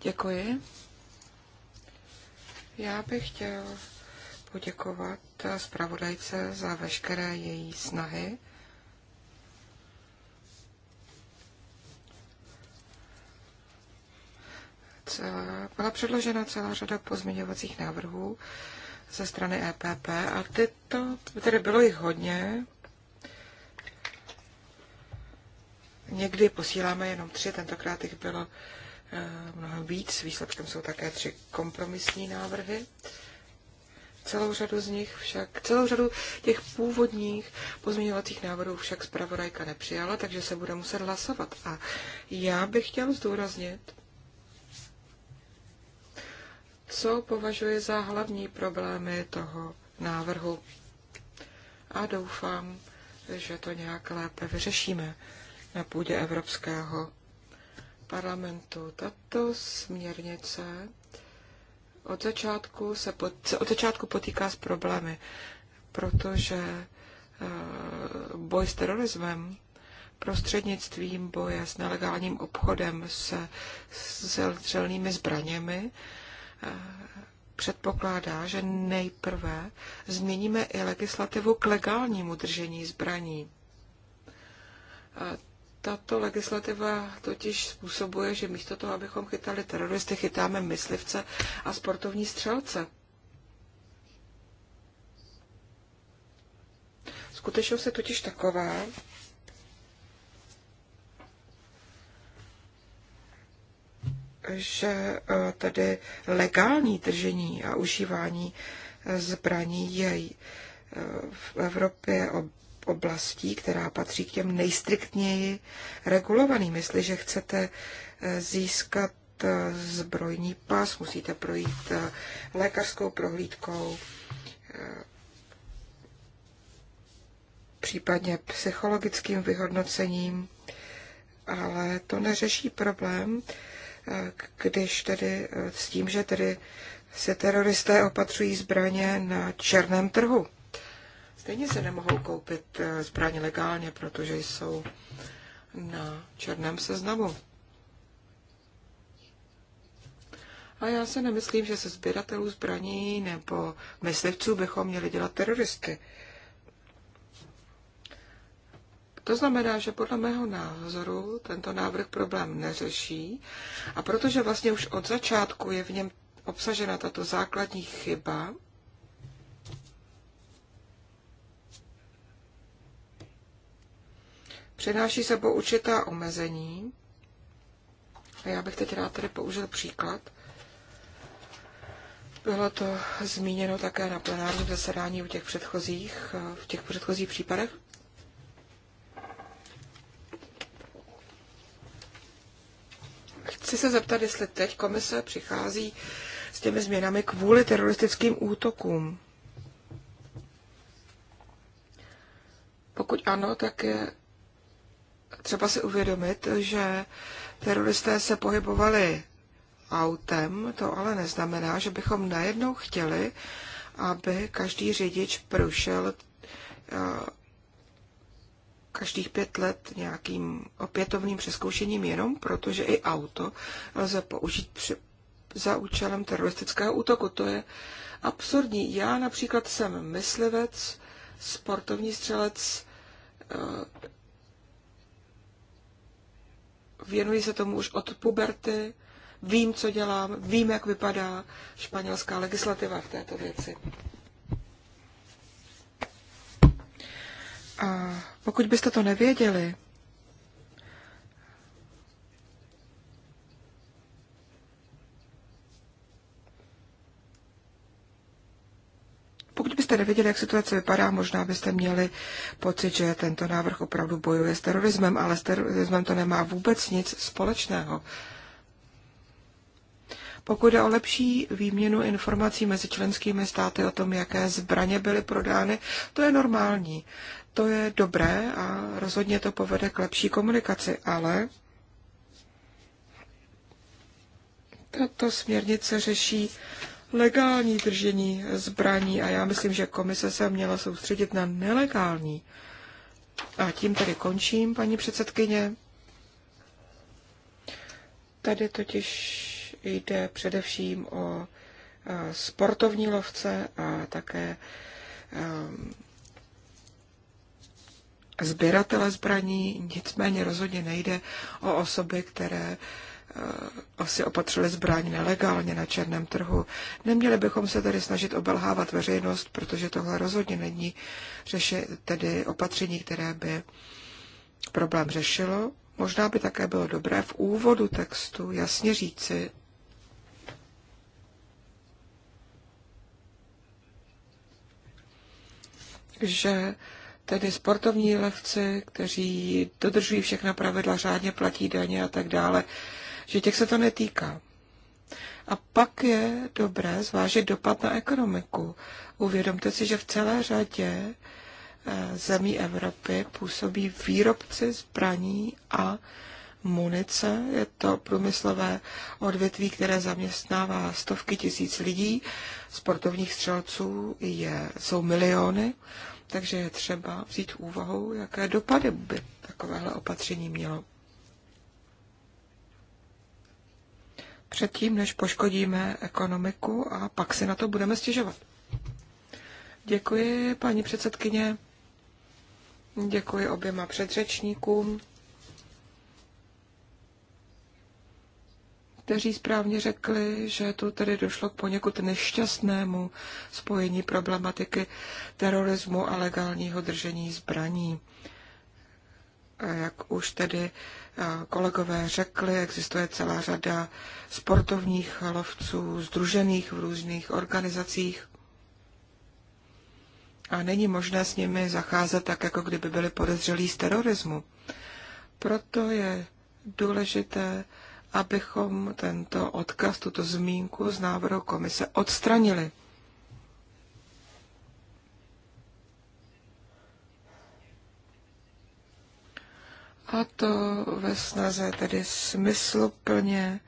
Děkuji. Já bych chtěl poděkovat zpravodajce za veškeré její snahy. Byla předložena celá řada pozměňovacích návrhů, ze strany EPP a tyto, tedy bylo jich hodně. Někdy posíláme jenom tři, tentokrát jich bylo eh, mnohem víc. Výsledkem jsou také tři kompromisní návrhy. Celou řadu z nich však, celou řadu těch původních pozměňovacích návrhů však zpravodajka nepřijala, takže se bude muset hlasovat. A já bych chtěl zdůraznit, co považuji za hlavní problémy toho návrhu. A doufám, že to nějak lépe vyřešíme na půdě Evropského parlamentu. Tato směrnice od začátku, se pot, od začátku potýká s problémy, protože eh, boj s terorismem prostřednictvím boje s nelegálním obchodem se střelnými zbraněmi předpokládá, že nejprve změníme i legislativu k legálnímu držení zbraní. Tato legislativa totiž způsobuje, že místo toho, abychom chytali teroristy, chytáme myslivce a sportovní střelce. Skutečnost je totiž taková, že eh, tedy legální držení a užívání eh, zbraní je eh, v Evropě oblastí, která patří k těm nejstriktněji regulovaným. Jestliže chcete získat zbrojní Pás musíte projít lékařskou prohlídkou, případně psychologickým vyhodnocením, ale to neřeší problém, když tedy eh, s tím, že tedy se teroristé opatřují zbraně na černém trhu. Stejně se nemohou koupit eh, zbraně legálně, protože jsou na černém seznamu. A já se nemyslím, že se sběratelů zbraní nebo myslivců bychom měli dělat teroristy. To znamená, že podle mého názoru tento návrh problém neřeší a protože vlastně už od začátku je v něm obsažena tato základní chyba, přináší sebou určitá omezení. A já bych teď rád tady použil příklad. Bylo to zmíněno také na plenárním zasedání u těch předchozích, v těch předchozích případech. chci se zeptat, jestli teď komise přichází s těmi změnami kvůli teroristickým útokům. Pokud ano, tak je třeba si uvědomit, že teroristé se pohybovali autem, to ale neznamená, že bychom najednou chtěli, aby každý řidič prošel eh, každých pět let nějakým opětovným přeskoušením jenom, protože i auto lze použít při, za účelem teroristického útoku. To je absurdní. Já například jsem myslivec, sportovní střelec, eh, věnuji se tomu už od puberty, vím, co dělám, vím, jak vypadá španělská legislativa v této věci. A pokud byste to nevěděli, Pokud byste nevěděli, jak situace vypadá, možná byste měli pocit, že tento návrh opravdu bojuje s terorismem, ale s terorismem to nemá vůbec nic společného. Pokud je o lepší výměnu informací mezi členskými státy o tom, jaké zbraně byly prodány, to je normální. To je dobré a rozhodně to povede k lepší komunikaci, ale tato směrnice řeší legální držení zbraní a já myslím, že komise se měla soustředit na nelegální. A tím tedy končím, paní předsedkyně. Tady totiž jde především o eh, sportovní lovce a také eh, sběratele zbraní, nicméně rozhodně nejde o osoby, které eh, asi opatřili zbraň nelegálně na černém trhu. Neměli bychom se tedy snažit obelhávat veřejnost, protože tohle rozhodně není řeši, tedy opatření, které by problém řešilo. Možná by také bylo dobré v úvodu textu jasně říci, že tedy sportovní levci, kteří dodržují všechna pravidla, řádně platí daně a tak dále, že těch se to netýká. A pak je dobré zvážit dopad na ekonomiku. Uvědomte si, že v celé řadě eh, zemí Evropy působí výrobci zbraní a munice. Je to průmyslové odvětví, které zaměstnává stovky tisíc lidí. Sportovních střelců je, jsou miliony. Takže je třeba vzít v úvahu, jaké dopady by takovéhle opatření mělo. Předtím, než poškodíme ekonomiku a pak si na to budeme stěžovat. Děkuji, paní předsedkyně. Děkuji oběma předřečníkům. kteří správně řekli, že tu tedy došlo k poněkud nešťastnému spojení problematiky terorismu a legálního držení zbraní. Jak už tedy kolegové řekli, existuje celá řada sportovních lovců, združených v různých organizacích a není možné s nimi zacházet tak, jako kdyby byli podezřelí z terorismu. Proto je důležité abychom tento odkaz, tuto zmínku z návrhu komise odstranili. A to ve snaze tedy smysluplně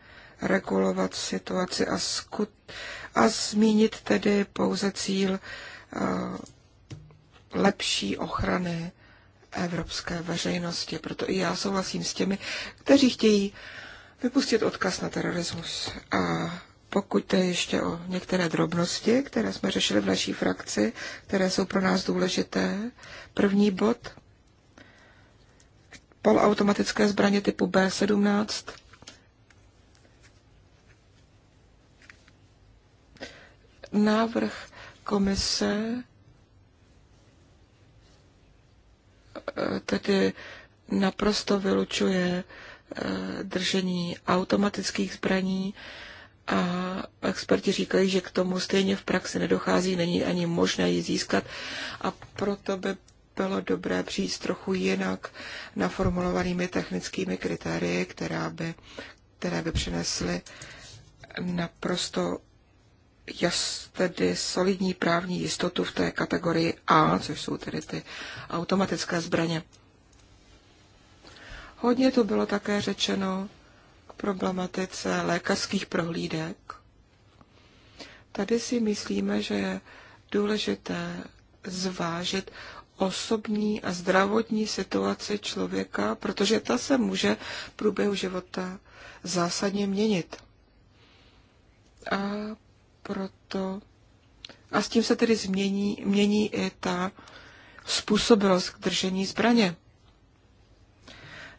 regulovat situaci a, skut, a zmínit tedy pouze cíl eh, lepší ochrany evropské veřejnosti. Proto i já souhlasím s těmi, kteří chtějí vypustit odkaz na terorismus. A pokud jde ještě o některé drobnosti, které jsme řešili v naší frakci, které jsou pro nás důležité, první bod, polautomatické zbraně typu B17, návrh komise eh, tedy naprosto vylučuje Eh, držení automatických zbraní a experti říkají, že k tomu stejně v praxi nedochází, není ani možné ji získat a proto by bylo dobré přijít trochu jinak naformulovanými technickými kritérii, která by, které by přinesly naprosto jas, tedy solidní právní jistotu v té kategorii A, což jsou tedy ty automatické zbraně. Hodně to bylo také řečeno k problematice lékařských prohlídek. Tady si myslíme, že je důležité zvážit osobní a zdravotní situaci člověka, protože ta se může v průběhu života zásadně měnit. A proto a s tím se tedy změní, mění i ta způsobilost k držení zbraně.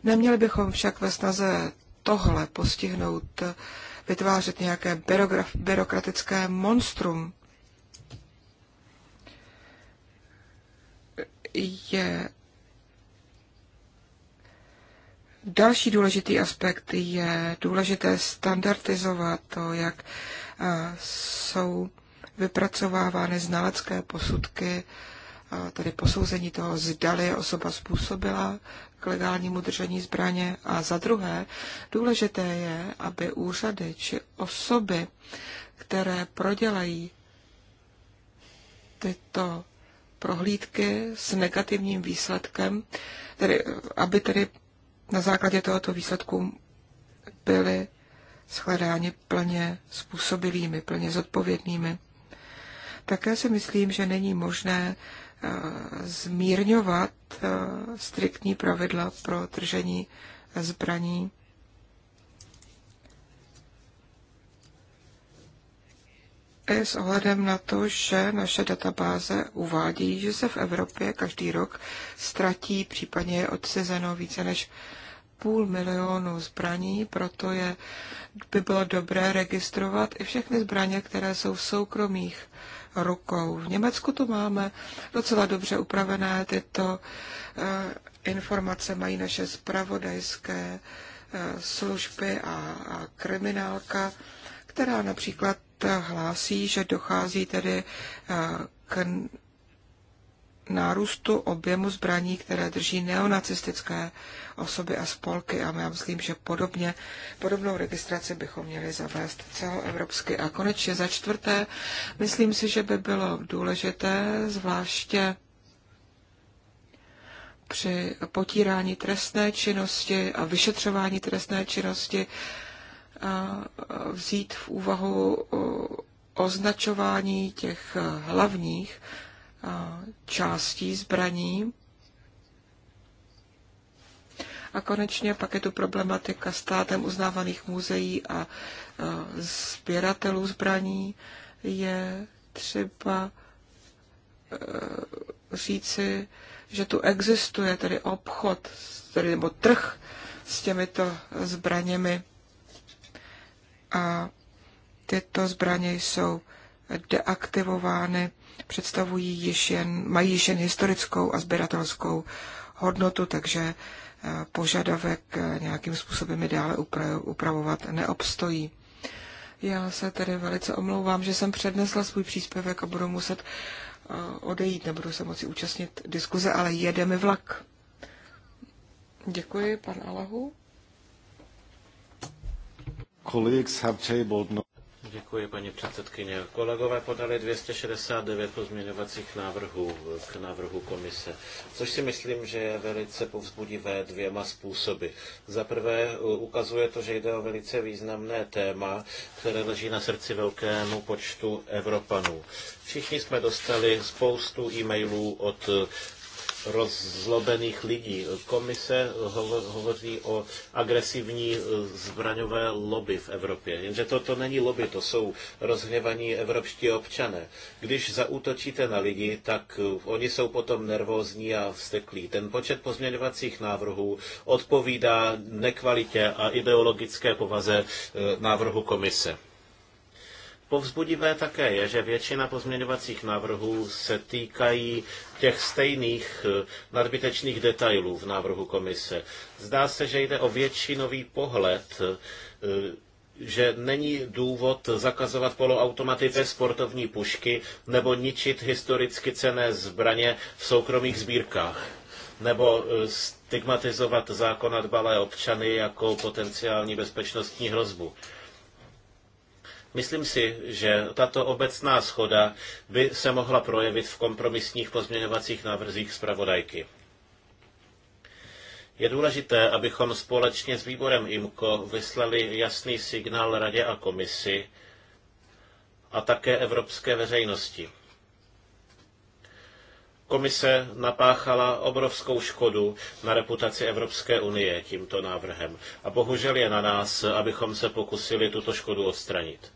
Neměli bychom však ve snaze tohle postihnout, vytvářet nějaké byrokratické monstrum. Je Další důležitý aspekt je důležité standardizovat to, jak eh, jsou vypracovávány znalecké posudky tedy posouzení toho, zdali osoba způsobila k legálnímu držení zbraně. A za druhé, důležité je, aby úřady či osoby, které prodělají tyto prohlídky s negativním výsledkem, tedy, aby tedy na základě tohoto výsledku byly shledáni plně způsobilými, plně zodpovědnými. Také si myslím, že není možné Eh, zmírňovat eh, striktní pravidla pro držení zbraní. I s ohledem na to, že naše databáze uvádí, že se v Evropě každý rok ztratí, případně je odsezeno více než půl milionu zbraní, proto je, by bylo dobré registrovat i všechny zbraně, které jsou v soukromých rukou. V Německu to máme docela dobře upravené. Tyto eh, informace mají naše zpravodajské eh, služby a, a kriminálka, která například eh, hlásí, že dochází tedy k nárůstu objemu zbraní, které drží neonacistické osoby a spolky a já myslím, že podobně, podobnou registraci bychom měli zavést celoevropsky. A konečně za čtvrté, myslím si, že by bylo důležité, zvláště při potírání trestné činnosti a vyšetřování trestné činnosti, vzít v úvahu označování těch hlavních částí zbraní. A konečně pak je tu problematika státem uznávaných muzeí a sběratelů zbraní. Je třeba e, říci, že tu existuje tedy obchod, tedy nebo trh s těmito zbraněmi a tyto zbraně jsou deaktivovány představují již jen, mají již jen historickou a sběratelskou hodnotu, takže eh, požadavek eh, nějakým způsobem je dále upravovat neobstojí. Já se tedy velice omlouvám, že jsem přednesla svůj příspěvek a budu muset eh, odejít, nebudu se moci účastnit diskuze, ale jede mi vlak. Děkuji, pan Alahu. Colleagues have tabled... Děkuji, paní předsedkyně. Kolegové podali 269 pozměňovacích návrhů k návrhu komise, což si myslím, že je velice povzbudivé dvěma způsoby. Za prvé ukazuje to, že jde o velice významné téma, které leží na srdci velkému počtu Evropanů. Všichni jsme dostali spoustu e-mailů od rozlobených lidí. Komise hovoří o agresivní eh, zbraňové lobby v Evropě. Jenže to, to není lobby, to jsou rozhněvaní evropští občané. Když zaútočíte na lidi, tak eh, oni jsou potom nervózní a vsteklí. Ten počet pozměňovacích návrhů odpovídá nekvalitě a ideologické povaze eh, návrhu komise. Povzbudivé také je, že většina pozměňovacích návrhů se týkají těch stejných eh, nadbytečných detailů v návrhu komise. Zdá se, že jde o většinový pohled, eh, že není důvod zakazovat poloautomatické sportovní pušky nebo ničit historicky cené zbraně v soukromých sbírkách nebo eh, stigmatizovat zákona dbalé občany jako potenciální bezpečnostní hrozbu. Myslím si, že tato obecná schoda by se mohla projevit v kompromisních pozměňovacích návrzích zpravodajky. Je důležité, abychom společně s výborem IMCO vyslali jasný signál Radě a komisi a také evropské veřejnosti. Komise napáchala obrovskou škodu na reputaci Evropské unie tímto návrhem a bohužel je na nás, abychom se pokusili tuto škodu odstranit.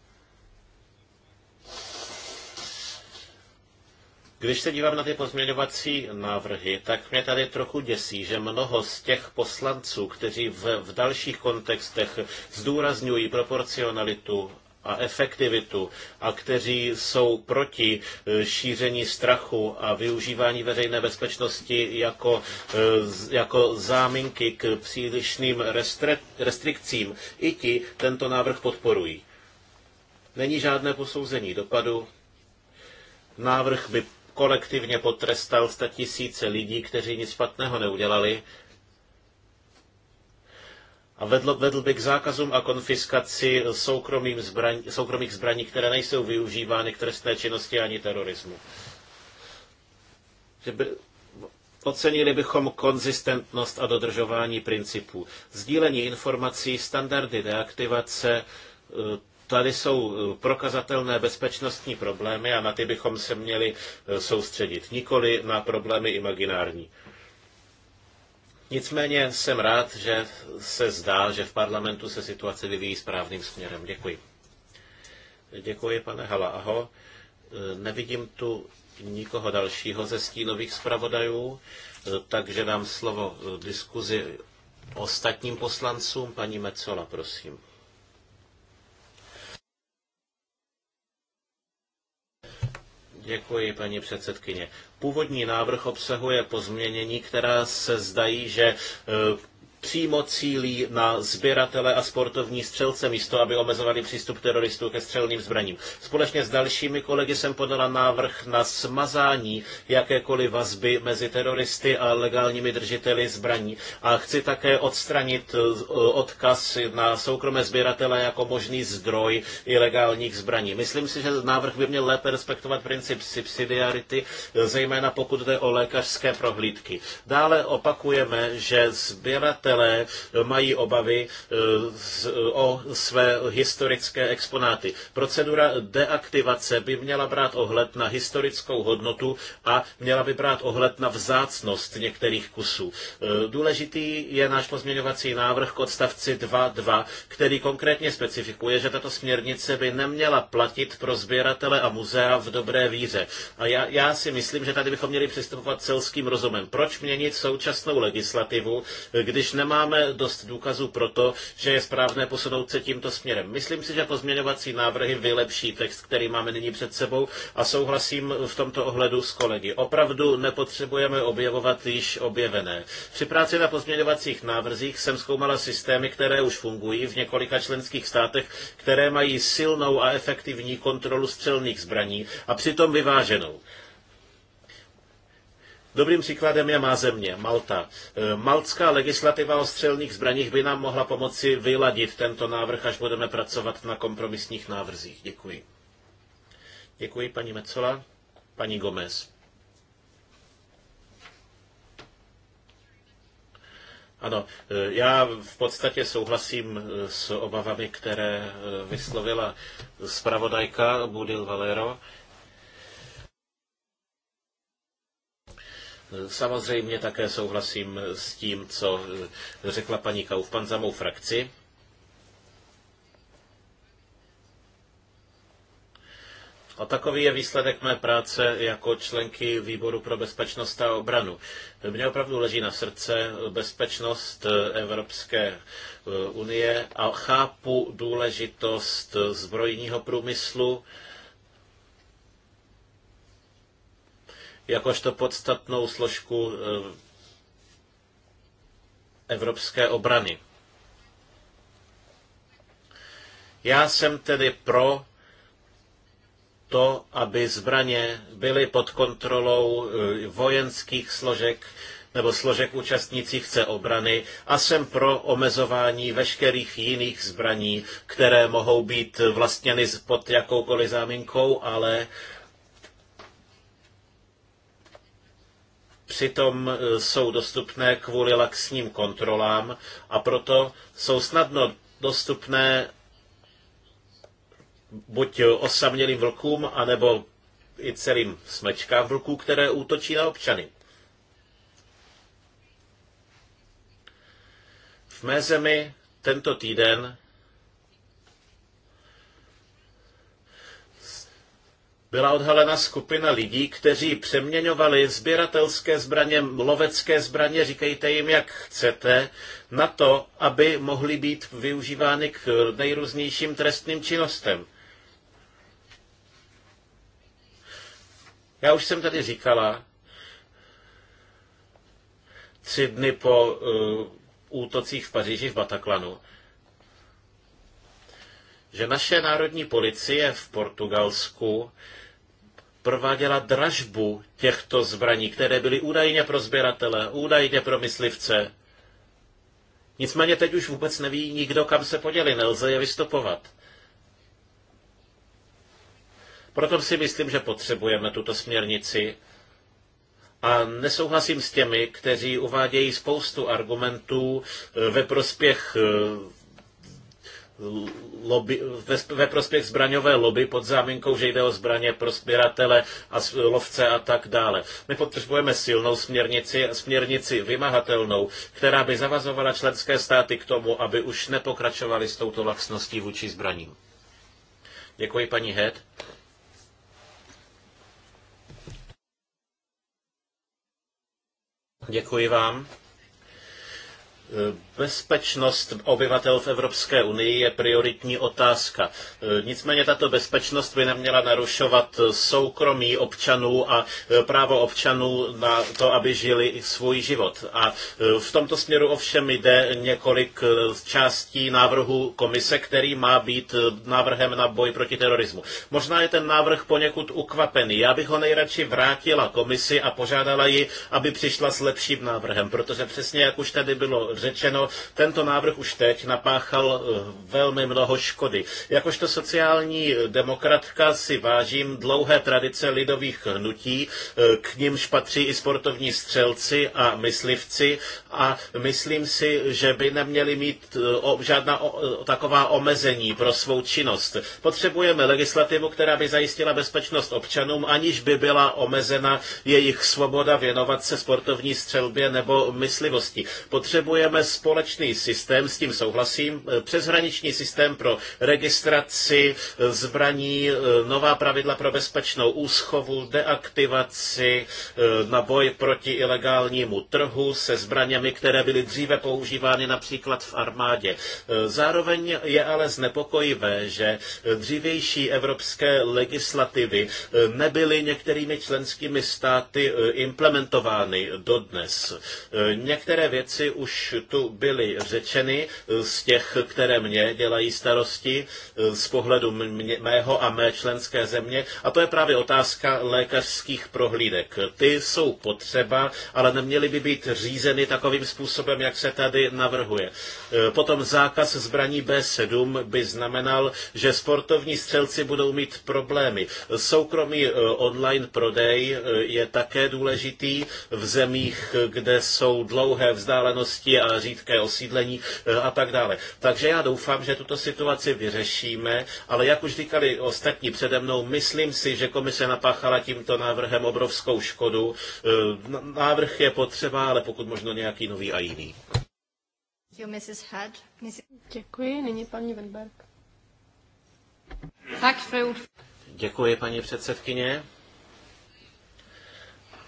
Když se dívám na ty pozměňovací návrhy, tak mě tady trochu děsí, že mnoho z těch poslanců, kteří v, v dalších kontextech zdůrazňují proporcionalitu a efektivitu a kteří jsou proti eh, šíření strachu a využívání veřejné bezpečnosti jako, eh, jako záminky k přílišným restrikcím, i ti tento návrh podporují. Není žádné posouzení dopadu. Návrh by kolektivně potrestal sta tisíce lidí, kteří nic špatného neudělali, a vedl, vedl by k zákazům a konfiskaci zbraň, soukromých zbraní, které nejsou využívány k trestné činnosti ani terorismu. Že by, ocenili bychom konzistentnost a dodržování principů. Sdílení informací, standardy deaktivace, eh, Tady jsou eh, prokazatelné bezpečnostní problémy a na ty bychom se měli eh, soustředit, nikoli na problémy imaginární. Nicméně jsem rád, že se zdá, že v parlamentu se situace vyvíjí správným směrem. Děkuji. Děkuji, pane Hala. Aho. Eh, nevidím tu nikoho dalšího ze stínových zpravodajů, takže dám slovo diskuzi ostatním poslancům. Paní Mecola, prosím. Děkuji, paní předsedkyně. Původní návrh obsahuje pozměnění, která se zdají, že eh, přímo cílí na sběratele a sportovní střelce, místo aby omezovali přístup teroristů ke střelným zbraním. Společně s dalšími kolegy jsem podala návrh na smazání jakékoliv vazby mezi teroristy a legálními držiteli zbraní. A chci také odstranit e, odkaz na soukromé sběratele jako možný zdroj ilegálních zbraní. Myslím si, že návrh by měl lépe respektovat princip subsidiarity, e, zejména pokud jde o lékařské prohlídky. Dále opakujeme, že sběratel majitelé mají obavy eh, o své historické exponáty. Procedura deaktivace by měla brát ohled na historickou hodnotu a měla by brát ohled na vzácnost některých kusů. Eh, důležitý je náš pozměňovací návrh k odstavci 2.2, který konkrétně specifikuje, že tato směrnice by neměla platit pro sběratele a muzea v dobré víře. A já, já si myslím, že tady bychom měli přistupovat selským rozumem. Proč měnit současnou legislativu, když nemáme dost důkazů pro to, že je správné posunout se tímto směrem. Myslím si, že pozměňovací návrhy vylepší text, který máme nyní před sebou a souhlasím v tomto ohledu s kolegy. Opravdu nepotřebujeme objevovat již objevené. Při práci na pozměňovacích návrzích jsem zkoumala systémy, které už fungují v několika členských státech, které mají silnou a efektivní kontrolu střelných zbraní a přitom vyváženou. Dobrým příkladem je má země, Malta. E, maltská legislativa o střelných zbraních by nám mohla pomoci vyladit tento návrh, až budeme pracovat na kompromisních návrzích. Děkuji. Děkuji, paní Mecola. Paní Gomez. Ano, e, já v podstatě souhlasím e, s obavami, které vyslovila zpravodajka Budil Valero. Samozřejmě také souhlasím s tím, co řekla paní Kaufmann za mou frakci. A takový je výsledek mé práce jako členky výboru pro bezpečnost a obranu. Mně opravdu leží na srdce bezpečnost Evropské eh, unie a chápu důležitost zbrojního průmyslu, jakožto podstatnou složku eh, evropské obrany. Já jsem tedy pro to, aby zbraně byly pod kontrolou eh, vojenských složek nebo složek účastnících se obrany a jsem pro omezování veškerých jiných zbraní, které mohou být vlastněny pod jakoukoliv záminkou, ale přitom e, jsou dostupné kvůli laxním kontrolám a proto jsou snadno dostupné buď osamělým vlkům, anebo i celým smečkám vlků, které útočí na občany. V mé zemi tento týden byla odhalena skupina lidí, kteří přeměňovali sběratelské zbraně, lovecké zbraně, říkejte jim, jak chcete, na to, aby mohly být využívány k nejrůznějším trestným činnostem. Já už jsem tady říkala, tři dny po uh, útocích v Paříži v Bataklanu, že naše národní policie v Portugalsku prováděla dražbu těchto zbraní, které byly údajně pro sběratele, údajně pro myslivce. Nicméně teď už vůbec neví nikdo, kam se poděli, nelze je vystupovat. Proto si myslím, že potřebujeme tuto směrnici. A nesouhlasím s těmi, kteří uvádějí spoustu argumentů eh, ve prospěch eh, lobby, ve, ve prospěch zbraňové lobby pod záminkou, že jde o zbraně pro sběratele a lovce a tak dále. My potřebujeme silnou směrnici, směrnici vymahatelnou, která by zavazovala členské státy k tomu, aby už nepokračovali s touto laxností vůči zbraním. Děkuji, paní Head. Děkuji vám. Bezpečnost obyvatel v Evropské unii je prioritní otázka. E, nicméně tato bezpečnost by neměla narušovat soukromí občanů a e, právo občanů na to, aby žili svůj život. A e, v tomto směru ovšem jde několik částí návrhu komise, který má být návrhem na boj proti terorismu. Možná je ten návrh poněkud ukvapený. Já bych ho nejradši vrátila komisi a požádala ji, aby přišla s lepším návrhem, protože přesně jak už tady bylo řečeno, tento návrh už teď napáchal eh, velmi mnoho škody. Jakožto sociální demokratka si vážím dlouhé tradice lidových hnutí, eh, k nimž patří i sportovní střelci a myslivci a myslím si, že by neměli mít eh, žádná taková omezení pro svou činnost. Potřebujeme legislativu, která by zajistila bezpečnost občanům, aniž by byla omezena jejich svoboda věnovat se sportovní střelbě nebo myslivosti. Potřebujeme společnost informační systém, s tím souhlasím, eh, přeshraniční systém pro registraci eh, zbraní, eh, nová pravidla pro bezpečnou úschovu, deaktivaci, na boj proti ilegálnímu trhu se zbraněmi, které byly dříve používány například v armádě. Zároveň je ale znepokojivé, že dřívější evropské legislativy nebyly některými členskými státy implementovány dodnes. Některé věci už tu byly byly řečeny eh, z těch, které mě dělají starosti eh, z pohledu mě, mého a mé členské země. A to je právě otázka lékařských prohlídek. Ty jsou potřeba, ale neměly by být řízeny takovým způsobem, jak se tady navrhuje. Eh, potom zákaz zbraní B7 by znamenal, že sportovní střelci budou mít problémy. Soukromý online prodej je také důležitý v zemích, kde jsou dlouhé vzdálenosti a řídké romské osídlení eh, a tak dále. Takže já doufám, že tuto situaci vyřešíme, ale jak už říkali ostatní přede mnou, myslím si, že komise napáchala tímto návrhem obrovskou škodu. Eh, návrh je potřeba, ale pokud možno nějaký nový a jiný. Děkuji, nyní paní Wenberg. Děkuji, paní předsedkyně.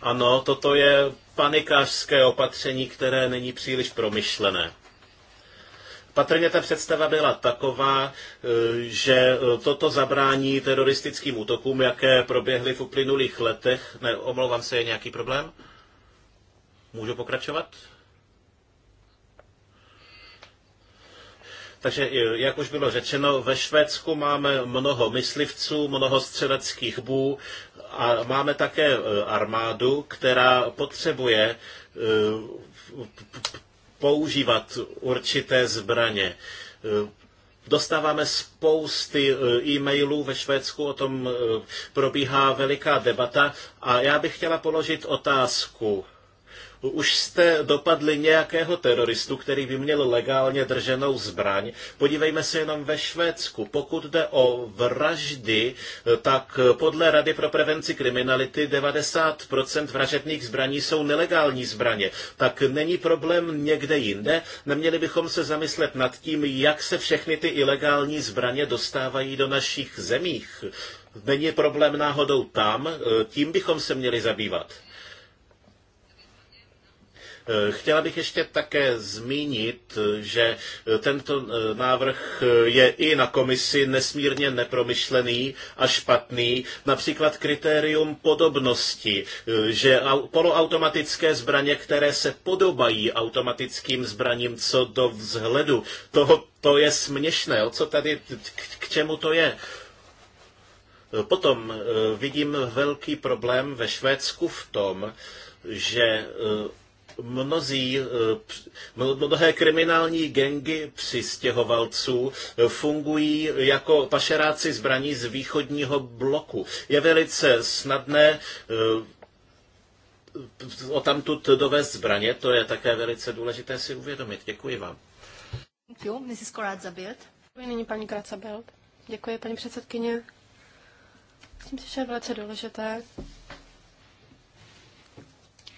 Ano, toto je panikářské opatření, které není příliš promyšlené. Patrně ta představa byla taková, e, že e, toto zabrání teroristickým útokům, jaké proběhly v uplynulých letech, ne, omlouvám se, je nějaký problém? Můžu pokračovat? Takže, e, jak už bylo řečeno, ve Švédsku máme mnoho myslivců, mnoho střeleckých bů, a máme také e, armádu, která potřebuje e, používat určité zbraně. E, dostáváme spousty e-mailů ve Švédsku, o tom probíhá veliká debata a já bych chtěla položit otázku už jste dopadli nějakého teroristu, který by měl legálně drženou zbraň. Podívejme se jenom ve Švédsku. Pokud jde o vraždy, tak podle Rady pro prevenci kriminality 90% vražedných zbraní jsou nelegální zbraně. Tak není problém někde jinde. Neměli bychom se zamyslet nad tím, jak se všechny ty ilegální zbraně dostávají do našich zemích. Není problém náhodou tam, tím bychom se měli zabývat. Eh, chtěla bych ještě také zmínit, že eh, tento eh, návrh je i na komisi nesmírně nepromyšlený a špatný. Například kritérium podobnosti, že poloautomatické zbraně, které se podobají automatickým zbraním co do vzhledu, to, to je směšné. O co tady, k, k čemu to je? Potom vidím velký problém ve Švédsku v tom, že mnozí, eh, mnohé kriminální gengy přistěhovalců eh, fungují jako pašeráci zbraní z východního bloku. Je velice snadné eh, o tamtud dovést zbraně, to je také velice důležité si uvědomit. Děkuji vám. Děkuji nyní paní Corazza-Bild. Děkuji, paní předsedkyně. Myslím si, že je velice důležité,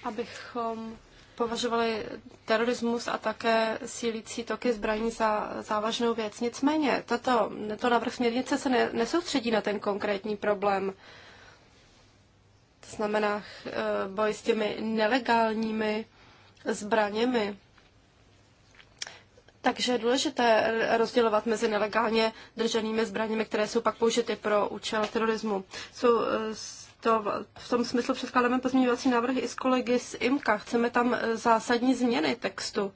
abychom považovali terorismus a také sílící toky zbraní za závažnou věc. Nicméně, tato, to návrh směrnice se ne, nesoustředí na ten konkrétní problém. To znamená eh, boj s těmi nelegálními zbraněmi. Takže je důležité rozdělovat mezi nelegálně drženými zbraněmi, které jsou pak použity pro účel terorismu. Jsou eh, to v tom smyslu předkládáme pozměňovací návrhy i s kolegy z IMKA. Chceme tam e, zásadní změny textu.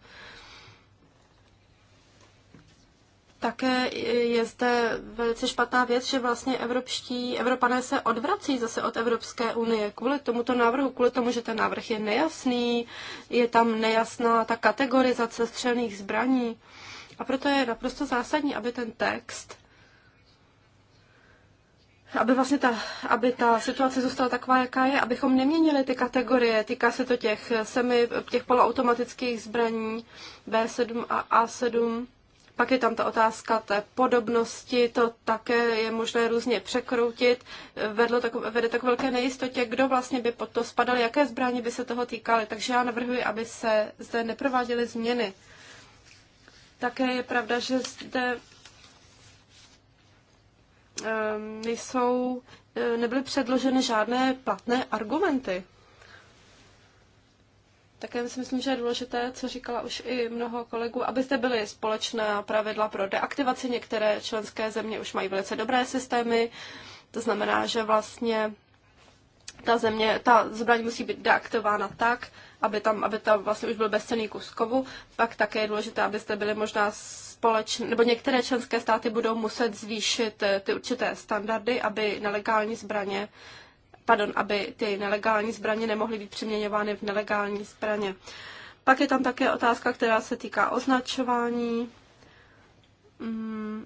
Také je zde velice špatná věc, že vlastně evropští, evropané se odvrací zase od Evropské unie kvůli tomuto návrhu, kvůli tomu, že ten návrh je nejasný, je tam nejasná ta kategorizace střelných zbraní. A proto je naprosto zásadní, aby ten text aby vlastně ta, aby ta situace zůstala taková, jaká je, abychom neměnili ty kategorie. Týká se to těch semi, těch poloautomatických zbraní B7 a A7. Pak je tam ta otázka té podobnosti, to také je možné různě překroutit. Vedlo tak, vede tak velké nejistotě, kdo vlastně by pod to spadal, jaké zbraně by se toho týkaly. Takže já navrhuji, aby se zde neprováděly změny. Také je pravda, že zde Ehm, nejsou, e, nebyly předloženy žádné platné argumenty. Také si myslím, že je důležité, co říkala už i mnoho kolegů, aby zde byly společná pravidla pro deaktivaci. Některé členské země už mají velice dobré systémy, to znamená, že vlastně ta země, ta zbraň musí být deaktivována tak, aby tam, aby tam vlastně už byl bezcený kus kovu. Pak také je důležité, abyste byly možná společn, nebo některé členské státy budou muset zvýšit eh, ty určité standardy, aby nelegální zbraně pardon, aby ty nelegální zbraně nemohly být přeměňovány v nelegální zbraně. Pak je tam také otázka, která se týká označování. Mm,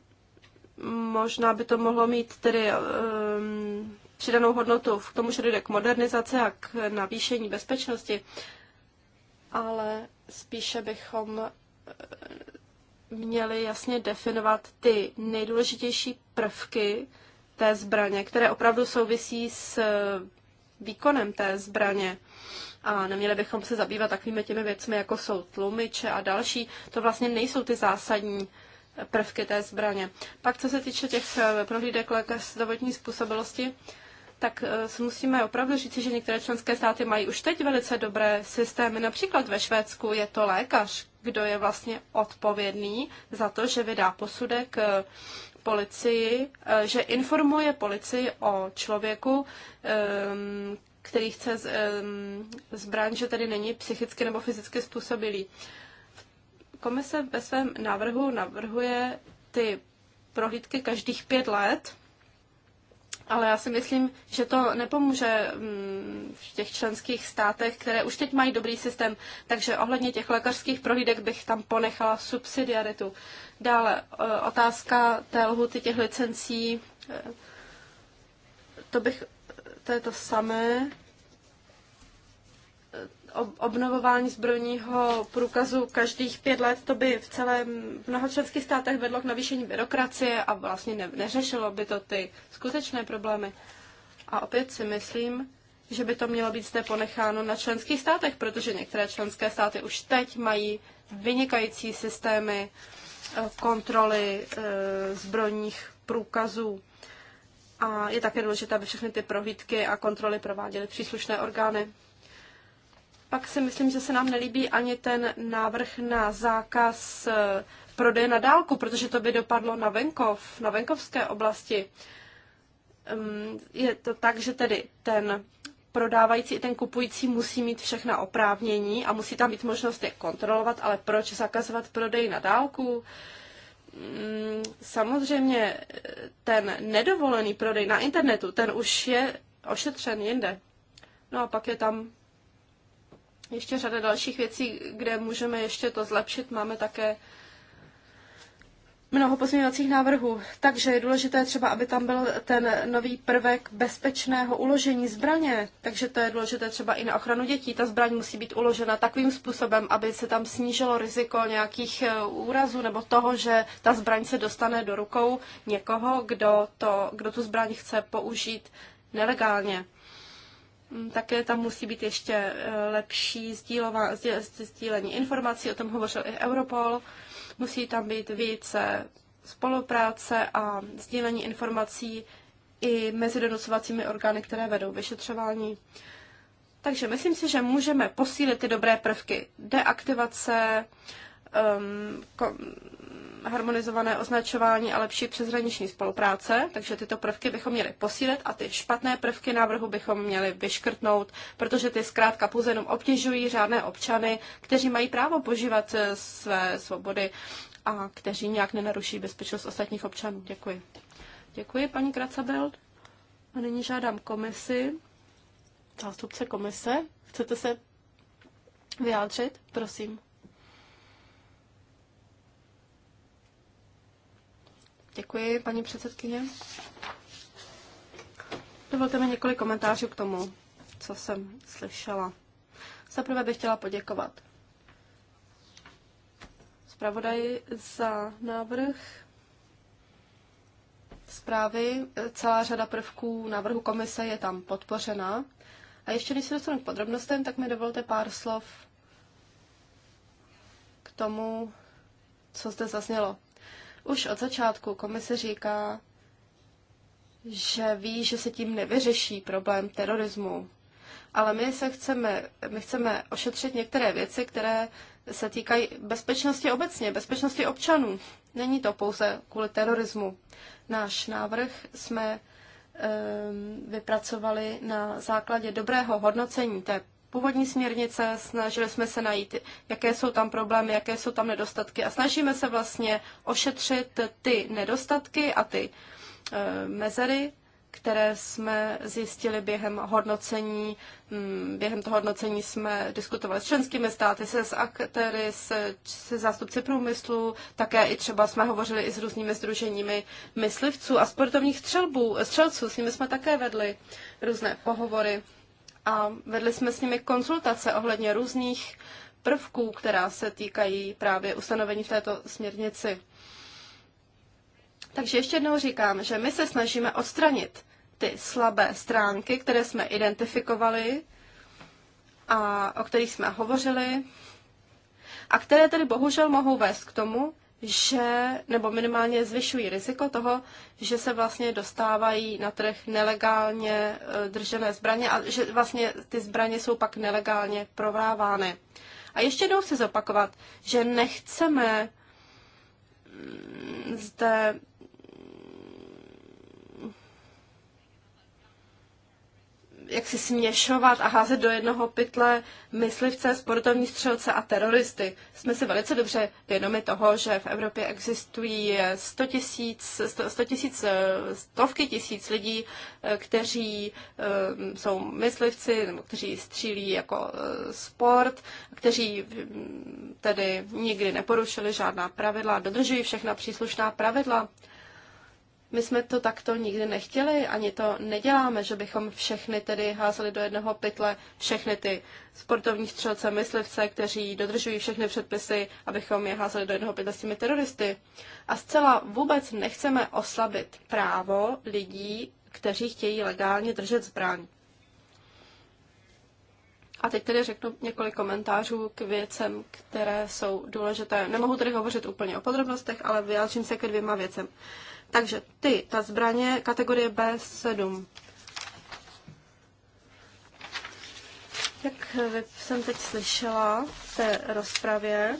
možná by to mohlo mít tedy um, přidanou hodnotu k tomu, že dojde k modernizaci a k navýšení bezpečnosti, ale spíše bychom eh, měli jasně definovat ty nejdůležitější prvky té zbraně, které opravdu souvisí s výkonem té zbraně. A neměli bychom se zabývat takovými těmi věcmi, jako jsou tlumiče a další. To vlastně nejsou ty zásadní prvky té zbraně. Pak co se týče těch eh, prohlídek lékař zdravotní způsobilosti, tak eh, si musíme opravdu říct, že některé členské státy mají už teď velice dobré systémy. Například ve Švédsku je to lékař, kdo je vlastně odpovědný za to, že vydá posudek eh, policii, eh, že informuje policii o člověku, ehm, který chce ehm, zbraň, že tedy není psychicky nebo fyzicky způsobilý. Komise ve svém návrhu navrhuje ty prohlídky každých pět let, ale já si myslím, že to nepomůže mm, v těch členských státech, které už teď mají dobrý systém. Takže ohledně těch lékařských prohlídek bych tam ponechala subsidiaritu. Dále e, otázka té lhuty těch licencí, e, to bych, e, to je to samé obnovování zbrojního průkazu každých pět let, to by v celém v mnoha členských státech vedlo k navýšení byrokracie a vlastně ne, neřešilo by to ty skutečné problémy. A opět si myslím, že by to mělo být zde ponecháno na členských státech, protože některé členské státy už teď mají vynikající systémy e, kontroly e, zbrojních průkazů. A je také důležité, aby všechny ty prohlídky a kontroly prováděly příslušné orgány. Pak si myslím, že se nám nelíbí ani ten návrh na zákaz eh, prodeje na dálku, protože to by dopadlo na venkov, na venkovské oblasti. Je to tak, že tedy ten prodávající i ten kupující musí mít všechna oprávnění a musí tam být možnost je kontrolovat, ale proč zakazovat prodej na dálku? Mm, samozřejmě eh, ten nedovolený prodej na internetu, ten už je ošetřen jinde. No a pak je tam ještě řada dalších věcí, kde můžeme ještě to zlepšit. Máme také mnoho pozměňovacích návrhů, takže je důležité třeba, aby tam byl ten nový prvek bezpečného uložení zbraně, takže to je důležité třeba i na ochranu dětí. Ta zbraň musí být uložena takovým způsobem, aby se tam snížilo riziko nějakých eh, úrazů nebo toho, že ta zbraň se dostane do rukou někoho, kdo, to, kdo tu zbraň chce použít nelegálně. Mm, také tam musí být ještě eh, lepší sdílení informací, o tom hovořil i Europol. Musí tam být více spolupráce a sdílení informací i mezi donucovacími orgány, které vedou vyšetřování. Takže myslím si, že můžeme posílit ty dobré prvky. Deaktivace, um, harmonizované označování a lepší přeshraniční spolupráce, takže tyto prvky bychom měli posílit a ty špatné prvky návrhu bychom měli vyškrtnout, protože ty zkrátka pouze jenom obtěžují řádné občany, kteří mají právo požívat eh, své svobody a kteří nějak nenaruší bezpečnost ostatních občanů. Děkuji. Děkuji, paní Kracabel. A nyní žádám komisi, zástupce komise. Chcete se vyjádřit? Prosím. Děkuji, paní předsedkyně. Dovolte mi několik komentářů k tomu, co jsem slyšela. Zaprvé bych chtěla poděkovat zpravodaji za návrh zprávy. Celá řada prvků návrhu komise je tam podpořena. A ještě než se dostanu k podrobnostem, tak mi dovolte pár slov k tomu, co zde zaznělo. Už od začátku komise říká, že ví, že se tím nevyřeší problém terorismu, ale my se chceme, my chceme ošetřit některé věci, které se týkají bezpečnosti obecně, bezpečnosti občanů. Není to pouze kvůli terorismu. Náš návrh jsme ehm, vypracovali na základě dobrého hodnocení té původní směrnice, snažili jsme se najít, jaké jsou tam problémy, jaké jsou tam nedostatky a snažíme se vlastně ošetřit ty nedostatky a ty eh, mezery, které jsme zjistili během hodnocení. Hm, během toho hodnocení jsme diskutovali s členskými státy, se s aktéry, se, se zástupci průmyslu, také i třeba jsme hovořili i s různými združeními myslivců a sportovních střelbů, střelců, s nimi jsme také vedli různé pohovory a vedli jsme s nimi konzultace ohledně různých prvků, která se týkají právě ustanovení v této směrnici. Takže ještě jednou říkám, že my se snažíme odstranit ty slabé stránky, které jsme identifikovali a o kterých jsme hovořili, a které tedy bohužel mohou vést k tomu, že, nebo minimálně zvyšují riziko toho, že se vlastně dostávají na trh nelegálně e, držené zbraně a že vlastně ty zbraně jsou pak nelegálně provávány. A ještě jednou chci zopakovat, že nechceme mm, zde jak si směšovat a házet do jednoho pytle myslivce, sportovní střelce a teroristy. Jsme si velice dobře vědomi toho, že v Evropě existují 100 tisíc, 100 tisíc, stovky tisíc lidí, eh, kteří eh, jsou myslivci, nebo kteří střílí jako eh, sport, kteří mm, tedy nikdy neporušili žádná pravidla, dodržují všechna příslušná pravidla. My jsme to takto nikdy nechtěli, ani to neděláme, že bychom všechny tedy házeli do jednoho pytle, všechny ty sportovní střelce, myslivce, kteří dodržují všechny předpisy, abychom je házeli do jednoho pytle s těmi teroristy. A zcela vůbec nechceme oslabit právo lidí, kteří chtějí legálně držet zbraň. A teď tedy řeknu několik komentářů k věcem, které jsou důležité. Nemohu tedy hovořit úplně o podrobnostech, ale vyjádřím se ke dvěma věcem. Uh, takže ty, ta zbraně kategorie B7. Jak eh, jsem teď slyšela v té rozpravě,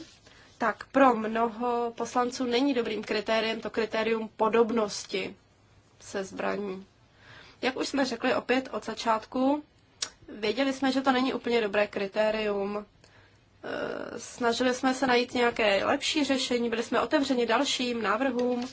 tak pro mnoho poslanců není dobrým kritériem to kritérium podobnosti se zbraní. Jak už jsme řekli opět od začátku, věděli jsme, že to není úplně dobré kritérium. Eh, snažili jsme se najít nějaké lepší řešení, byli jsme otevřeni dalším návrhům,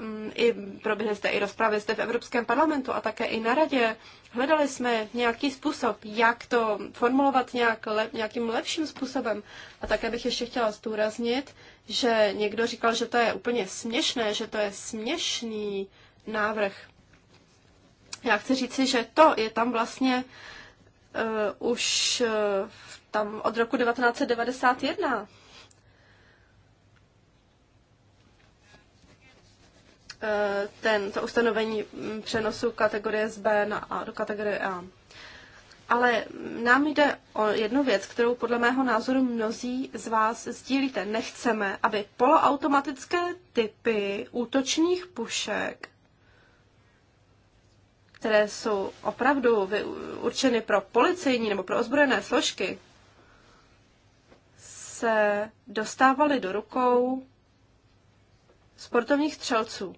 Mm, i proběhly jste i rozpravy zde v Evropském parlamentu a také i na radě. Hledali jsme nějaký způsob, jak to formulovat nějak le, nějakým lepším způsobem. A také bych ještě chtěla zdůraznit, že někdo říkal, že to je úplně směšné, že to je směšný návrh. Já chci říci, že to je tam vlastně uh, už uh, tam od roku 1991. Eh, ten, to ustanovení přenosu kategorie z B na A, do kategorie A. Ale nám jde o jednu věc, kterou podle mého názoru mnozí z vás sdílíte. Nechceme, aby poloautomatické typy útočných pušek, které jsou opravdu určeny pro policejní nebo pro ozbrojené složky, se dostávaly do rukou sportovních střelců.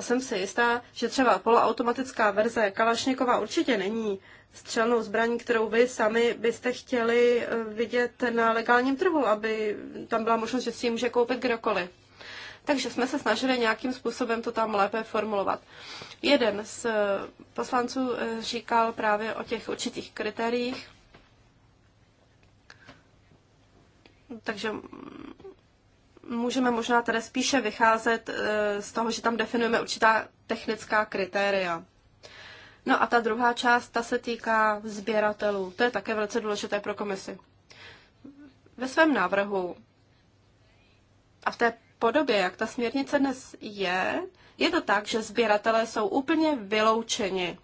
A jsem si jistá, že třeba poloautomatická verze Kalašnikova určitě není střelnou zbraní, kterou vy sami byste chtěli eh, vidět na legálním trhu, aby tam byla možnost, že si ji může koupit kdokoliv. Takže jsme se snažili nějakým způsobem to tam lépe formulovat. Jeden z eh, poslanců eh, říkal právě o těch určitých kritériích, takže mm, můžeme možná tady spíše vycházet eh, z toho, že tam definujeme určitá technická kritéria. No a ta druhá část, ta se týká sběratelů. To je také velice důležité pro komisi. Ve svém návrhu a v té podobě, jak ta směrnice dnes je, je to tak, že sběratelé jsou úplně vyloučeni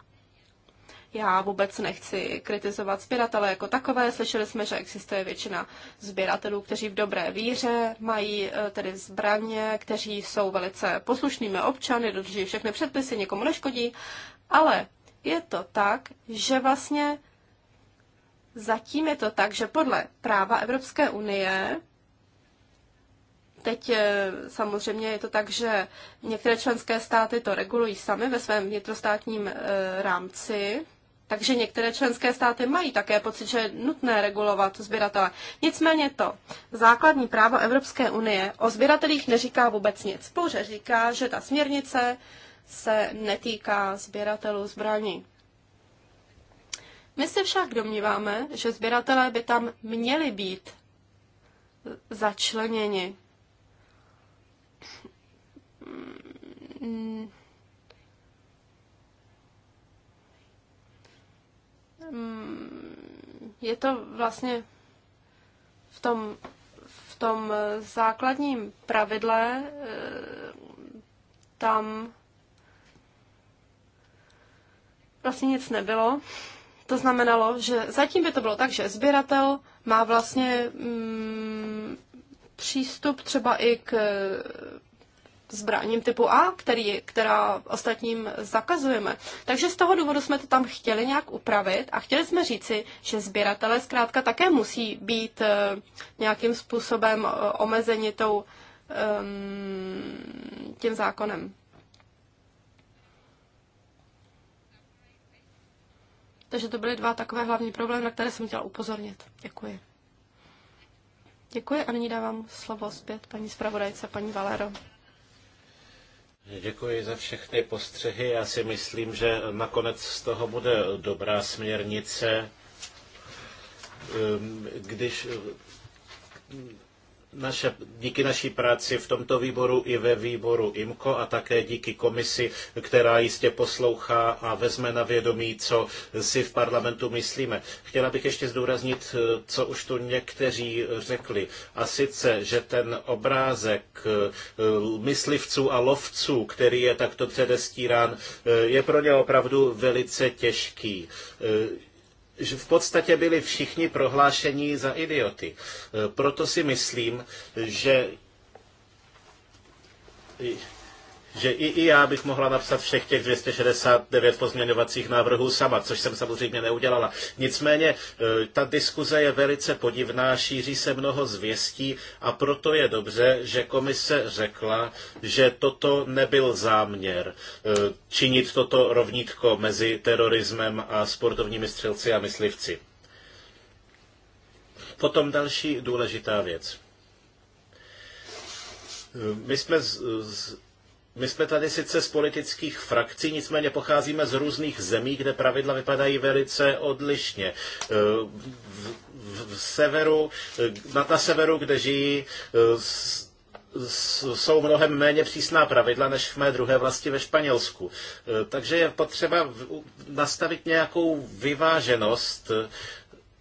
já vůbec nechci kritizovat sběratele jako takové. Slyšeli jsme, že existuje většina sběratelů, kteří v dobré víře mají e, tedy zbraně, kteří jsou velice poslušnými občany, dodržují všechny předpisy, nikomu neškodí, ale je to tak, že vlastně zatím je to tak, že podle práva Evropské unie Teď e, samozřejmě je to tak, že některé členské státy to regulují sami ve svém vnitrostátním e, rámci, takže některé členské státy mají také pocit, že je nutné regulovat sběratele. Nicméně to základní právo Evropské unie o sběratelích neříká vůbec nic. Pouze říká, že ta směrnice se netýká sběratelů zbraní. My se však domníváme, že sběratelé by tam měli být začleněni. je to vlastně v tom, v tom základním pravidle eh, tam vlastně nic nebylo. To znamenalo, že zatím by to bylo tak, že sběratel má vlastně mm, přístup třeba i k zbraním typu A, který, která ostatním zakazujeme. Takže z toho důvodu jsme to tam chtěli nějak upravit a chtěli jsme říci, že sběratelé zkrátka také musí být eh, nějakým způsobem eh, omezeni tou, ehm, tím zákonem. Takže to byly dva takové hlavní problémy, na které jsem chtěla upozornit. Děkuji. Děkuji a nyní dávám slovo zpět paní zpravodajce, paní Valero. Děkuji za všechny postřehy. Já si myslím, že nakonec z toho bude dobrá směrnice, ehm, když naše, díky naší práci v tomto výboru i ve výboru IMCO a také díky komisi, která jistě poslouchá a vezme na vědomí, co si v parlamentu myslíme. Chtěla bych ještě zdůraznit, co už tu někteří řekli. A sice, že ten obrázek eh, myslivců a lovců, který je takto předestírán, eh, je pro ně opravdu velice těžký eh, že v podstatě byli všichni prohlášení za idioty. E, proto si myslím, že že i, i já bych mohla napsat všech těch 269 pozměňovacích návrhů sama, což jsem samozřejmě neudělala. Nicméně e, ta diskuze je velice podivná, šíří se mnoho zvěstí a proto je dobře, že komise řekla, že toto nebyl záměr e, činit toto rovnítko mezi terorismem a sportovními střelci a myslivci. Potom další důležitá věc. E, my jsme z, z, my jsme tady sice z politických frakcí, nicméně pocházíme z různých zemí, kde pravidla vypadají velice odlišně. E, v, v, severu, e, na, na severu, kde žijí e, jsou mnohem méně přísná pravidla než v mé druhé vlasti ve Španělsku. Takže je potřeba nastavit nějakou vyváženost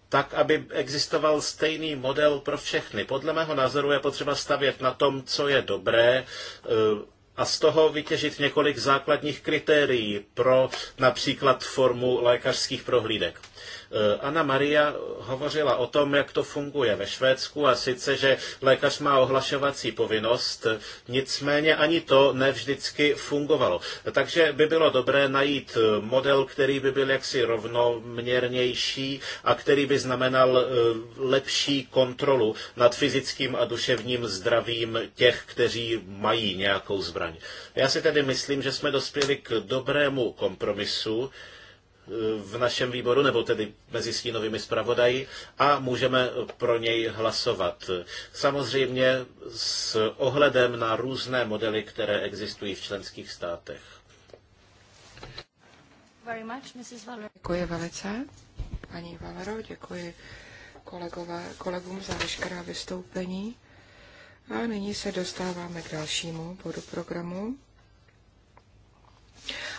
tak, aby existoval stejný model pro všechny. Podle mého názoru je potřeba stavět na tom, co je dobré a z toho vytěžit několik základních kritérií pro například formu lékařských prohlídek. Eh, Anna Maria hovořila o tom, jak to funguje ve Švédsku a sice, že lékař má ohlašovací povinnost, nicméně ani to nevždycky fungovalo. Takže by bylo dobré najít eh, model, který by byl jaksi rovnoměrnější a který by znamenal eh, lepší kontrolu nad fyzickým a duševním zdravím těch, kteří mají nějakou zbraň. Já si tedy myslím, že jsme dospěli k dobrému kompromisu, v našem výboru, nebo tedy mezi stínovými zpravodaji, a můžeme pro něj hlasovat. Samozřejmě s ohledem na různé modely, které existují v členských státech. Děkuji velice, paní Valero, děkuji kolegové, kolegům za veškerá vystoupení. A nyní se dostáváme k dalšímu bodu programu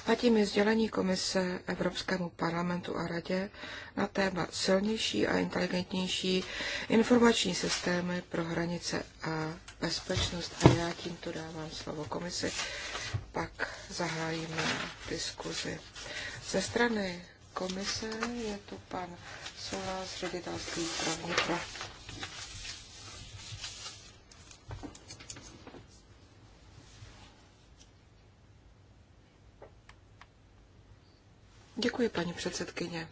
a tím je sdělení Komise Evropskému parlamentu a Radě na téma silnější a inteligentnější informační systémy pro hranice a bezpečnost. A já tímto dávám slovo komisi, pak zahájíme diskuzi. Ze strany komise je tu pan Sula z ředitelství pro vnitra. Děkuji, paní předsedkyně.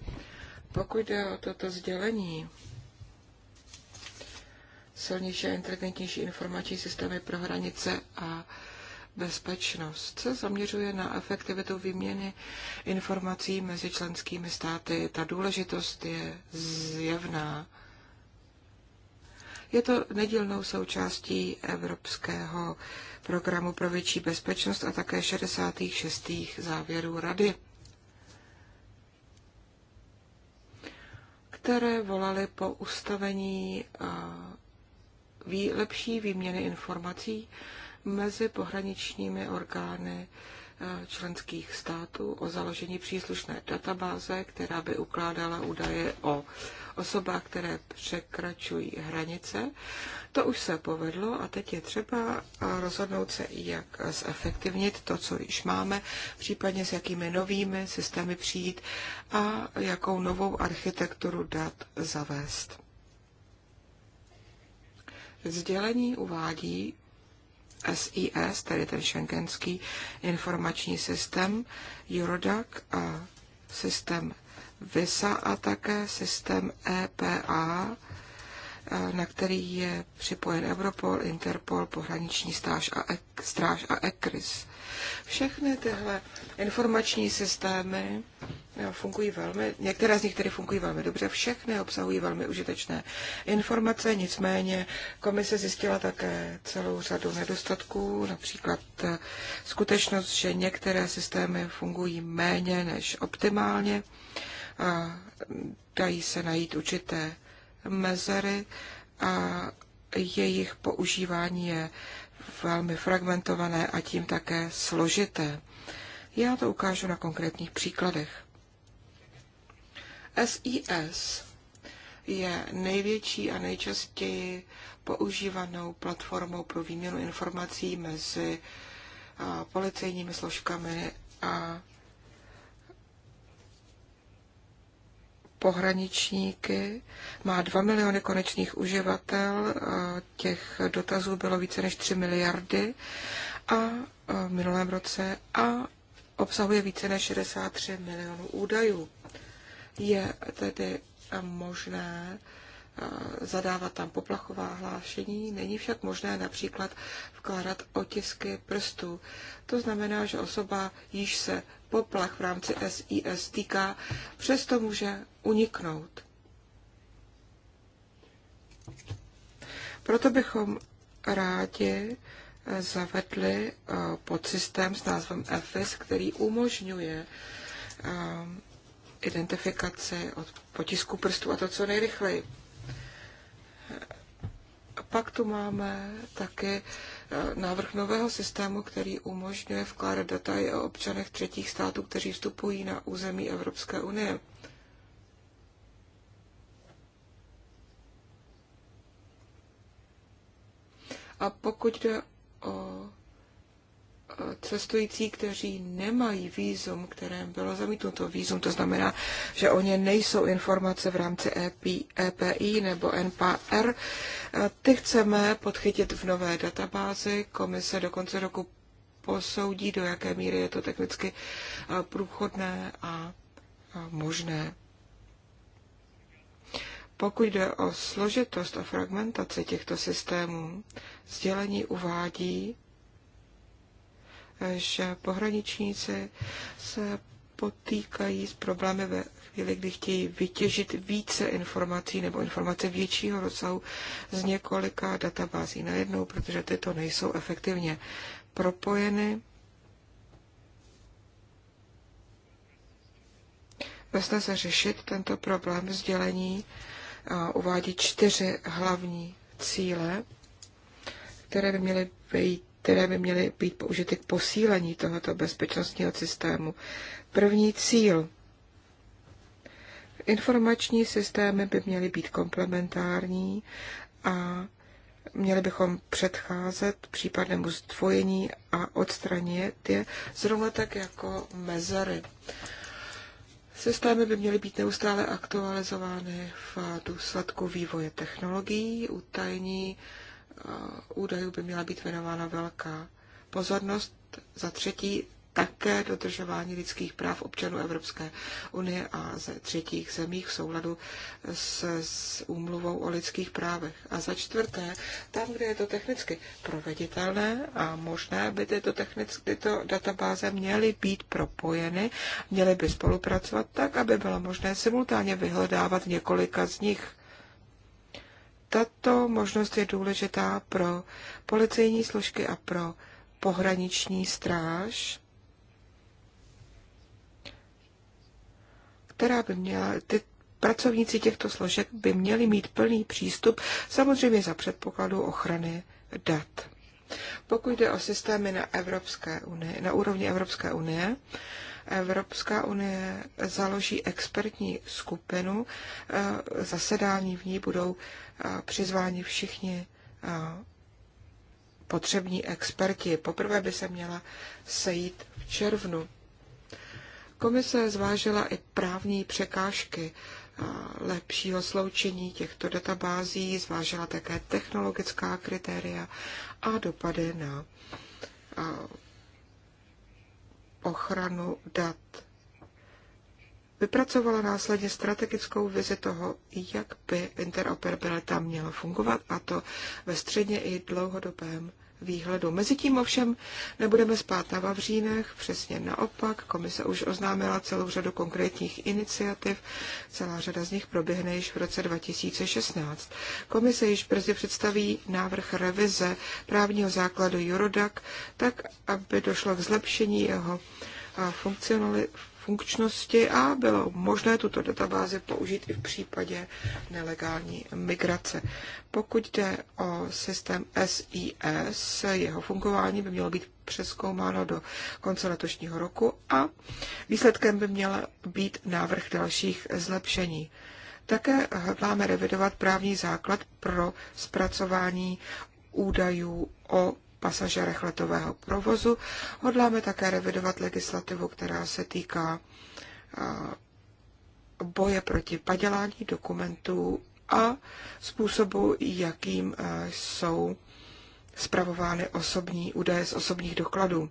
Pokud jde o toto sdělení, silnější a inteligentnější informační systémy pro hranice a bezpečnost se zaměřuje na efektivitu výměny informací mezi členskými státy. Ta důležitost je zjevná. Je to nedílnou součástí Evropského programu pro větší bezpečnost a také 66. závěrů Rady. které volaly po ustavení lepší výměny informací mezi pohraničními orgány členských států o založení příslušné databáze, která by ukládala údaje o osobách, které překračují hranice. To už se povedlo a teď je třeba rozhodnout se, jak zefektivnit to, co již máme, případně s jakými novými systémy přijít a jakou novou architekturu dat zavést. Vzdělení uvádí, SIS, tedy ten šengenský informační systém, Eurodac a systém VISA a také systém EPA, eh, na který je připojen Europol, Interpol, pohraniční stáž a ek, stráž a ECRIS. Všechny tyhle informační systémy eh, fungují velmi, některé z nich tedy fungují velmi dobře, všechny obsahují velmi užitečné informace, nicméně komise zjistila také celou řadu nedostatků, například eh, skutečnost, že některé systémy fungují méně než optimálně, a dají se najít určité mezery a jejich používání je velmi fragmentované a tím také složité. Já to ukážu na konkrétních příkladech. SIS je největší a nejčastěji používanou platformou pro výměnu informací mezi policejními složkami a pohraničníky, má 2 miliony konečných uživatel, těch dotazů bylo více než 3 miliardy a v minulém roce a obsahuje více než 63 milionů údajů. Je tedy možné Eh, zadávat tam poplachová hlášení, není však možné například vkládat otisky prstů. To znamená, že osoba, již se poplach v rámci SIS týká, přesto může uniknout. Proto bychom rádi eh, zavedli eh, podsystém s názvem EFIS, který umožňuje identifikaci od potisku prstů a to co nejrychleji. A pak tu máme taky e, návrh nového systému, který umožňuje vkládat data i o občanech třetích států, kteří vstupují na území Evropské unie. A pokud jde o cestující, kteří nemají výzum, kterém bylo zamítnuto výzum, to znamená, že o ně nejsou informace v rámci EPI, EPI nebo NPR. Ty chceme podchytit v nové databázi. Komise do konce roku posoudí, do jaké míry je to technicky průchodné a možné. Pokud jde o složitost a fragmentaci těchto systémů, sdělení uvádí, že pohraničníci se potýkají s problémy ve chvíli, kdy chtějí vytěžit více informací nebo informace většího rozsahu z několika databází najednou, protože tyto nejsou efektivně propojeny. Vesne se řešit tento problém sdělení uvádí čtyři hlavní cíle, které by měly být které by měly být použity k posílení tohoto bezpečnostního systému. První cíl. Informační systémy by měly být komplementární a měli bychom předcházet případnému zdvojení a odstranit je, zrovna tak jako mezery. Systémy by měly být neustále aktualizovány v důsledku vývoje technologií, utajení, Eh, údajů by měla být věnována velká pozornost. Za třetí, také dodržování lidských práv občanů Evropské unie a ze třetích zemích v souladu s, s úmluvou o lidských právech. A za čtvrté, tam, kde je to technicky proveditelné a možné by tyto, technicky, tyto databáze měly být propojeny, měly by spolupracovat tak, aby bylo možné simultánně vyhledávat několika z nich tato možnost je důležitá pro policejní složky a pro pohraniční stráž, která by měla, ty pracovníci těchto složek by měli mít plný přístup, samozřejmě za předpokladu ochrany dat. Pokud jde o systémy na, Evropské unie, na úrovni Evropské unie, Evropská unie založí expertní skupinu, eh, zasedání v ní budou přizváni všichni potřební experti. Poprvé by se měla sejít v červnu. Komise zvážila i právní překážky lepšího sloučení těchto databází, zvážila také technologická kritéria a dopady na ochranu dat Vypracovala následně strategickou vizi toho, jak by interoperabilita měla fungovat, a to ve středně i dlouhodobém výhledu. Mezitím ovšem nebudeme spát na Vavřínech, přesně naopak. Komise už oznámila celou řadu konkrétních iniciativ, celá řada z nich proběhne již v roce 2016. Komise již brzy představí návrh revize právního základu Eurodac, tak aby došlo k zlepšení jeho funkcionality funkčnosti a bylo možné tuto databázi použít i v případě nelegální migrace. Pokud jde o systém SIS, jeho fungování by mělo být přeskoumáno do konce letošního roku a výsledkem by měl být návrh dalších zlepšení. Také hodláme revidovat právní základ pro zpracování údajů o pasažerech letového provozu. Hodláme také revidovat legislativu, která se týká eh, boje proti padělání dokumentů a způsobu, jakým eh, jsou zpravovány osobní údaje z osobních dokladů.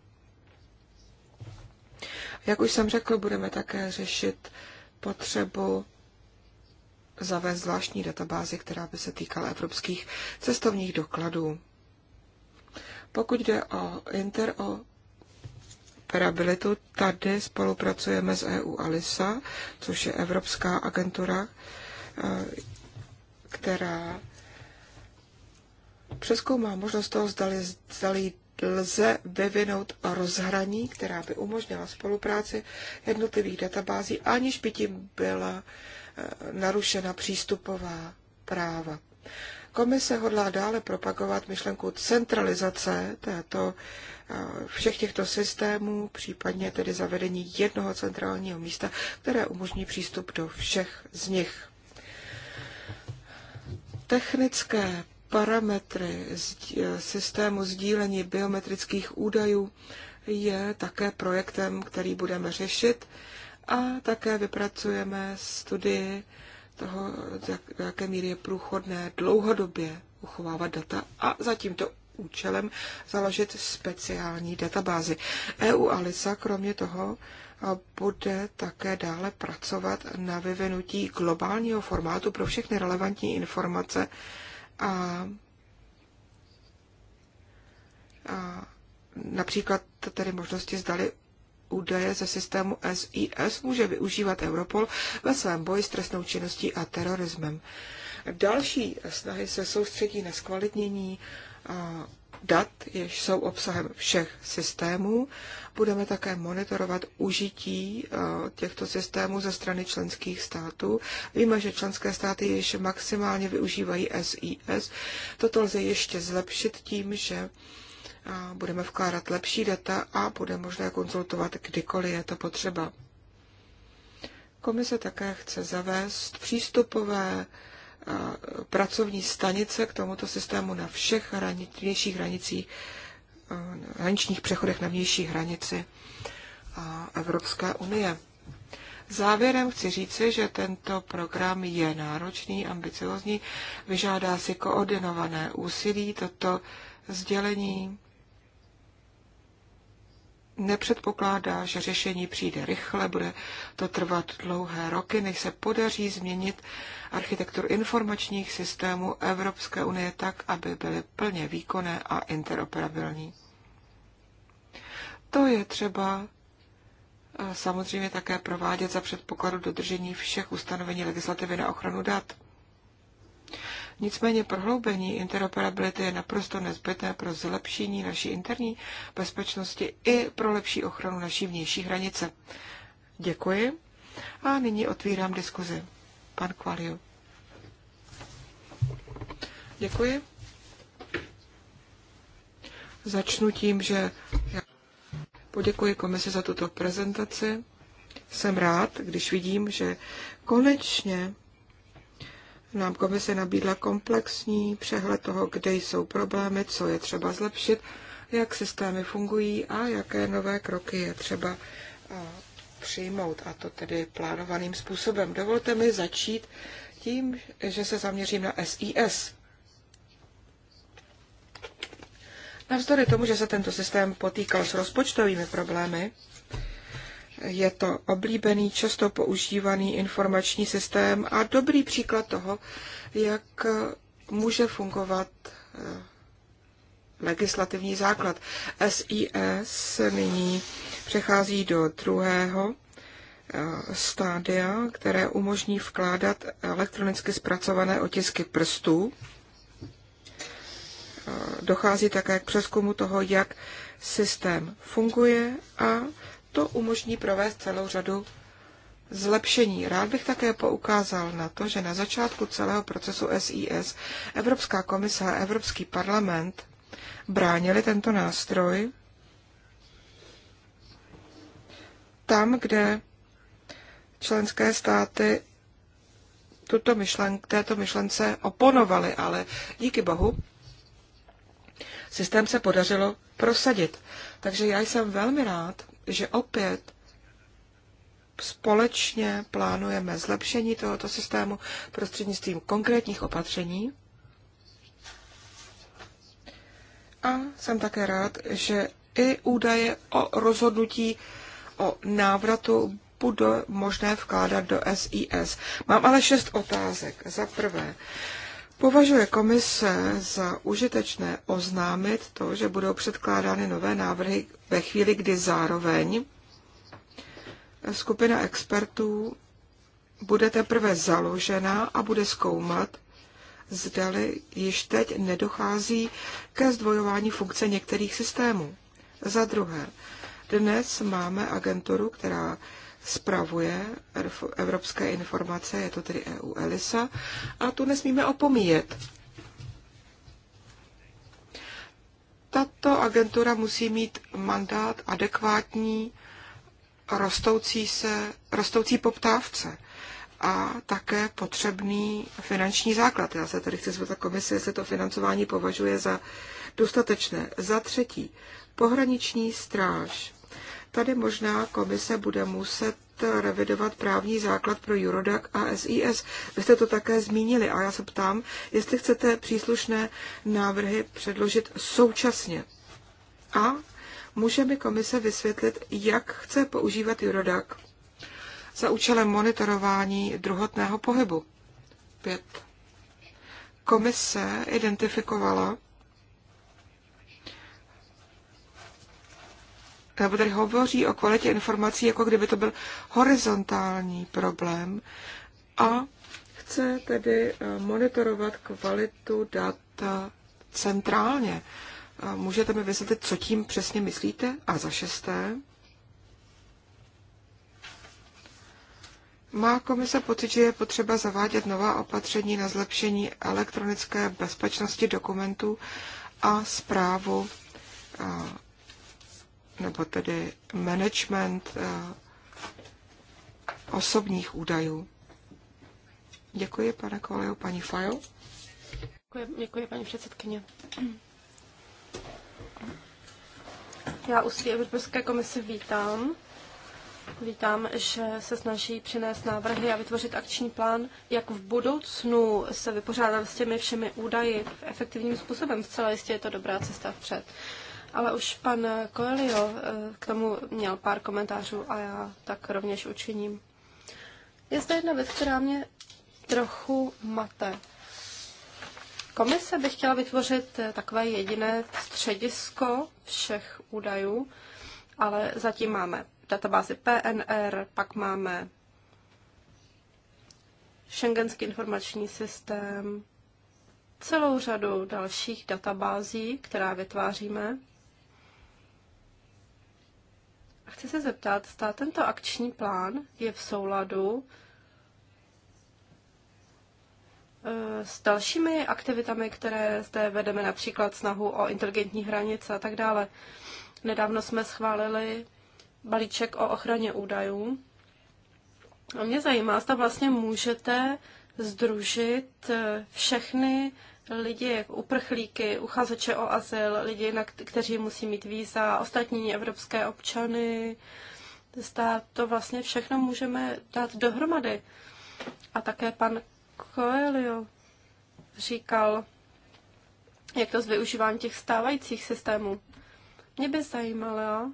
Jak už jsem řekl, budeme také řešit potřebu zavést zvláštní databázi, která by se týkala evropských cestovních dokladů. Pokud jde o interoperabilitu, tady spolupracujeme s EU ALISA, což je Evropská agentura, eh, která přeskoumá možnost toho, zdali, zdali lze vyvinout rozhraní, která by umožnila spolupráci jednotlivých databází, aniž by tím byla eh, narušena přístupová práva. Komise hodlá dále propagovat myšlenku centralizace této, eh, všech těchto systémů, případně tedy zavedení jednoho centrálního místa, které umožní přístup do všech z nich. Technické parametry systému sdílení biometrických údajů je také projektem, který budeme řešit a také vypracujeme studii toho, do jaké míry je průchodné dlouhodobě uchovávat data a za tímto účelem založit speciální databázy. EU Alisa kromě toho bude také dále pracovat na vyvinutí globálního formátu pro všechny relevantní informace a, a například tedy možnosti zdali údaje ze systému SIS může využívat Europol ve svém boji s trestnou činností a terorismem. Další snahy se soustředí na zkvalitnění dat, jež jsou obsahem všech systémů. Budeme také monitorovat užití těchto systémů ze strany členských států. Víme, že členské státy již maximálně využívají SIS. Toto lze ještě zlepšit tím, že budeme vkládat lepší data a bude možné konzultovat kdykoliv je to potřeba. Komise také chce zavést přístupové pracovní stanice k tomuto systému na všech hranic, vnějších hranicích, hraničních přechodech na vnější hranici Evropské unie. Závěrem chci říci, že tento program je náročný, ambiciozní, vyžádá si koordinované úsilí. Toto sdělení nepředpokládá, že řešení přijde rychle, bude to trvat dlouhé roky, než se podaří změnit architekturu informačních systémů Evropské unie tak, aby byly plně výkonné a interoperabilní. To je třeba eh, samozřejmě také provádět za předpokladu dodržení všech ustanovení legislativy na ochranu dat. Nicméně prohloubení interoperability je naprosto nezbytné pro zlepšení naší interní bezpečnosti i pro lepší ochranu naší vnější hranice. Děkuji. A nyní otvírám diskuzi. Pan Kvalio. Děkuji. Začnu tím, že poděkuji komisi za tuto prezentaci. Jsem rád, když vidím, že konečně nám komise nabídla komplexní přehled toho, kde jsou problémy, co je třeba zlepšit, jak systémy fungují a jaké nové kroky je třeba přijmout, a to tedy plánovaným způsobem. Dovolte mi začít tím, že se zaměřím na SIS. Navzdory tomu, že se tento systém potýkal s rozpočtovými problémy, je to oblíbený, často používaný informační systém a dobrý příklad toho, jak může fungovat eh, legislativní základ. SIS nyní přechází do druhého eh, stádia, které umožní vkládat elektronicky zpracované otisky prstů. Eh, dochází také k přeskumu toho, jak systém funguje a to umožní provést celou řadu zlepšení. Rád bych také poukázal na to, že na začátku celého procesu SIS Evropská komise a Evropský parlament bránili tento nástroj tam, kde členské státy tuto myšlen, této myšlence oponovaly, ale díky bohu systém se podařilo prosadit. Takže já jsem velmi rád, že opět společně plánujeme zlepšení tohoto systému prostřednictvím konkrétních opatření. A jsem také rád, že i údaje o rozhodnutí o návratu bude možné vkládat do SIS. Mám ale šest otázek. Za prvé, Považuje komise za užitečné oznámit to, že budou předkládány nové návrhy ve chvíli, kdy zároveň skupina expertů bude teprve založena a bude zkoumat, zdali již teď nedochází ke zdvojování funkce některých systémů. Za druhé, dnes máme agenturu, která spravuje evropské informace, je to tedy EU ELISA, a tu nesmíme opomíjet. Tato agentura musí mít mandát adekvátní rostoucí, se, rostoucí poptávce a také potřebný finanční základ. Já se tady chci zeptat komise, jestli to financování považuje za dostatečné. Za třetí, pohraniční stráž. Tady možná komise bude muset revidovat právní základ pro Eurodac a SIS. Vy jste to také zmínili a já se ptám, jestli chcete příslušné návrhy předložit současně. A může mi komise vysvětlit, jak chce používat Eurodac za účelem monitorování druhotného pohybu. Pět. Komise identifikovala nebo tedy hovoří o kvalitě informací, jako kdyby to byl horizontální problém a chce tedy eh, monitorovat kvalitu dat eh, centrálně. Eh, můžete mi vysvětlit, co tím přesně myslíte? A za šesté, Má komise pocit, že je potřeba zavádět nová opatření na zlepšení elektronické bezpečnosti dokumentů a zprávu nebo tedy management eh, osobních údajů. Děkuji, pane Koleju, paní Fajo. Děkuji, děkuji, paní předsedkyně. Já ústí Evropské komise vítám. Vítám, že se snaží přinést návrhy a vytvořit akční plán, jak v budoucnu se vypořádat s těmi všemi údaji efektivním způsobem. Zcela jistě je to dobrá cesta vpřed. Ale už pan Coelho eh, k tomu měl pár komentářů a já tak rovněž učiním. Je zde jedna věc, která mě trochu mate. Komise by chtěla vytvořit eh, takové jediné středisko všech údajů, ale zatím máme databázi PNR, pak máme Schengenský informační systém, celou řadu dalších databází, která vytváříme chci se zeptat, zda tento akční plán je v souladu eh, s dalšími aktivitami, které zde vedeme, například snahu o inteligentní hranice a tak dále. Nedávno jsme schválili balíček o ochraně údajů. A mě zajímá, zda vlastně můžete združit eh, všechny lidi, uprchlíky, uchazeče o azyl, lidi, na kteří musí mít víza, ostatní evropské občany, stát, to vlastně všechno můžeme dát dohromady. A také pan Coelho říkal, jak to s využíváním těch stávajících systémů. Mě by zajímalo,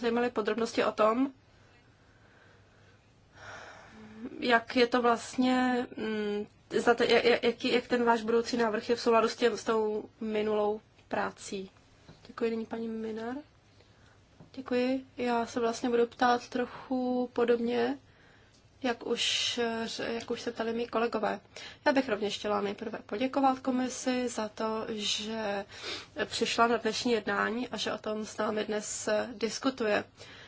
zajímaly podrobnosti o tom, jak je to vlastně mm, zda to, jak, jak, jak ten váš budoucí návrh je v souladu s, těm, s tou minulou prací. Děkuji, není paní Minar. Děkuji. Já se vlastně budu ptát trochu podobně, jak už, jak už se ptali mý kolegové. Já bych rovněž chtěla nejprve poděkovat komisi za to, že přišla na dnešní jednání a že o tom s námi dnes diskutuje.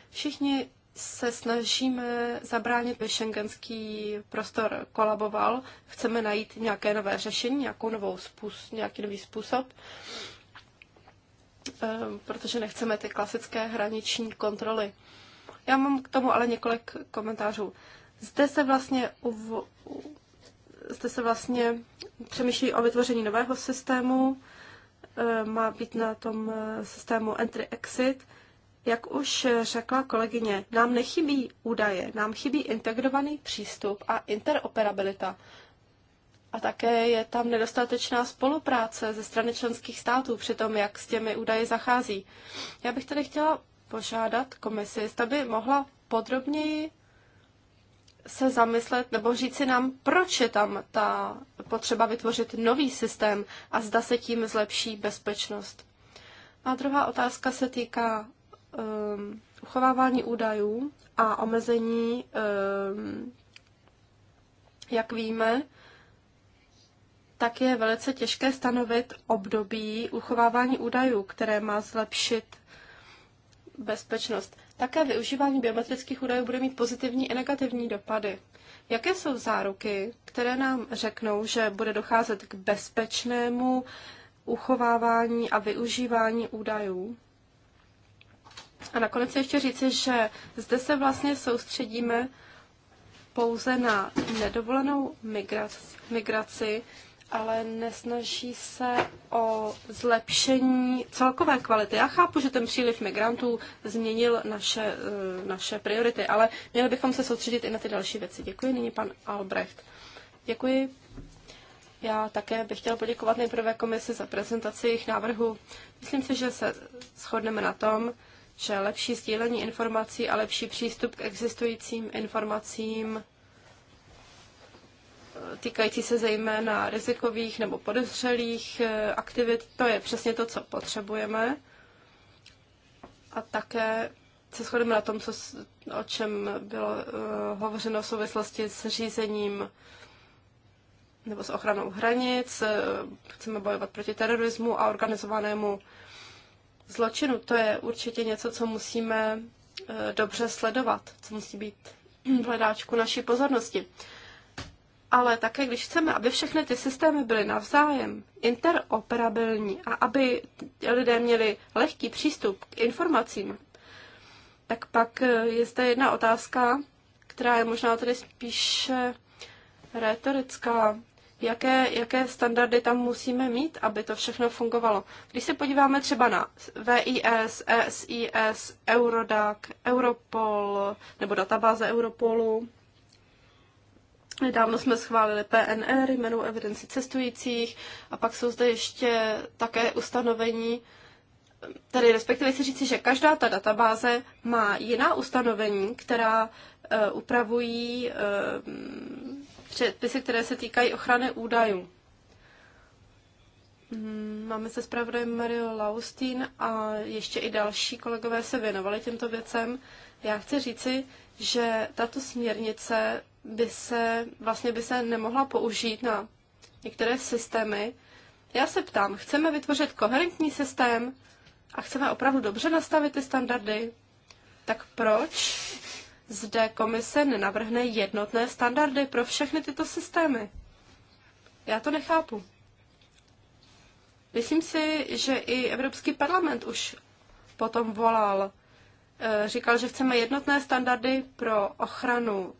Všichni se snažíme zabránit, aby šengenský prostor kolaboval. Chceme najít nějaké nové řešení, nějakou novou způsob, nějaký nový způsob, eh, protože nechceme ty klasické hraniční kontroly. Já mám k tomu ale několik komentářů. Zde se vlastně uv... Zde se vlastně přemýšlí o vytvoření nového systému, eh, má být na tom eh, systému entry-exit, jak už řekla kolegyně, nám nechybí údaje, nám chybí integrovaný přístup a interoperabilita. A také je tam nedostatečná spolupráce ze strany členských států při tom, jak s těmi údaji zachází. Já bych tedy chtěla požádat komisi, zda by mohla podrobněji se zamyslet nebo říci nám, proč je tam ta potřeba vytvořit nový systém a zda se tím zlepší bezpečnost. A druhá otázka se týká um, uchovávání údajů a omezení, um, jak víme, tak je velice těžké stanovit období uchovávání údajů, které má zlepšit bezpečnost. Také využívání biometrických údajů bude mít pozitivní i negativní dopady. Jaké jsou záruky, které nám řeknou, že bude docházet k bezpečnému uchovávání a využívání údajů? A nakonec ještě říci, že zde se vlastně soustředíme pouze na nedovolenou migraci, ale nesnaží se o zlepšení celkové kvality. Já chápu, že ten příliv migrantů změnil naše, eh, naše priority, ale měli bychom se soustředit i na ty další věci. Děkuji nyní pan Albrecht. Děkuji. Já také bych chtěla poděkovat nejprve komisi za prezentaci jejich návrhu. Myslím si, že se shodneme na tom, že lepší sdílení informací a lepší přístup k existujícím informacím eh, týkající se zejména rizikových nebo podezřelých eh, aktivit, to je přesně to, co potřebujeme. A také se shodeme na tom, co, o čem bylo uh, hovořeno v souvislosti s řízením nebo s ochranou hranic. Chceme bojovat proti terorismu a organizovanému zločinu. To je určitě něco, co musíme eh, dobře sledovat, co musí být v hledáčku naší pozornosti. Ale také, když chceme, aby všechny ty systémy byly navzájem interoperabilní a aby lidé měli lehký přístup k informacím, tak pak eh, je zde jedna otázka, která je možná tady spíše retorická jaké, jaké standardy tam musíme mít, aby to všechno fungovalo. Když se podíváme třeba na VIS, SIS, Eurodac, Europol nebo databáze Europolu, Nedávno jsme schválili PNR, jmenu evidenci cestujících, a pak jsou zde ještě také ustanovení, tedy respektive si říci, že každá ta databáze má jiná ustanovení, která uh, upravují uh, předpisy, které se týkají ochrany údajů. Hmm, máme se zpravodajem Mario Laustín a ještě i další kolegové se věnovali těmto věcem. Já chci říci, že tato směrnice by se, vlastně by se nemohla použít na některé systémy. Já se ptám, chceme vytvořit koherentní systém a chceme opravdu dobře nastavit ty standardy, tak proč zde komise nenavrhne jednotné standardy pro všechny tyto systémy. Já to nechápu. Myslím si, že i Evropský parlament už potom volal. Eh, říkal, že chceme jednotné standardy pro ochranu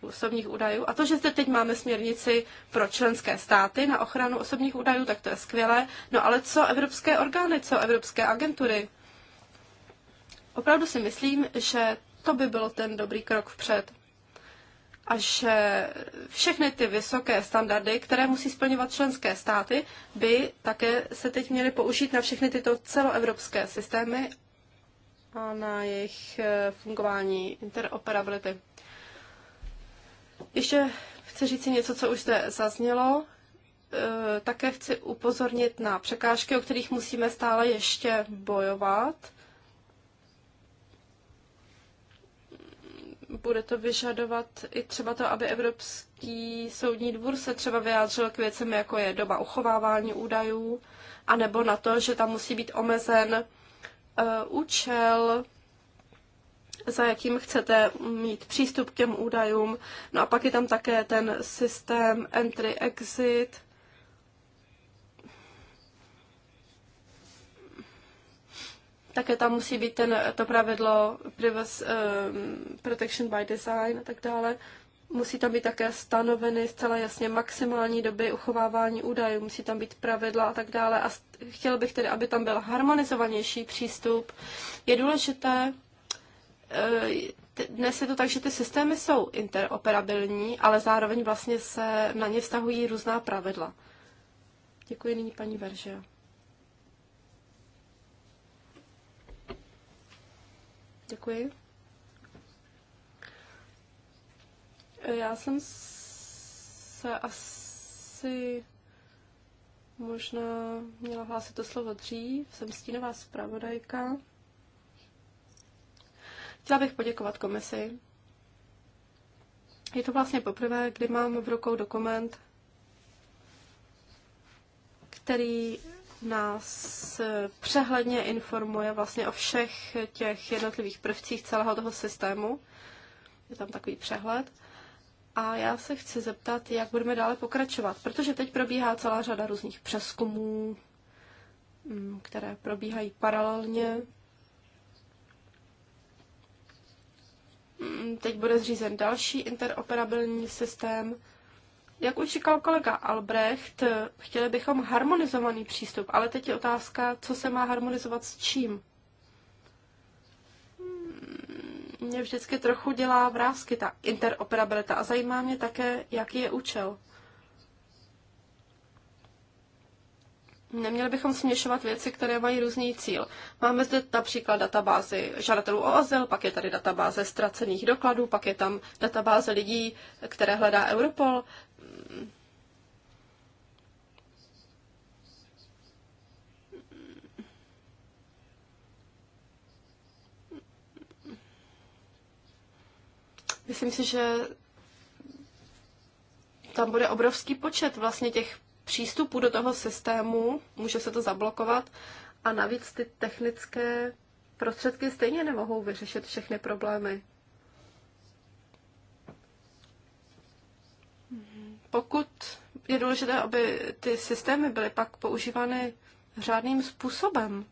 osobních údajů. A to, že zde teď máme směrnici pro členské státy na ochranu osobních údajů, tak to je skvělé. No ale co evropské orgány, co evropské agentury? Opravdu si myslím, že to by byl ten dobrý krok vpřed. A že eh, všechny ty vysoké standardy, které musí splňovat členské státy, by také se teď měly použít na všechny tyto celoevropské systémy a na jejich eh, fungování interoperability. Ještě chci říct si něco, co už zde zaznělo. Eh, také chci upozornit na překážky, o kterých musíme stále ještě bojovat. bude to vyžadovat i třeba to, aby Evropský soudní dvůr se třeba vyjádřil k věcem, jako je doba uchovávání údajů, anebo na to, že tam musí být omezen eh, účel, za jakým chcete mít přístup k těm údajům. No a pak je tam také ten systém entry-exit, Také tam musí být ten, to pravidlo privacy, um, ehm, protection by design a tak dále. Musí tam být také stanoveny zcela jasně maximální doby uchovávání údajů, musí tam být pravidla a tak dále. A chtěl bych tedy, aby tam byl harmonizovanější přístup. Je důležité, eh, dnes je to tak, že ty systémy jsou interoperabilní, ale zároveň vlastně se na ně vztahují různá pravidla. Děkuji nyní paní Veržia. Děkuji. Já jsem se asi možná měla hlásit to slovo dřív. Jsem stínová zpravodajka. Chtěla bych poděkovat komisi. Je to vlastně poprvé, kdy mám v rukou dokument, který nás eh, přehledně informuje vlastně o všech těch jednotlivých prvcích celého toho systému. Je tam takový přehled. A já se chci zeptat, jak budeme dále pokračovat, protože teď probíhá celá řada různých přeskumů, mm, které probíhají paralelně. Mm, teď bude zřízen další interoperabilní systém, jak už říkal kolega Albrecht, chtěli bychom harmonizovaný přístup, ale teď je otázka, co se má harmonizovat s čím. Hmm, mě vždycky trochu dělá vrázky ta interoperabilita a zajímá mě také, jaký je účel. Neměli bychom směšovat věci, které mají různý cíl. Máme zde například databázy žadatelů o azyl, pak je tady databáze ztracených dokladů, pak je tam databáze lidí, které hledá Europol. Myslím si, že tam bude obrovský počet vlastně těch přístupů do toho systému, může se to zablokovat a navíc ty technické prostředky stejně nemohou vyřešit všechny problémy. pokud je důležité, aby ty systémy byly pak používány řádným způsobem,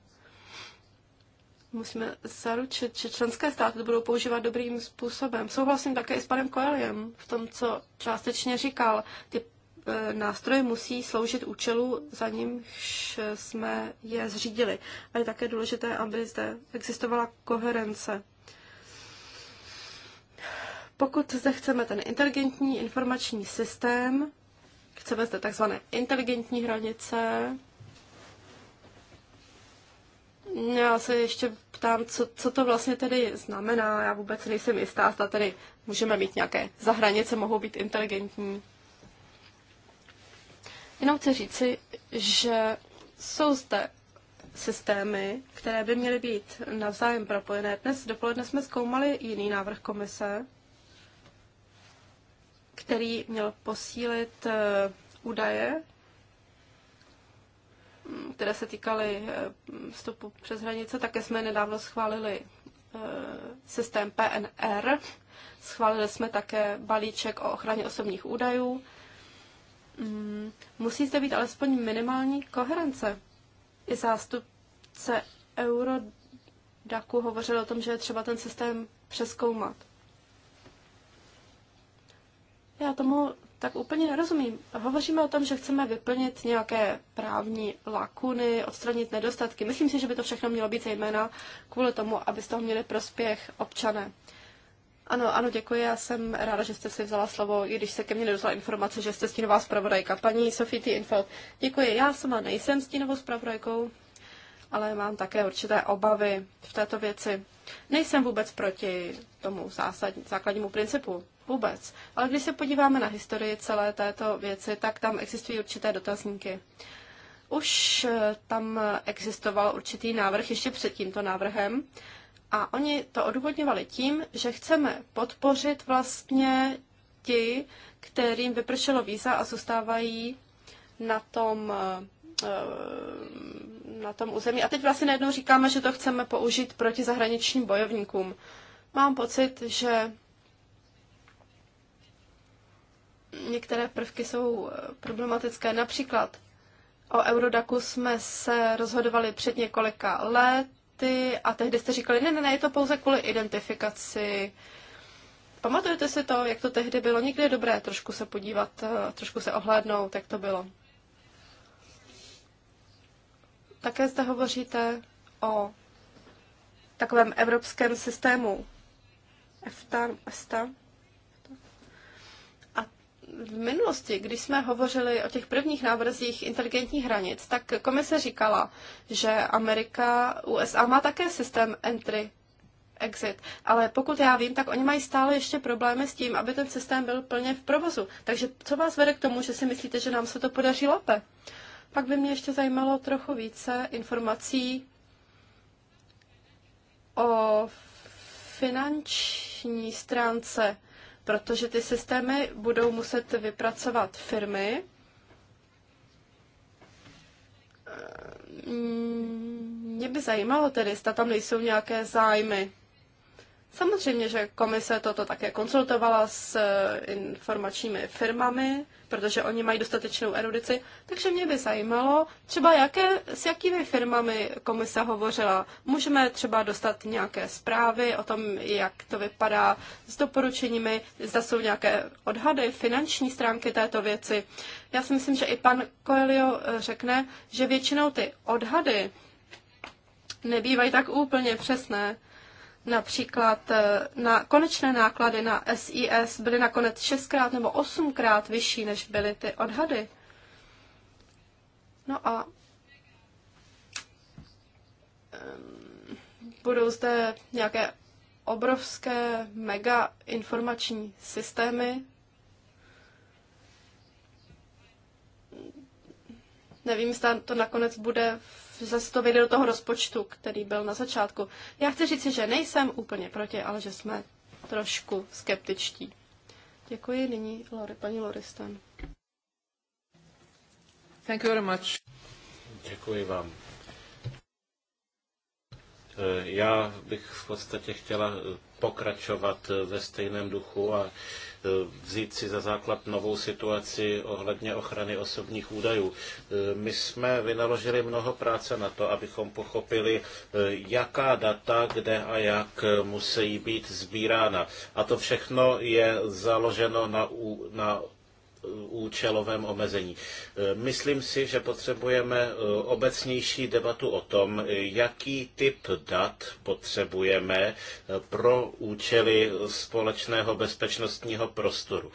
musíme zaručit, že členské státy to budou používat dobrým způsobem. Souhlasím také i s panem Koeliem v tom, co částečně říkal. Ty e, nástroje musí sloužit účelu, za nímž jsme je zřídili. A je také důležité, aby zde existovala koherence. Pokud zde chceme ten inteligentní informační systém, chceme zde takzvané inteligentní hranice, já se ještě ptám, co, co to vlastně tedy znamená. Já vůbec nejsem jistá, zda tedy můžeme mít nějaké zahranice, mohou být inteligentní. Jenom chci říci, že jsou zde systémy, které by měly být navzájem propojené. Dnes dopoledne jsme zkoumali jiný návrh komise, který měl posílit eh, údaje, mm, které se týkaly eh, vstupu přes hranice. Také jsme nedávno schválili eh, systém PNR. Schválili jsme také balíček o ochraně osobních údajů. Mm, musí zde být alespoň minimální koherence. I zástupce Eurodaku hovořil o tom, že je třeba ten systém přeskoumat. Já tomu tak úplně nerozumím. Hovoříme o tom, že chceme vyplnit nějaké právní lakuny, odstranit nedostatky. Myslím si, že by to všechno mělo být zejména kvůli tomu, aby z toho měli prospěch občané. Ano, ano, děkuji. Já jsem ráda, že jste si vzala slovo, i když se ke mně nedostala informace, že jste stínová zpravodajka. Paní Sofie T. Info. děkuji. Já sama nejsem stínovou zpravodajkou, ale mám také určité obavy v této věci. Nejsem vůbec proti tomu zásadní, základnímu principu vůbec. Ale když se podíváme na historii celé této věci, tak tam existují určité dotazníky. Už eh, tam existoval určitý návrh ještě před tímto návrhem a oni to odůvodňovali tím, že chceme podpořit vlastně ti, kterým vypršelo víza a zůstávají na tom eh, eh, na tom území. A teď vlastně najednou říkáme, že to chceme použít proti zahraničním bojovníkům. Mám pocit, že některé prvky jsou eh, problematické. Například o Eurodaku jsme se rozhodovali před několika lety a tehdy jste říkali, ne, ne, ne, je to pouze kvůli identifikaci. Pamatujete si to, jak to tehdy bylo? Někdy je dobré trošku se podívat, eh, trošku se ohlédnout, jak to bylo. Také zde hovoříte o takovém evropském systému EFTA, EFTA, v minulosti, když jsme hovořili o těch prvních návrzích inteligentních hranic, tak komise říkala, že Amerika, USA má také systém entry exit. Ale pokud já vím, tak oni mají stále ještě problémy s tím, aby ten systém byl plně v provozu. Takže co vás vede k tomu, že si myslíte, že nám se to podaří lépe? Pak by mě ještě zajímalo trochu více informací o finanční stránce protože ty systémy budou muset vypracovat firmy. Ehm, mě by zajímalo tedy, zda tam nejsou nějaké zájmy Samozřejmě, že komise toto také konzultovala s eh, informačními firmami, protože oni mají dostatečnou erudici, takže mě by zajímalo, třeba jaké, s jakými firmami komise hovořila. Můžeme třeba dostat nějaké zprávy o tom, jak to vypadá s doporučeními, zda jsou nějaké odhady, finanční stránky této věci. Já si myslím, že i pan Coelho eh, řekne, že většinou ty odhady nebývají tak úplně přesné Například eh, na konečné náklady na SIS byly nakonec šestkrát nebo osmkrát vyšší, než byly ty odhady. No a budou zde nějaké obrovské mega informační systémy. Nevím, zda to nakonec bude v se to vyjde do toho rozpočtu, který byl na začátku. Já chci říct, že nejsem úplně proti, ale že jsme trošku skeptičtí. Děkuji nyní Lori, paní Loristan. Thank you very much. Děkuji vám. Eh, já bych v podstatě chtěla eh, pokračovat eh, ve stejném duchu a vzít si za základ novou situaci ohledně ochrany osobních údajů. My jsme vynaložili mnoho práce na to, abychom pochopili, jaká data, kde a jak musí být sbírána. A to všechno je založeno na, na Eh, účelovém omezení. Eh, myslím si, že potřebujeme eh, obecnější debatu o tom, jaký typ dat potřebujeme pro účely společného bezpečnostního prostoru.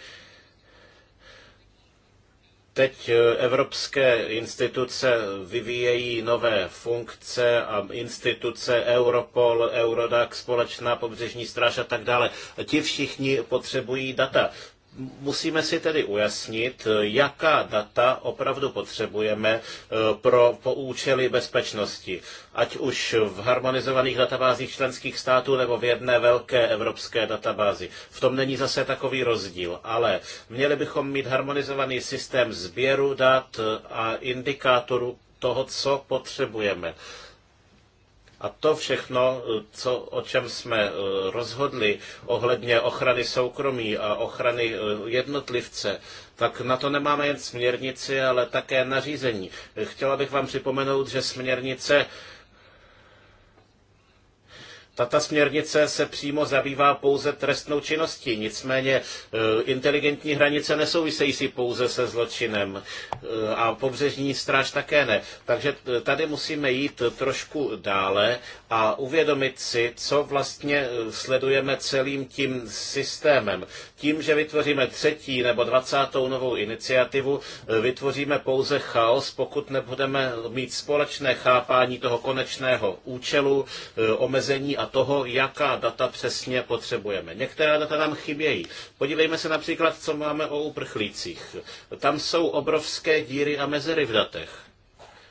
Teď evropské instituce vyvíjejí nové funkce a instituce Europol, Eurodac, společná pobřežní stráž a tak dále. Ti všichni potřebují data. Musíme si tedy ujasnit, jaká data opravdu potřebujeme eh, pro poučely bezpečnosti, ať už v harmonizovaných databázích členských států nebo v jedné velké evropské databázi. V tom není zase takový rozdíl, ale měli bychom mít harmonizovaný systém sběru dat eh, a indikátorů toho, co potřebujeme. A to všechno, co, o čem jsme eh, rozhodli ohledně ochrany soukromí a ochrany eh, jednotlivce, tak na to nemáme jen směrnici, ale také nařízení. Chtěla bych vám připomenout, že směrnice Tata směrnice se přímo zabývá pouze trestnou činností, nicméně eh, inteligentní hranice nesouvisejí si pouze se zločinem eh, a pobřežní stráž také ne. Takže eh, tady musíme jít trošku dále a uvědomit si, co vlastně sledujeme celým tím systémem. Tím, že vytvoříme třetí nebo dvacátou novou iniciativu, vytvoříme pouze chaos, pokud nebudeme mít společné chápání toho konečného účelu, omezení a a toho, jaká data přesně potřebujeme. Některá data nám chybějí. Podívejme se například, co máme o uprchlících. Tam jsou obrovské díry a mezery v datech.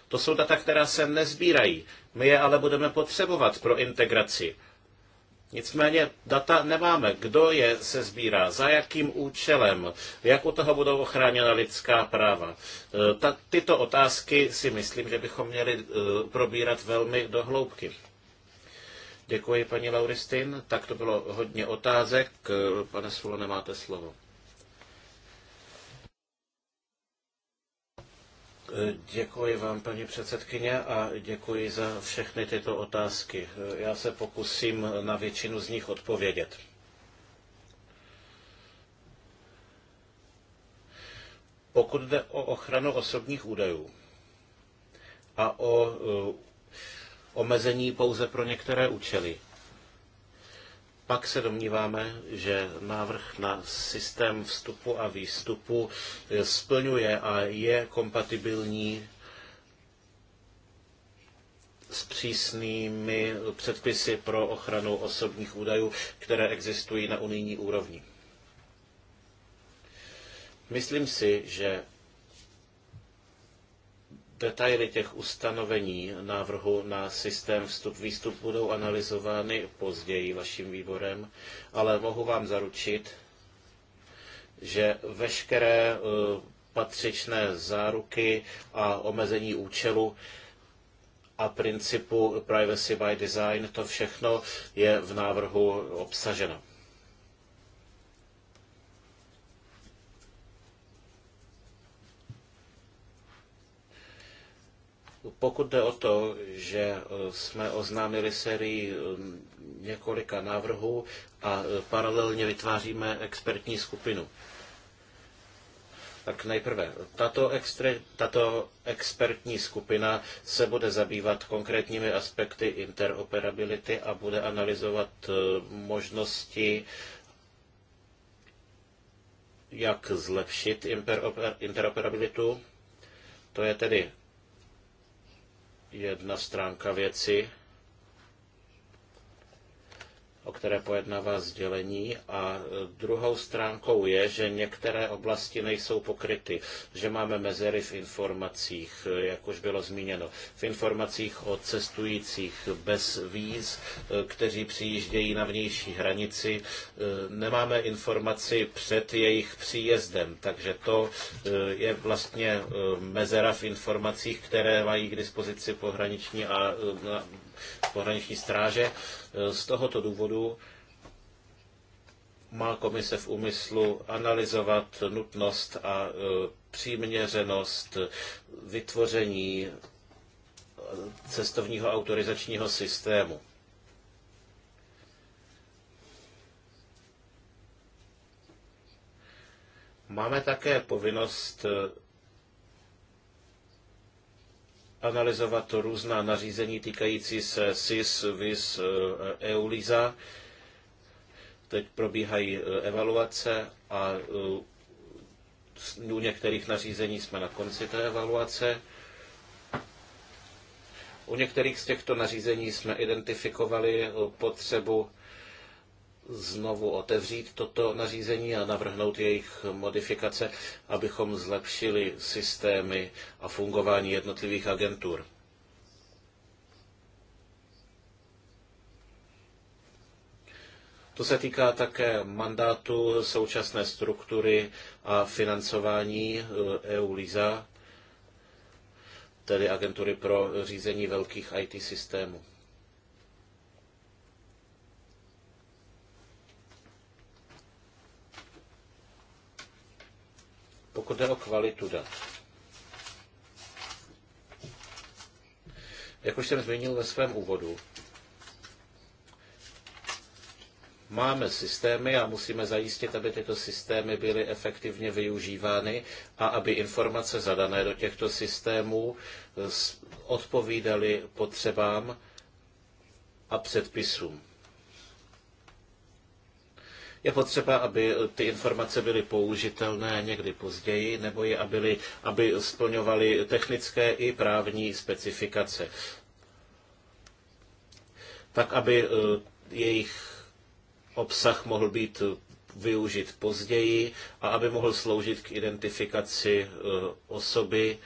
To jsou data, která se nezbírají. My je ale budeme potřebovat pro integraci. Nicméně data nemáme. Kdo je se sbírá, za jakým účelem, jak u toho budou ochráněna lidská práva. E, ta, tyto otázky si myslím, že bychom měli e, probírat velmi dohloubky. Děkuji, paní Lauristin. Tak to bylo hodně otázek. Pane Sulo, nemáte slovo. Děkuji vám, paní předsedkyně, a děkuji za všechny tyto otázky. Já se pokusím na většinu z nich odpovědět. Pokud jde o ochranu osobních údajů a o omezení pouze pro některé účely. Pak se domníváme, že návrh na systém vstupu a výstupu eh, splňuje a je kompatibilní s přísnými předpisy pro ochranu osobních údajů, které existují na unijní úrovni. Myslím si, že Detaily těch ustanovení návrhu na systém vstup-výstup budou analyzovány později vaším výborem, ale mohu vám zaručit, že veškeré eh, patřičné záruky a omezení účelu a principu privacy by design, to všechno je v návrhu obsaženo. Pokud jde o to, že e, jsme oznámili sérii e, několika návrhů a e, paralelně vytváříme expertní skupinu. Tak nejprve, tato, tato expertní skupina se bude zabývat konkrétními aspekty interoperability a bude analyzovat možnosti, jak zlepšit interoperabilitu. To je tedy jedna stránka věci o které pojednává sdělení. A e, druhou stránkou je, že některé oblasti nejsou pokryty, že máme mezery v informacích, e, jak už bylo zmíněno, v informacích o cestujících bez víz, e, kteří přijíždějí na vnější hranici. Nemáme informaci před jejich příjezdem, takže to je vlastně mezera v informacích, které mají k dispozici pohraniční a pohraniční stráže. E, z tohoto důvodu má komise v úmyslu analyzovat nutnost a e, příměřenost vytvoření cestovního autorizačního systému. Máme také povinnost e, analyzovat různá nařízení týkající se SIS, VIS, EULISA. Eh, e Teď probíhají eh, evaluace a eh, u některých nařízení jsme na konci té evaluace. U některých z těchto nařízení jsme identifikovali potřebu znovu otevřít toto nařízení a navrhnout jejich modifikace, abychom zlepšili systémy a fungování jednotlivých agentur. To se týká také mandátu současné struktury a financování EU-LISA, eh, e tedy agentury pro řízení velkých IT systémů. pokud jde o kvalitu dat. Jak už jsem zmínil ve svém úvodu, máme systémy a musíme zajistit, aby tyto systémy byly efektivně využívány a aby informace zadané do těchto systémů eh, odpovídaly potřebám a předpisům. Je potřeba, aby ty informace byly použitelné někdy později, nebo je, aby, aby splňovaly technické i právní specifikace. Tak, aby eh, jejich obsah mohl být eh, využit později a aby mohl sloužit k identifikaci eh, osoby,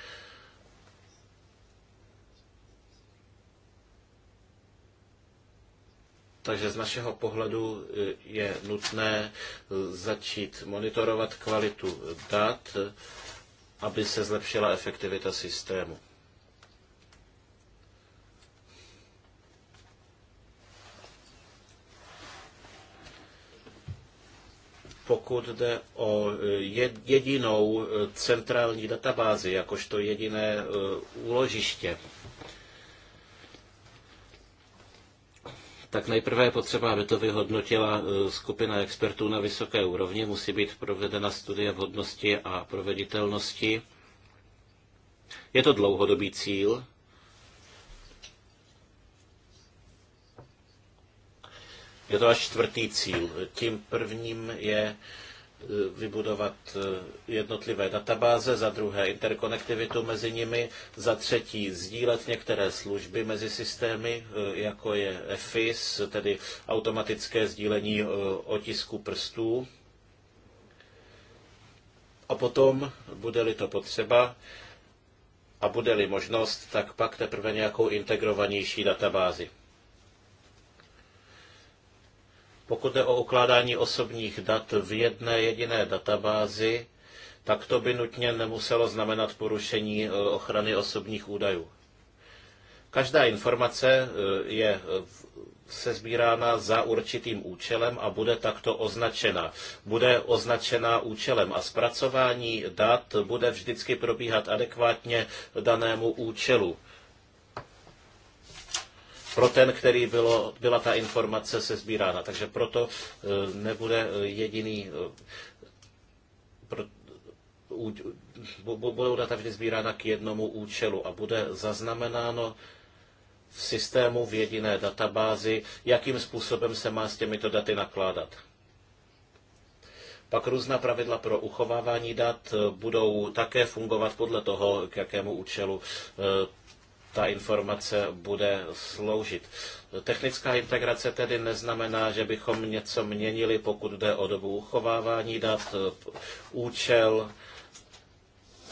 Takže z našeho pohledu e, je nutné e, začít monitorovat kvalitu dat, e, aby se zlepšila efektivita systému. pokud jde o jedinou centrální databázi, jakožto jediné úložiště tak nejprve je potřeba, aby to vyhodnotila e, skupina expertů na vysoké úrovni. Musí být provedena studie vhodnosti a proveditelnosti. Je to dlouhodobý cíl, Je to až čtvrtý cíl. Tím prvním je Eh, vybudovat eh, jednotlivé databáze, za druhé interkonektivitu mezi nimi, za třetí sdílet některé služby mezi systémy, eh, jako je EFIS, tedy automatické sdílení otisku prstů. A potom, bude-li to potřeba, a bude-li možnost, tak pak teprve nějakou integrovanější databázi. Pokud jde o ukládání osobních dat v jedné jediné databázi, tak to by nutně nemuselo znamenat porušení e, ochrany osobních údajů. Každá informace e, je e, se za určitým účelem a bude takto označena. Bude označena účelem a zpracování dat bude vždycky probíhat adekvátně danému účelu pro ten, který bylo, byla ta informace sezbírána. Takže proto e, nebude e, jediný e, pro, bude data vždy sbírána k jednomu účelu a bude zaznamenáno v systému v jediné databázi, jakým způsobem se má s těmito daty nakládat. Pak různá pravidla pro uchovávání dat budou také fungovat podle toho, k jakému účelu ta informace bude sloužit. Technická integrace tedy neznamená, že bychom něco měnili, pokud jde o dobu uchovávání dat, účel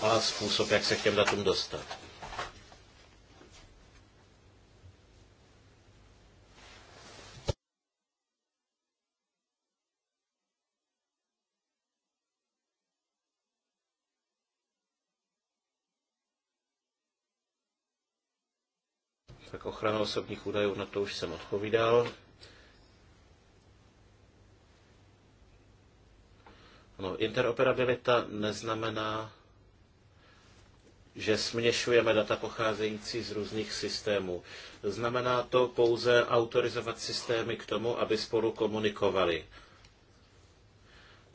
a způsob, jak se k těm datům dostat. Tak ochrana osobních údajů, na to už jsem odpovídal. No, interoperabilita neznamená, že směšujeme data pocházející z různých systémů. Znamená to pouze autorizovat systémy k tomu, aby spolu komunikovali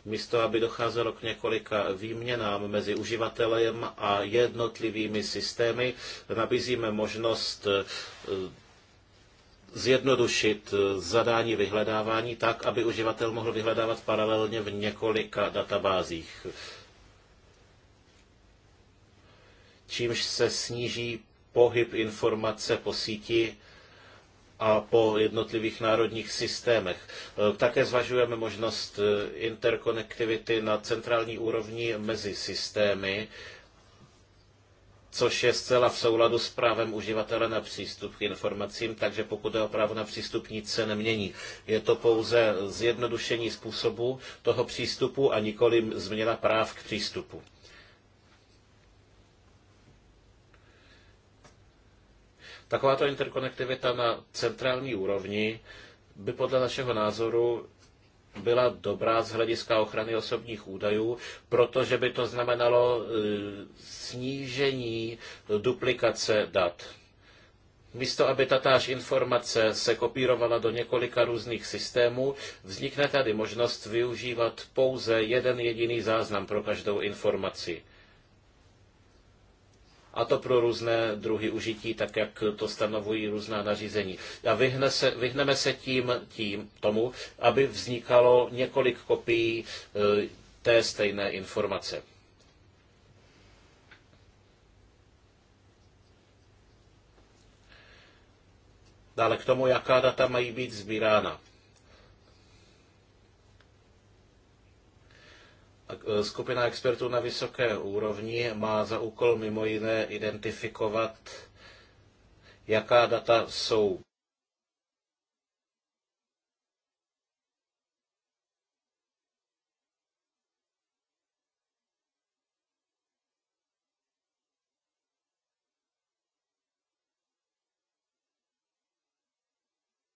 místo aby docházelo k několika výměnám mezi uživatelem a jednotlivými systémy, nabízíme možnost eh, zjednodušit eh, zadání vyhledávání tak, aby uživatel mohl vyhledávat paralelně v několika databázích. Čímž se sníží pohyb informace po síti a po jednotlivých národních systémech. E, také zvažujeme možnost e, interkonektivity na centrální úrovni mezi systémy, což je zcela v souladu s právem uživatele na přístup k informacím, takže pokud je o právo na přístup, nic se nemění. Je to pouze zjednodušení způsobu toho přístupu a nikoli změna práv k přístupu. Takováto interkonektivita na centrální úrovni by podle našeho názoru byla dobrá z hlediska ochrany osobních údajů, protože by to znamenalo e, snížení duplikace dat. Místo, aby tatáž informace se kopírovala do několika různých systémů, vznikne tady možnost využívat pouze jeden jediný záznam pro každou informaci a to pro různé druhy užití, tak jak to stanovují různá nařízení. A vyhne se, vyhneme se tím, tím tomu, aby vznikalo několik kopií e, té stejné informace. Dále k tomu, jaká data mají být sbírána. Eh, skupina expertů na vysoké úrovni má za úkol mimo jiné identifikovat, jaká data jsou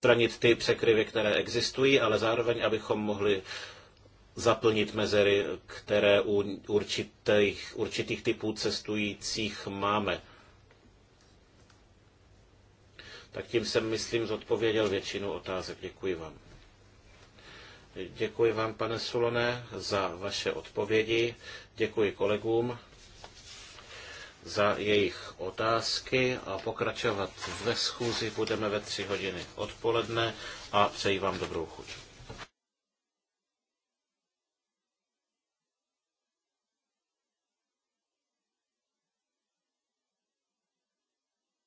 odstranit ty překryvy, které existují, ale zároveň, abychom mohli zaplnit mezery, které u určitých, určitých typů cestujících máme. Tak tím jsem, myslím, zodpověděl většinu otázek. Děkuji vám. Děkuji vám, pane Sulone, za vaše odpovědi. Děkuji kolegům za jejich otázky a pokračovat ve schůzi budeme ve tři hodiny odpoledne a přeji vám dobrou chuť.